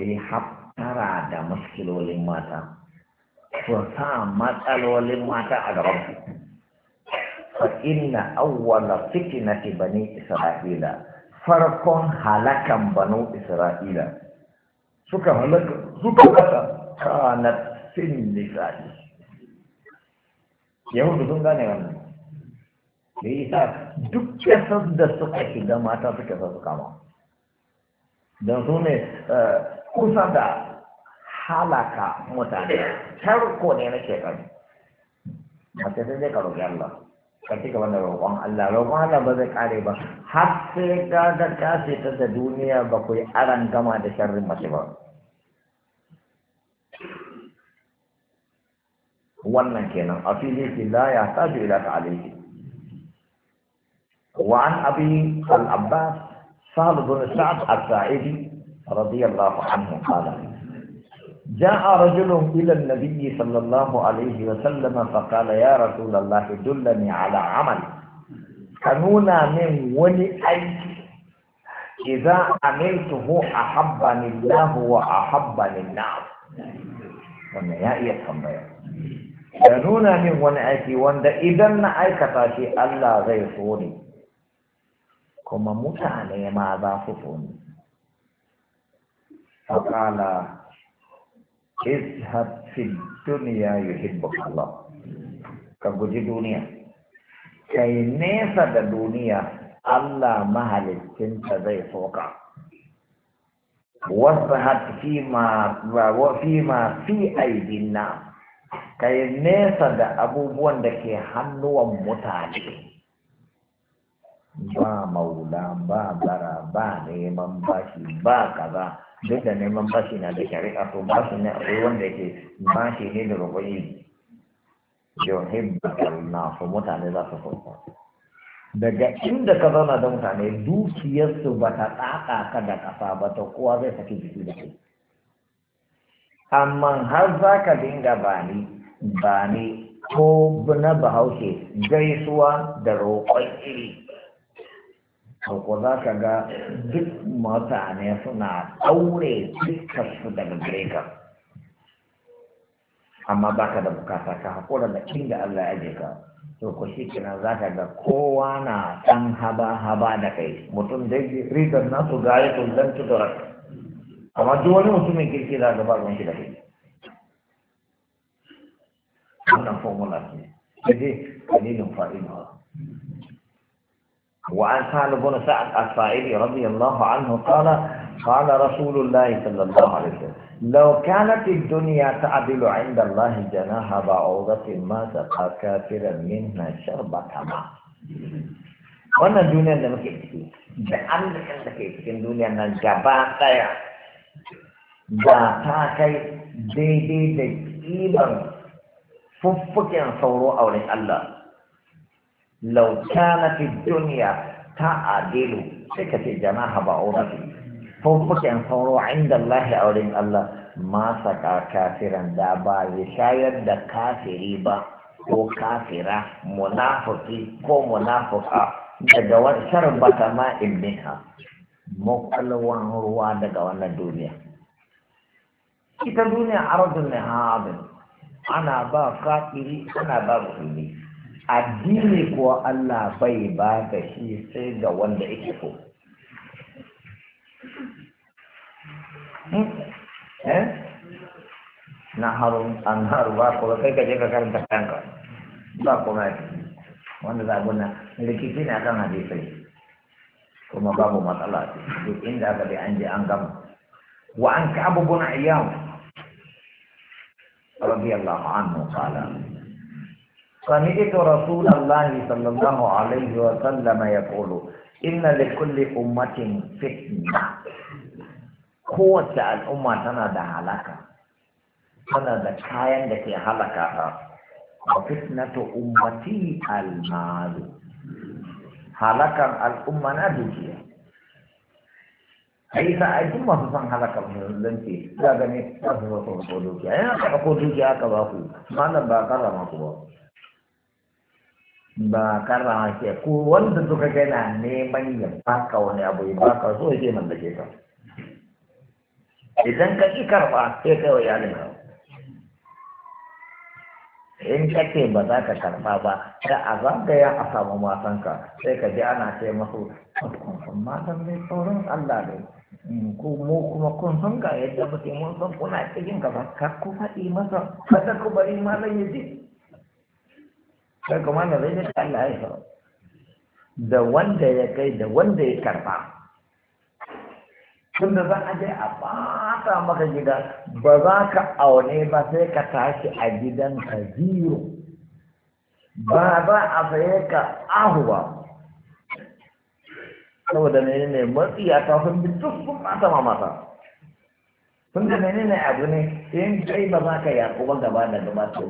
yi hattara da maskilolin mata su sa matsalolin mata a gabansu fa inna awwala fitnati bani isra'ila farkon halakan banu isra'ila suka halaka suka kasa kanat nisa'i yahudu sun gane wannan da isa duk kasar da suka shiga mata suka sa su kama don su ne eh, kusa da halaka mutane tarko ne na shekaru mace sai ka roƙi Allah ka ci da roƙon Allah roƙon Allah ba zai ƙare ba har sai ka ga ta da duniya ba ku yi aran gama da sharrin mace ba wannan kenan a fili fi la ya tabi ila ta'alihi wa an abi al-abbas sa'd bin sa'd al saidi radiyallahu anhu qala جاء رجل إلى النبي صلى الله عليه وسلم فقال يا رسول الله دلني على عمل كنونا من ولي اي إذا عملته أحبني الله وأحبني الناس وأنا يا إيه da nuna min wani aiki wanda idan na aikata shi Allah zai so ni kuma mutane ma za su so ni faƙala izhab fi duniya yuhibbuk Allah ka guji duniya kai nesa da duniya Allah mahalicinta zai soka wasu fi ma fi aidin na ka yi nesa da abubuwan da ke hannuwan mutane ba maula ba bara ba neman bashi ba kaza duk da neman bashi na da shari'a to bashi ne akwai wanda ke bashi ne da rukuni yuhibbuka na su mutane za su so daga inda ka na da mutane dukiyarsu ba ta tsaka ka da ƙasa ba ta kowa zai saki jiki da kai amma har za ka dinga bani ni ko na bahaushe gaisuwa da roƙon iri ko za ka ga duk mutane suna ɗaure su daga gare amma ba ka da bukata ka haƙura da inda Allah ya ka to ko shi kenan za ka ga kowa na ɗan haba-haba da kai mutum dai rigar nasu gaya to zan tudurar amma وعن سعد بن سعد الفائدي رضي الله عنه قال قال رسول الله صلى الله عليه وسلم لو كانت الدنيا تعدل عند الله جناح بعوضة ما سقى كافرا منها شربة ماء وانا الدنيا لم مكي da an da kan da ke ba ta kai daidai da ƙiban fuffuken sauro a wurin Allah lauta na fi duniya ta adilu sai ka ce janaha ba aurati fuffuken sauro a inda Allah a wurin Allah masa kafiran da ba ya shayar da kafiri ba ko kafira munafuki ko munafuka daga wata bata ma ilmiha makwalwan ruwa daga wannan duniya ita duniya arzun ne hadin ana ba kafiri ana ba musulmi addini kuwa Allah bai ba da shi sai ga wanda yake so hmm? eh? na harun an haru ba kuma sai ka je ka karanta kanka ba kuma wanda za a zaɓuna rikici ne akan hadisai kuma babu matsala duk inda aka bi an je an gama wa an ka'abu bin ayyam radiyallahu anhu qala سمعت رسول الله صلى الله عليه وسلم يقول إن لكل أمة فتنة قوة الأمة تنادى هلاكا تنادى كائن لكي هلكها وفتنة أمتي المال halakan al'umma na dukiya ai sa ai duk masu son halakar musulunci za gani za su zo ko dukiya yana ka ko dukiya aka ba ku malam ba karrama maku ba ba karrama ke ku wanda suka gana neman ya baka wani abu ya baka so ya ce mallake ka idan ka ƙi karɓa, sai kai wa iyalin ka in ka ce ba za ka karɓa ba da a zagaya a samu matanka sai ka ji ana ce masu kun matan mai saurin Allah ne mm, ko mu kuma kun san ga yadda mutum mun san kuna cikin ba ka ku faɗi masa ta ku bari malam ya ji sai kuma na zai da Allah ya da wanda ya kai da wanda ya karɓa tunda za a je a fata maka gida ba za ka aune ba sai ka tashi a gidan ka zero ba za a saye ka ahu ba saboda ne ne matsi a kafin bi duk sun mata ma mata sun da mene ne abu ne in kai ba za ka yaƙo ba gaba da gaba to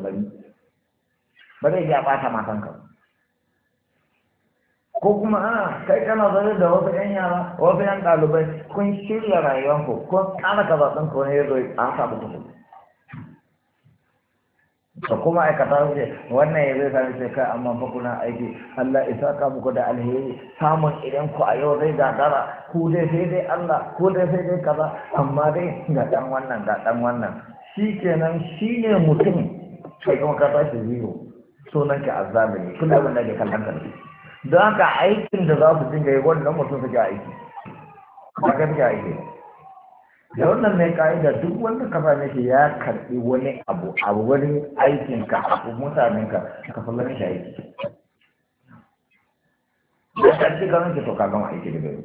ba zai ya ɓata matan ka ko kuma ana ah, kai kana zaune da wasu yan yara wasu yan ɗalibai kun shirya rayuwanku kun tsara ka zaɓen ko ne yazo a haka ku da kuma aikata su ce wannan ya zai sami sai kai amma fa kuna aiki Allah isa ka muku da alheri samun idan ku a yau zai gagara ku dai sai dai Allah ku dai sai dai kaza amma dai ga dan wannan ga dan wannan shi kenan shi ne mutum kai kuma ka tashi zero sunan azzamini kullum da ke kallon kallon don haka aikin da za su dinga yi wannan mutum suke aiki ba ga suke aiki da wannan mai ka'ida duk wanda ka same shi ya karɓi wani abu abu wani aikin ka abu mutanen ka ka sallar shi aiki da ƙarshe ka nake to ka gama aiki da gari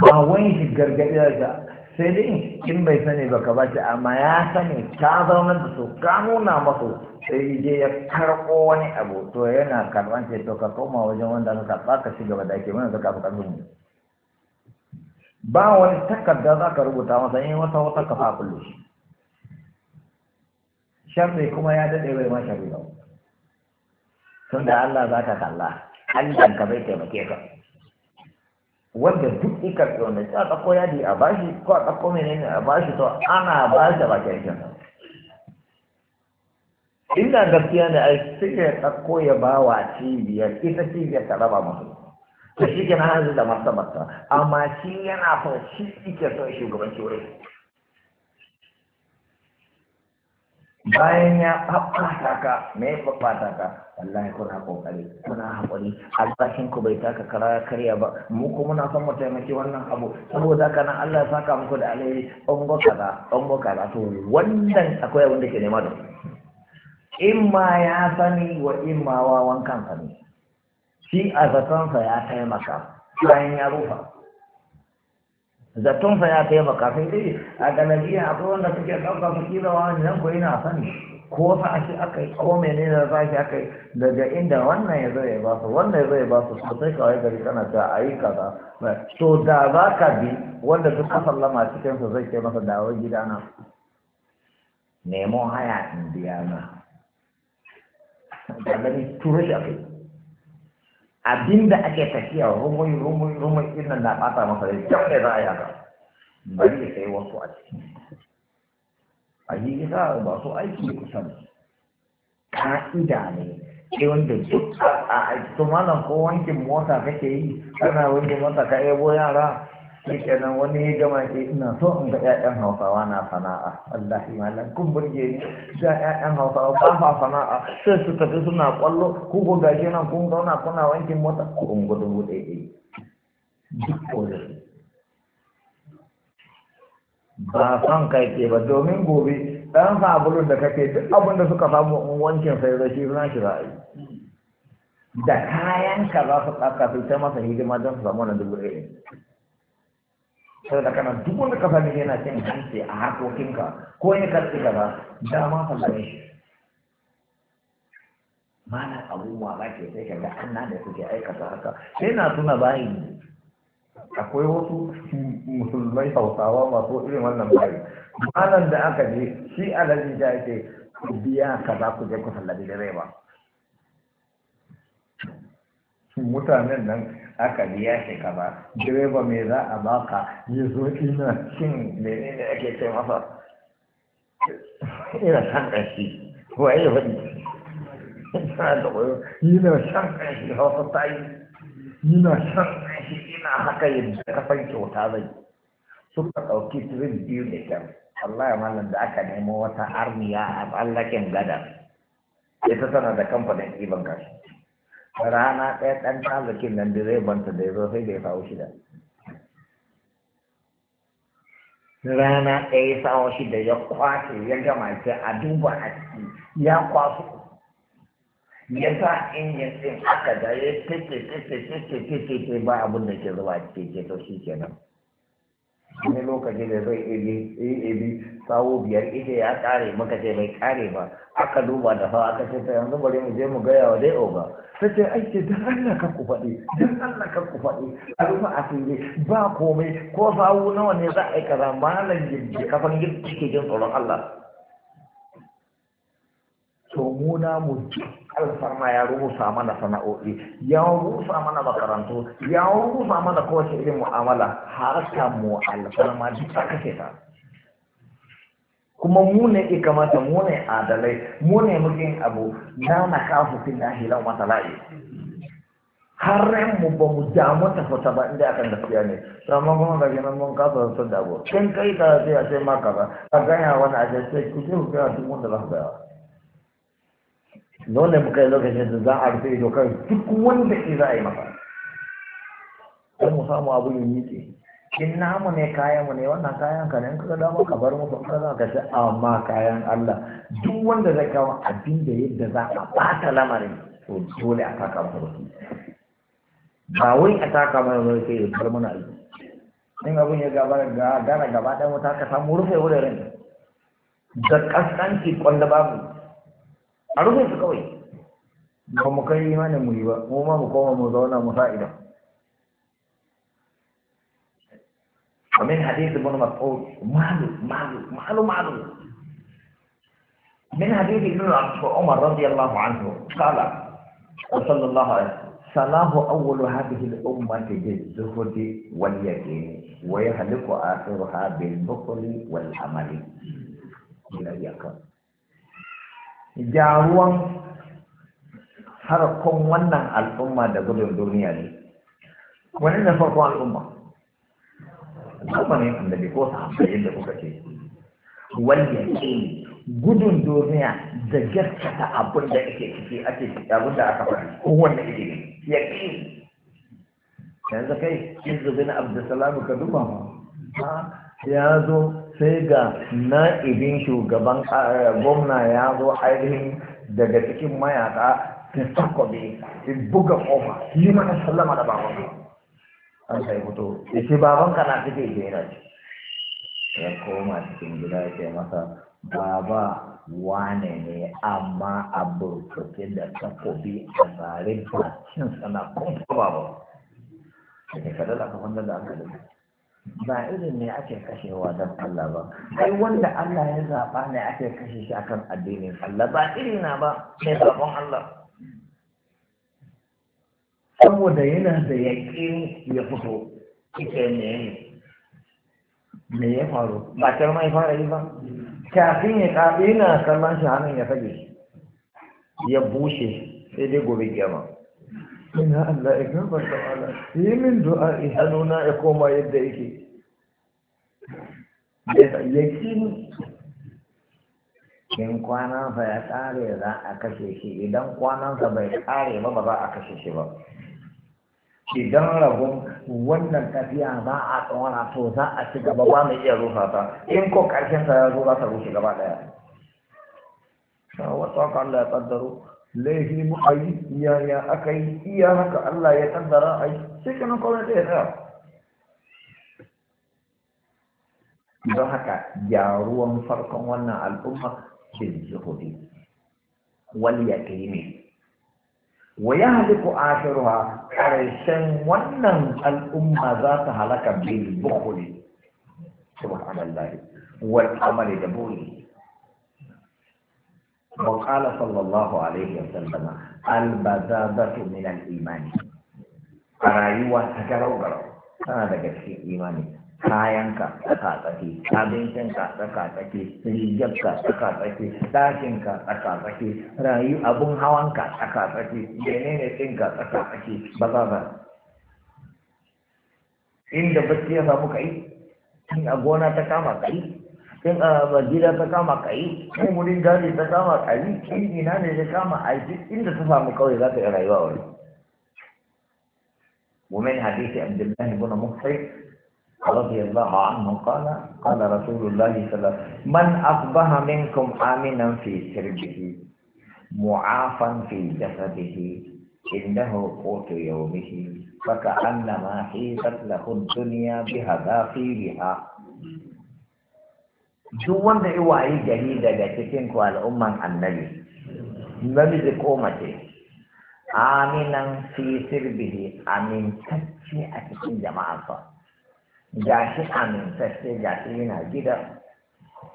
ba wani shi gargaɗi da sai dai in bai sani ba ka ba shi amma ya sani ka zaunar da su ka nuna masu sai je ya karɓo wani abu to yana karɓar sai to ka koma wajen wanda aka karɓa ka ci gaba da ake mana zaka fuka mu ba wani takarda za ka rubuta masa in wata wata ka fa kullu shi sharri kuma ya dade bai ma sharri ba tun da Allah za ka kalla Allah ka bai taimake ka wanda duk ikar da wanda ta ɗauko yadi a bashi ko a ɗauko menene a bashi to ana ba shi ba inda gaskiya ne a sai ya ɗauko ya ba wa cibiyar ita cibiyar ta raba musu ta shi kenan hanzu da masu amma shi yana so shi ike son shugabanci wurin bayan ya faffata ka me ya ka wallahi kuna kokari kuna haƙuri, albashin ku bai taka kara karya ba mu kuma muna son mu taimaki wannan abu saboda kana Allah ya saka muku da alheri ongo kaza kaza to wannan akwai abin da ke nema da imma ya sani wa imma wawan kansa ne shi a zatonsa ya taimaka bayan ya rufa zatonsa ya taimaka sai dai a galabiya akwai wanda suke ɗauka su kila wani nan ko yana sani ko sa shi aka yi ko mene da za shi aka yi daga inda wannan ya zai ba su wannan ya zai ba su su sai kawai gari kana ta a yi kaza to da za ka bi wanda duk ka sallama cikinsa zai ke masa dawo gidana nemo haya in biya na da gani turo shi a kai abinda ake tafiya rumai rumai rumai din nan na bata masa da kyau ne za a yi haka bari ya kai wasu a ciki a yi isa ba su aiki kusan ka'ida ne sai wanda duk a aiki to malam ko wankin mota kake yi kana wankin mota ka ebo yara shi kenan wani ya gama ke ina so in ga ƴaƴan hausawa na sana'a wallahi malam kun burge ni ga ƴaƴan hausawa ba fa sana'a sai su tafi suna kwallo ku ko gashi nan kun zauna kuna wankin mota ku in gudu bude ɗaya duk kodin ba son kai ke ba domin gobe ɗan sabulu da kake duk abin da suka samu in wankin sai da shi na shi ra'ayi da kayan ka za su ɗaka su ta masa hidima don su samu na dubu ɗaya sau da kana duk wanda ka yana cin hanci a harkokinka ko ka karfi gaba dama sallame shi mana abubuwa ba ke sai kaga an na da suke aikata haka sai na tuna bayin akwai wasu musulmai hausawa masu irin wannan bayi malam da aka je shi alaji ta ce ku biya ka za ku je ku sallabi direba mutanen nan aka biya shi ba direba me za a baka ya zo ina cin ne ake ce masa ina san ƙashi waye wani ina da ƙwayo ina san ƙashi hausa ta yi ina san ƙashi ina haka yadda kafan kyauta zai suka ɗauki trip biyu da kyau Allah ya malam da aka nemo wata armiya a tsallaken gadar ita tana da kamfanin ɗiban kashi rana ɗaya ɗan tazakin nan da zai banta da ya zo sai da ya kawo shida rana ɗaya ya sawo shida ya kwace ya gama ce a duba a ciki ya kwaso ya sa injin ɗin aka da ya tece tece tece tece ba abin da ke zuba ciki ke to shi kenan wani lokaci da zai ebi sawo biyar ita ya kare maka ce bai kare ba aka duba da fa aka ce ta yanzu bari mu je mu gaya wa dai oga ta ce aiki don Allah ka ku faɗi don Allah ka ku faɗi a rufe asiri ba komai ko sawo nawa ne za a yi kaza malam kafan yadda ke jin tsoron Allah muna mu alfarma ya rusa mana sana'o'i ya rusa mana makarantu ya rusa mana kowace irin mu'amala harka mu alfarma duk ta kashe ta kuma mu ne ya kamata mu ne adalai mu ne muke abu na na kafu fin ahilan hilau la'i harren mu ba mu damu ta fata ba inda akan gaskiya ne amma kuma ga gina mun kafa sun dabo kin kai ka sai a sai maka ba a ganya wani a sai ku ce ku kira duk wanda za nonon muka yi lokacin da za a rufe ido kan duk wanda ke za a yi masa don mu samu abu yin yake in namu ne kayan mu ne wannan kayan ka ne in kaga dama ka bar musu ka za ka ci amma kayan Allah duk wanda zai kawo abin da yadda za a bata lamarin to dole a taka masa wasu ba wai a taka masa wani sai ya bar mana aiki in abin ya gaba gara gaba ɗaya mu taka samu rufe wurin da kaskanci kwanda babu a kawai ba mu kai imanin mu yi ba mu ma mu koma mu zauna mu fa'ida ومن حديث ابن مسعود مالو مالو مالو مالو من حديث ابن عمر رضي الله عنه قال وصلى الله عليه وسلم أول هذه الأمة بالزهد واليقين ويهلك آخرها بالبخل والعمل إلى اليقين jaruwan harkon wannan al'umma da gudun duniya ne wani na farko al'umma ne annabi ko sahabbai yadda kuka ce wanda ke gudun duniya da gaskata abin da ake ciki ake ciki abin da aka faɗi kowanne ake ne ya ke yanzu kai yanzu bin abdulsalam ka duba ma ya zo sai ga na'ibin shugaban gwamna ya zo ainihin daga cikin mayaka ta takobe in buga kofa yi mana sallama da baban an sai fito ya ce baban ka na fike jera ya koma cikin gida ya ce masa baba wane ne amma a burtuke da takobi a tsarin bakin sana kun fa baba da ke kada da da aka dace ba irin ne ake kashewa don Allah ba ai wanda Allah ya zaɓa ne ake kashe shi akan addinin Allah ba irin na ba ne zaɓon Allah saboda yana da yakin ya fito ike ne me ya faru ba ta mai fara yi ba kafin ya ƙafi yana kallon shi hannun ya fage ya bushe sai dai gobe gyama ina Allah ya gabata wala yi min du'a hannuna ya koma yadda yake yakin in kwanansa ya kare za a kashe shi idan kwanansa bai kare ba ba za a kashe shi ba idan rabon wannan tafiya za a tsawara to za a ci gaba ba mai iya rufa ta in ko karshen sa ya zo za ta rushe gaba daya wata Allah ya kaddaro laifi mu a yi yaya aka yi iya haka Allah ya kaddara a yi sai ka nan kawai ɗaya ɗaya don haka gyaruwan farkon wannan al'umma bin zuhudi wal yaqini wa yahliku akhiruha karshen wannan al'umma za ta halaka bil bukhli subhanallah wal amali da buri وقال صلى الله عليه وسلم البذابة من الإيمان أرايوة تكرو كرو هذا كشي إيماني kayanka ka tsaki abincinka ka tsaki rigarka ka tsaki ɗakinka tsaka tsaki rayu abun hawanka ka tsaki menene ɗinka tsaka tsaki ba za ba inda bacci ya samu kai in a gona ta kama kai bajira ta kama gari ta kama ne kama inda ta samu kawai za ta rayuwa wani ومن حديث عبد الله بن مخفي رضي الله عنه قال قال رسول الله صلى الله عليه وسلم من أصبح منكم آمنا في سربه معافا في جسده إنه قوت يومه فكأنما حيثت له الدنيا بهذا فيها duk wanda ya wayi gari daga cikin ku al'umman annabi namiji ko mace aminan fi sirbihi amintacce a cikin jama'a ga shi amintacce ga shi yana gida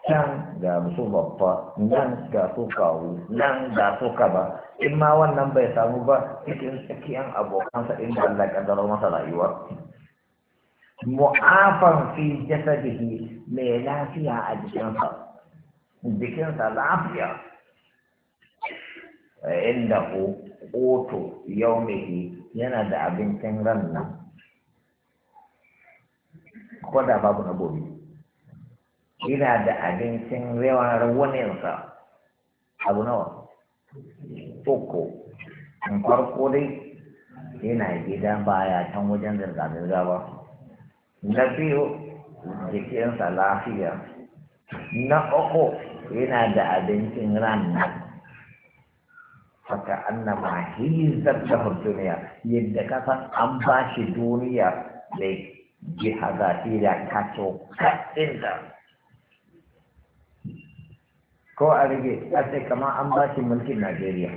can ga su babba nan ga su kawo nan ga su ba in ma wannan bai samu ba cikin tsakiyan abokansa inda Allah ya masa rayuwa mu'afan fi jasadihi mai lafiya a jikinsa jikinsa lafiya inda ƙoto yau mai yana da abincin ran nan ko da babu na gobe yana da abincin rewan waninsa abu nawa uku in farko dai yana gida baya can wajen zirga-zirga ba na biyu jikinsa lafiya na uku yana da abincin ranar na annama hizar da duniya yadda kasan an ba shi duniya da jihaza da kaso kaɗin da ko a rage a ce kama an ba shi mulkin najeriya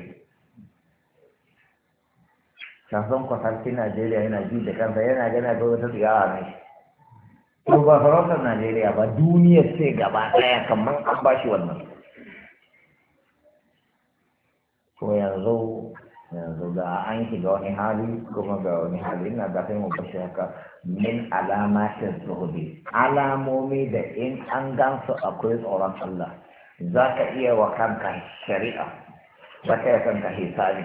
kasan kwasarci najeriya yana ji da kansa yana gana ga wata tsiyawa mai to ba farautar najeriya ba duniya sai gaba ɗaya kamar an ba shi wannan to yanzu yanzu ga an shiga wani hali kuma ga wani hali ina ga mu bashi haka min alamatin zuhudi alamomi da in an gansu akwai tsoron Allah za ka iya wa kanka shari'a ba ka kanka hisabi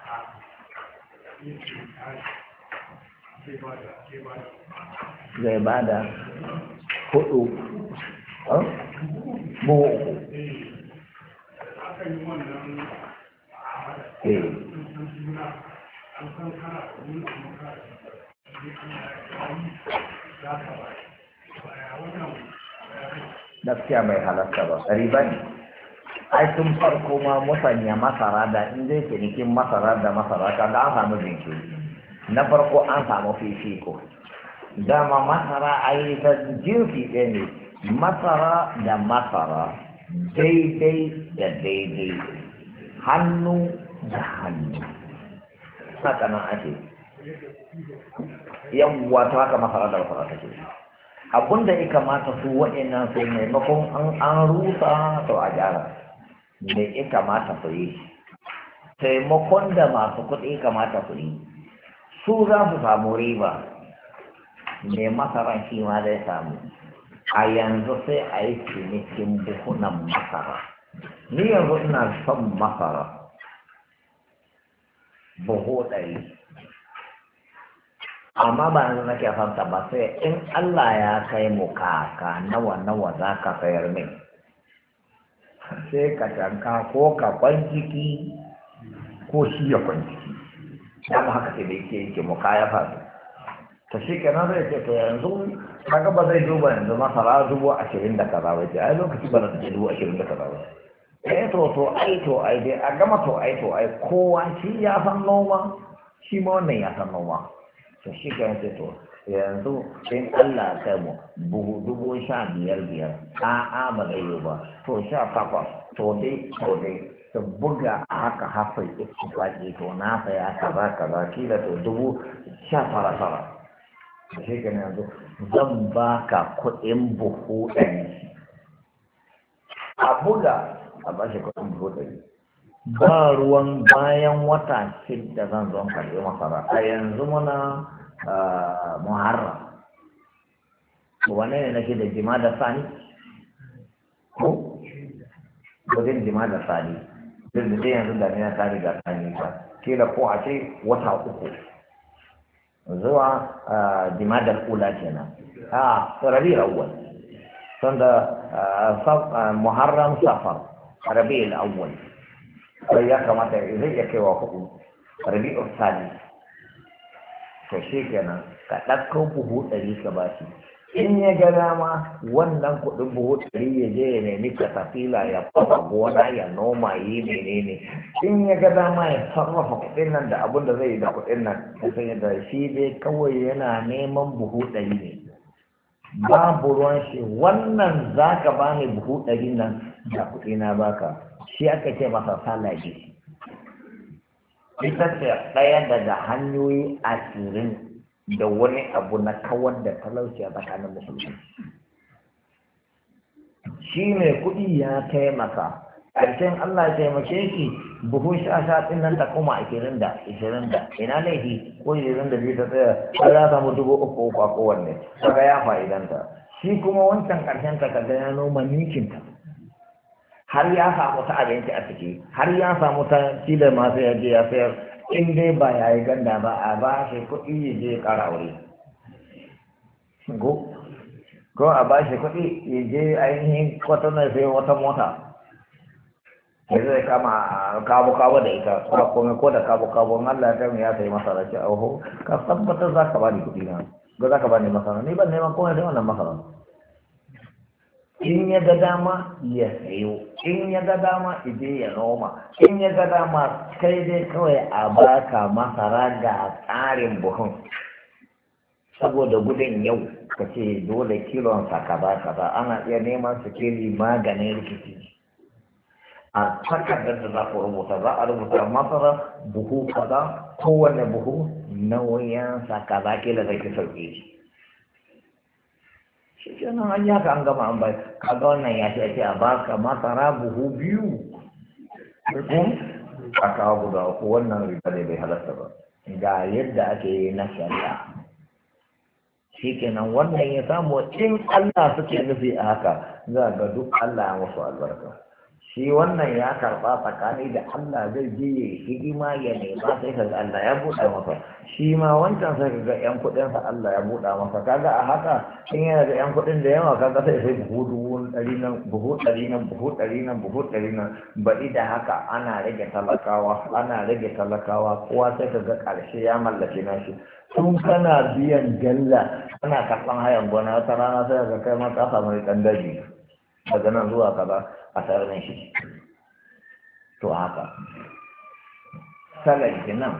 zai eh. ba da hudu buhu uku gaskiya mai halatta ba ne ai tun farko ma musanya masara da in zai nikin masara da masara ga an samu jinkiri na farko an samu fifiko dama masara yi ta jinsi ɗaya ne masara da masara daidai da daidai hannu da hannu sakanan ake Yan wata haka masara da masara take abinda ya kamata su waɗannan sai maimakon an rusa to a gyara me ya kamata ku yi taimakon da masu kuɗi kamata ku yi su za su samu riba mai masaran shi ma zai samu a yanzu sai a yi cinikin buhunan masara ni yanzu ina son masara buhu ɗari amma ba yanzu nake son ba sai in Allah ya kai mu kaka nawa nawa za ka sayar min sai ka tanka ko ka kwanciki ko shi ya kwanciki dama haka sai da yake yake mu kaya fasu ta shi nan zai ce to yanzu kaga ba zai duba yanzu masara dubu ashirin da kaza ba ce ai lokaci ba na ta dubu ashirin da kaza ba eh to to ai to ai dai a gama to ai to ai kowa shi ya san noma shi ma wannan ya san noma to shi nan zai to yanzu in Allah kai mu buhu dubu sha biyar biyar a'a ba zai yi ba to sha takwas to dai to dai ta buga haka hafa ittifaqi to na saya kaza kaza kila to dubu sha fara-fara. Da shi kenan yanzu zan ba ka kuɗin buhu ɗari a buga a bashi kuɗin buhu ɗari ba ruwan bayan wata shidda zan zo karɓi masara a yanzu muna Ah, muharram wane ne nake da jima da sani ko wajen jima da sani duk da dai yanzu damina da riga ta ke kila ko a ce wata uku zuwa jima da kula kenan a rabi awwal sanda ah, ah, muharram safar rabi awwal sai ya kamata zai iya kaiwa kuɗi rabi'ul sani ka shi ka ɗauko buhu ɗari ka ba shi in ya ga dama wannan kuɗin buhu ɗari ya je ya nemi katafila ya fara gona ya noma yi menene in ya ga dama ya sarrafa kuɗin nan da abin da zai yi da kuɗin nan kusan da shi dai kawai yana neman buhu ɗari ne babu ruwan shi wannan za ka ba buhu ɗari nan da kuɗi na baka shi aka ce masa salaji ita ce ɗaya daga hanyoyi asirin da wani abu na kawar da talauci a tsakanin musulmi shi mai kuɗi ya taimaka ƙarshen Allah ya taimake shi buhun sha sha ɗin nan ta koma ashirin da ashirin da ina laifi ko ashirin da biyu ta tsaya ko ya samu dubu uku uku a kowanne kaga ya fa'idanta shi kuma wancan ƙarshen ta ga ya noma nikinta har ya samu ta abinci a ciki har ya samu ta kila masu yaje ya sayar in dai ba ya yi ganda ba a ba shi kuɗi ya je ƙara aure ko a ba shi kuɗi ya je ainihin kwatanar sai wata mota ya zai kama kabo-kabo da ita kuma kome ko da kabo-kabo Allah ta ya sai masara ce oho ka tabbatar za ka ni kuɗi na ga za ka ba ni masara ni ban neman kome da wannan masara in ya ga dama ya sayo in ya ga dama ide ya noma in ya ga dama kai dai kawai a baka masara ga tsarin buhun saboda gudun yau ka ce dole ka kaza kaza ana iya neman su maganin rikici a takardar da za ku rubuta za a rubuta masara buhu kaza kowane buhu nauyin sa kaza kila zai ki sauke shi shi ke nan an yaka an gama an bai kaga wannan ya ce a baka masara buhu biyu a kawo guda uku wannan riga ne bai halarta ba ga yadda ake yi na shari'a shi kenan wannan ya samu in Allah suke nufi a haka za ga duk Allah ya musu albarka shi wannan ya karba tsakani da Allah zai ji ya hidima ya nema sai ga Allah ya buɗa masa shi ma wancan sai kaga ƴan sa Allah ya buɗa masa kaga a haka in yana da ƴan kuɗin da yawa kaga sai sai buhu dubu ɗari nan buhu ɗari nan buhu ɗari nan buhu ɗari nan baɗi da haka ana rage talakawa ana rage talakawa kowa sai kaga ƙarshe ya mallake nashi tun kana biyan galla kana karɓan hayan gona wata rana sai kaga kai ma ka samu ɗan daji daga nan zuwa kaza a sauran shi to haka salar nan eh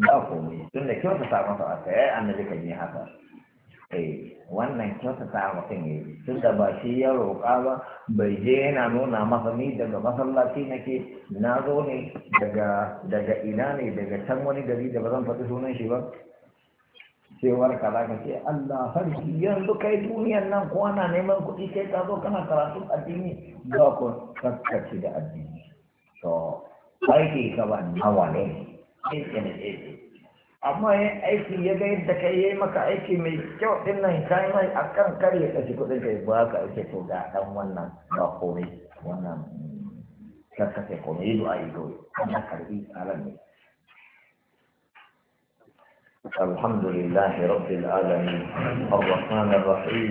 ba komai tun da aka yi annabi kan yi haka eh wannan kyautata mutum ya yi tun da ba shi ya roƙa ba bai je yana nuna masa ni daga masallaci nake na zo ne daga daga ina ne daga can wani gari da ba zan faɗi sunan shi ba cewar ka za ka ce Allah sarki yanzu kai duniyan nan ko ana neman kuɗi kai ka zo kana karatun addini ba ku kakkaci da addini to aiki ka ba nawa ne ne ne amma yin aiki ya ga yadda ka yi maka aiki mai kyau din nan ka yi mai akan kar ya ɗauki kuɗin ka ba ka ake to ga ɗan wannan ba kome wannan kan ka sai komai yi du'a yi kawai ana karɓi tsarar ne الحمد لله رب العالمين الرحمن الرحيم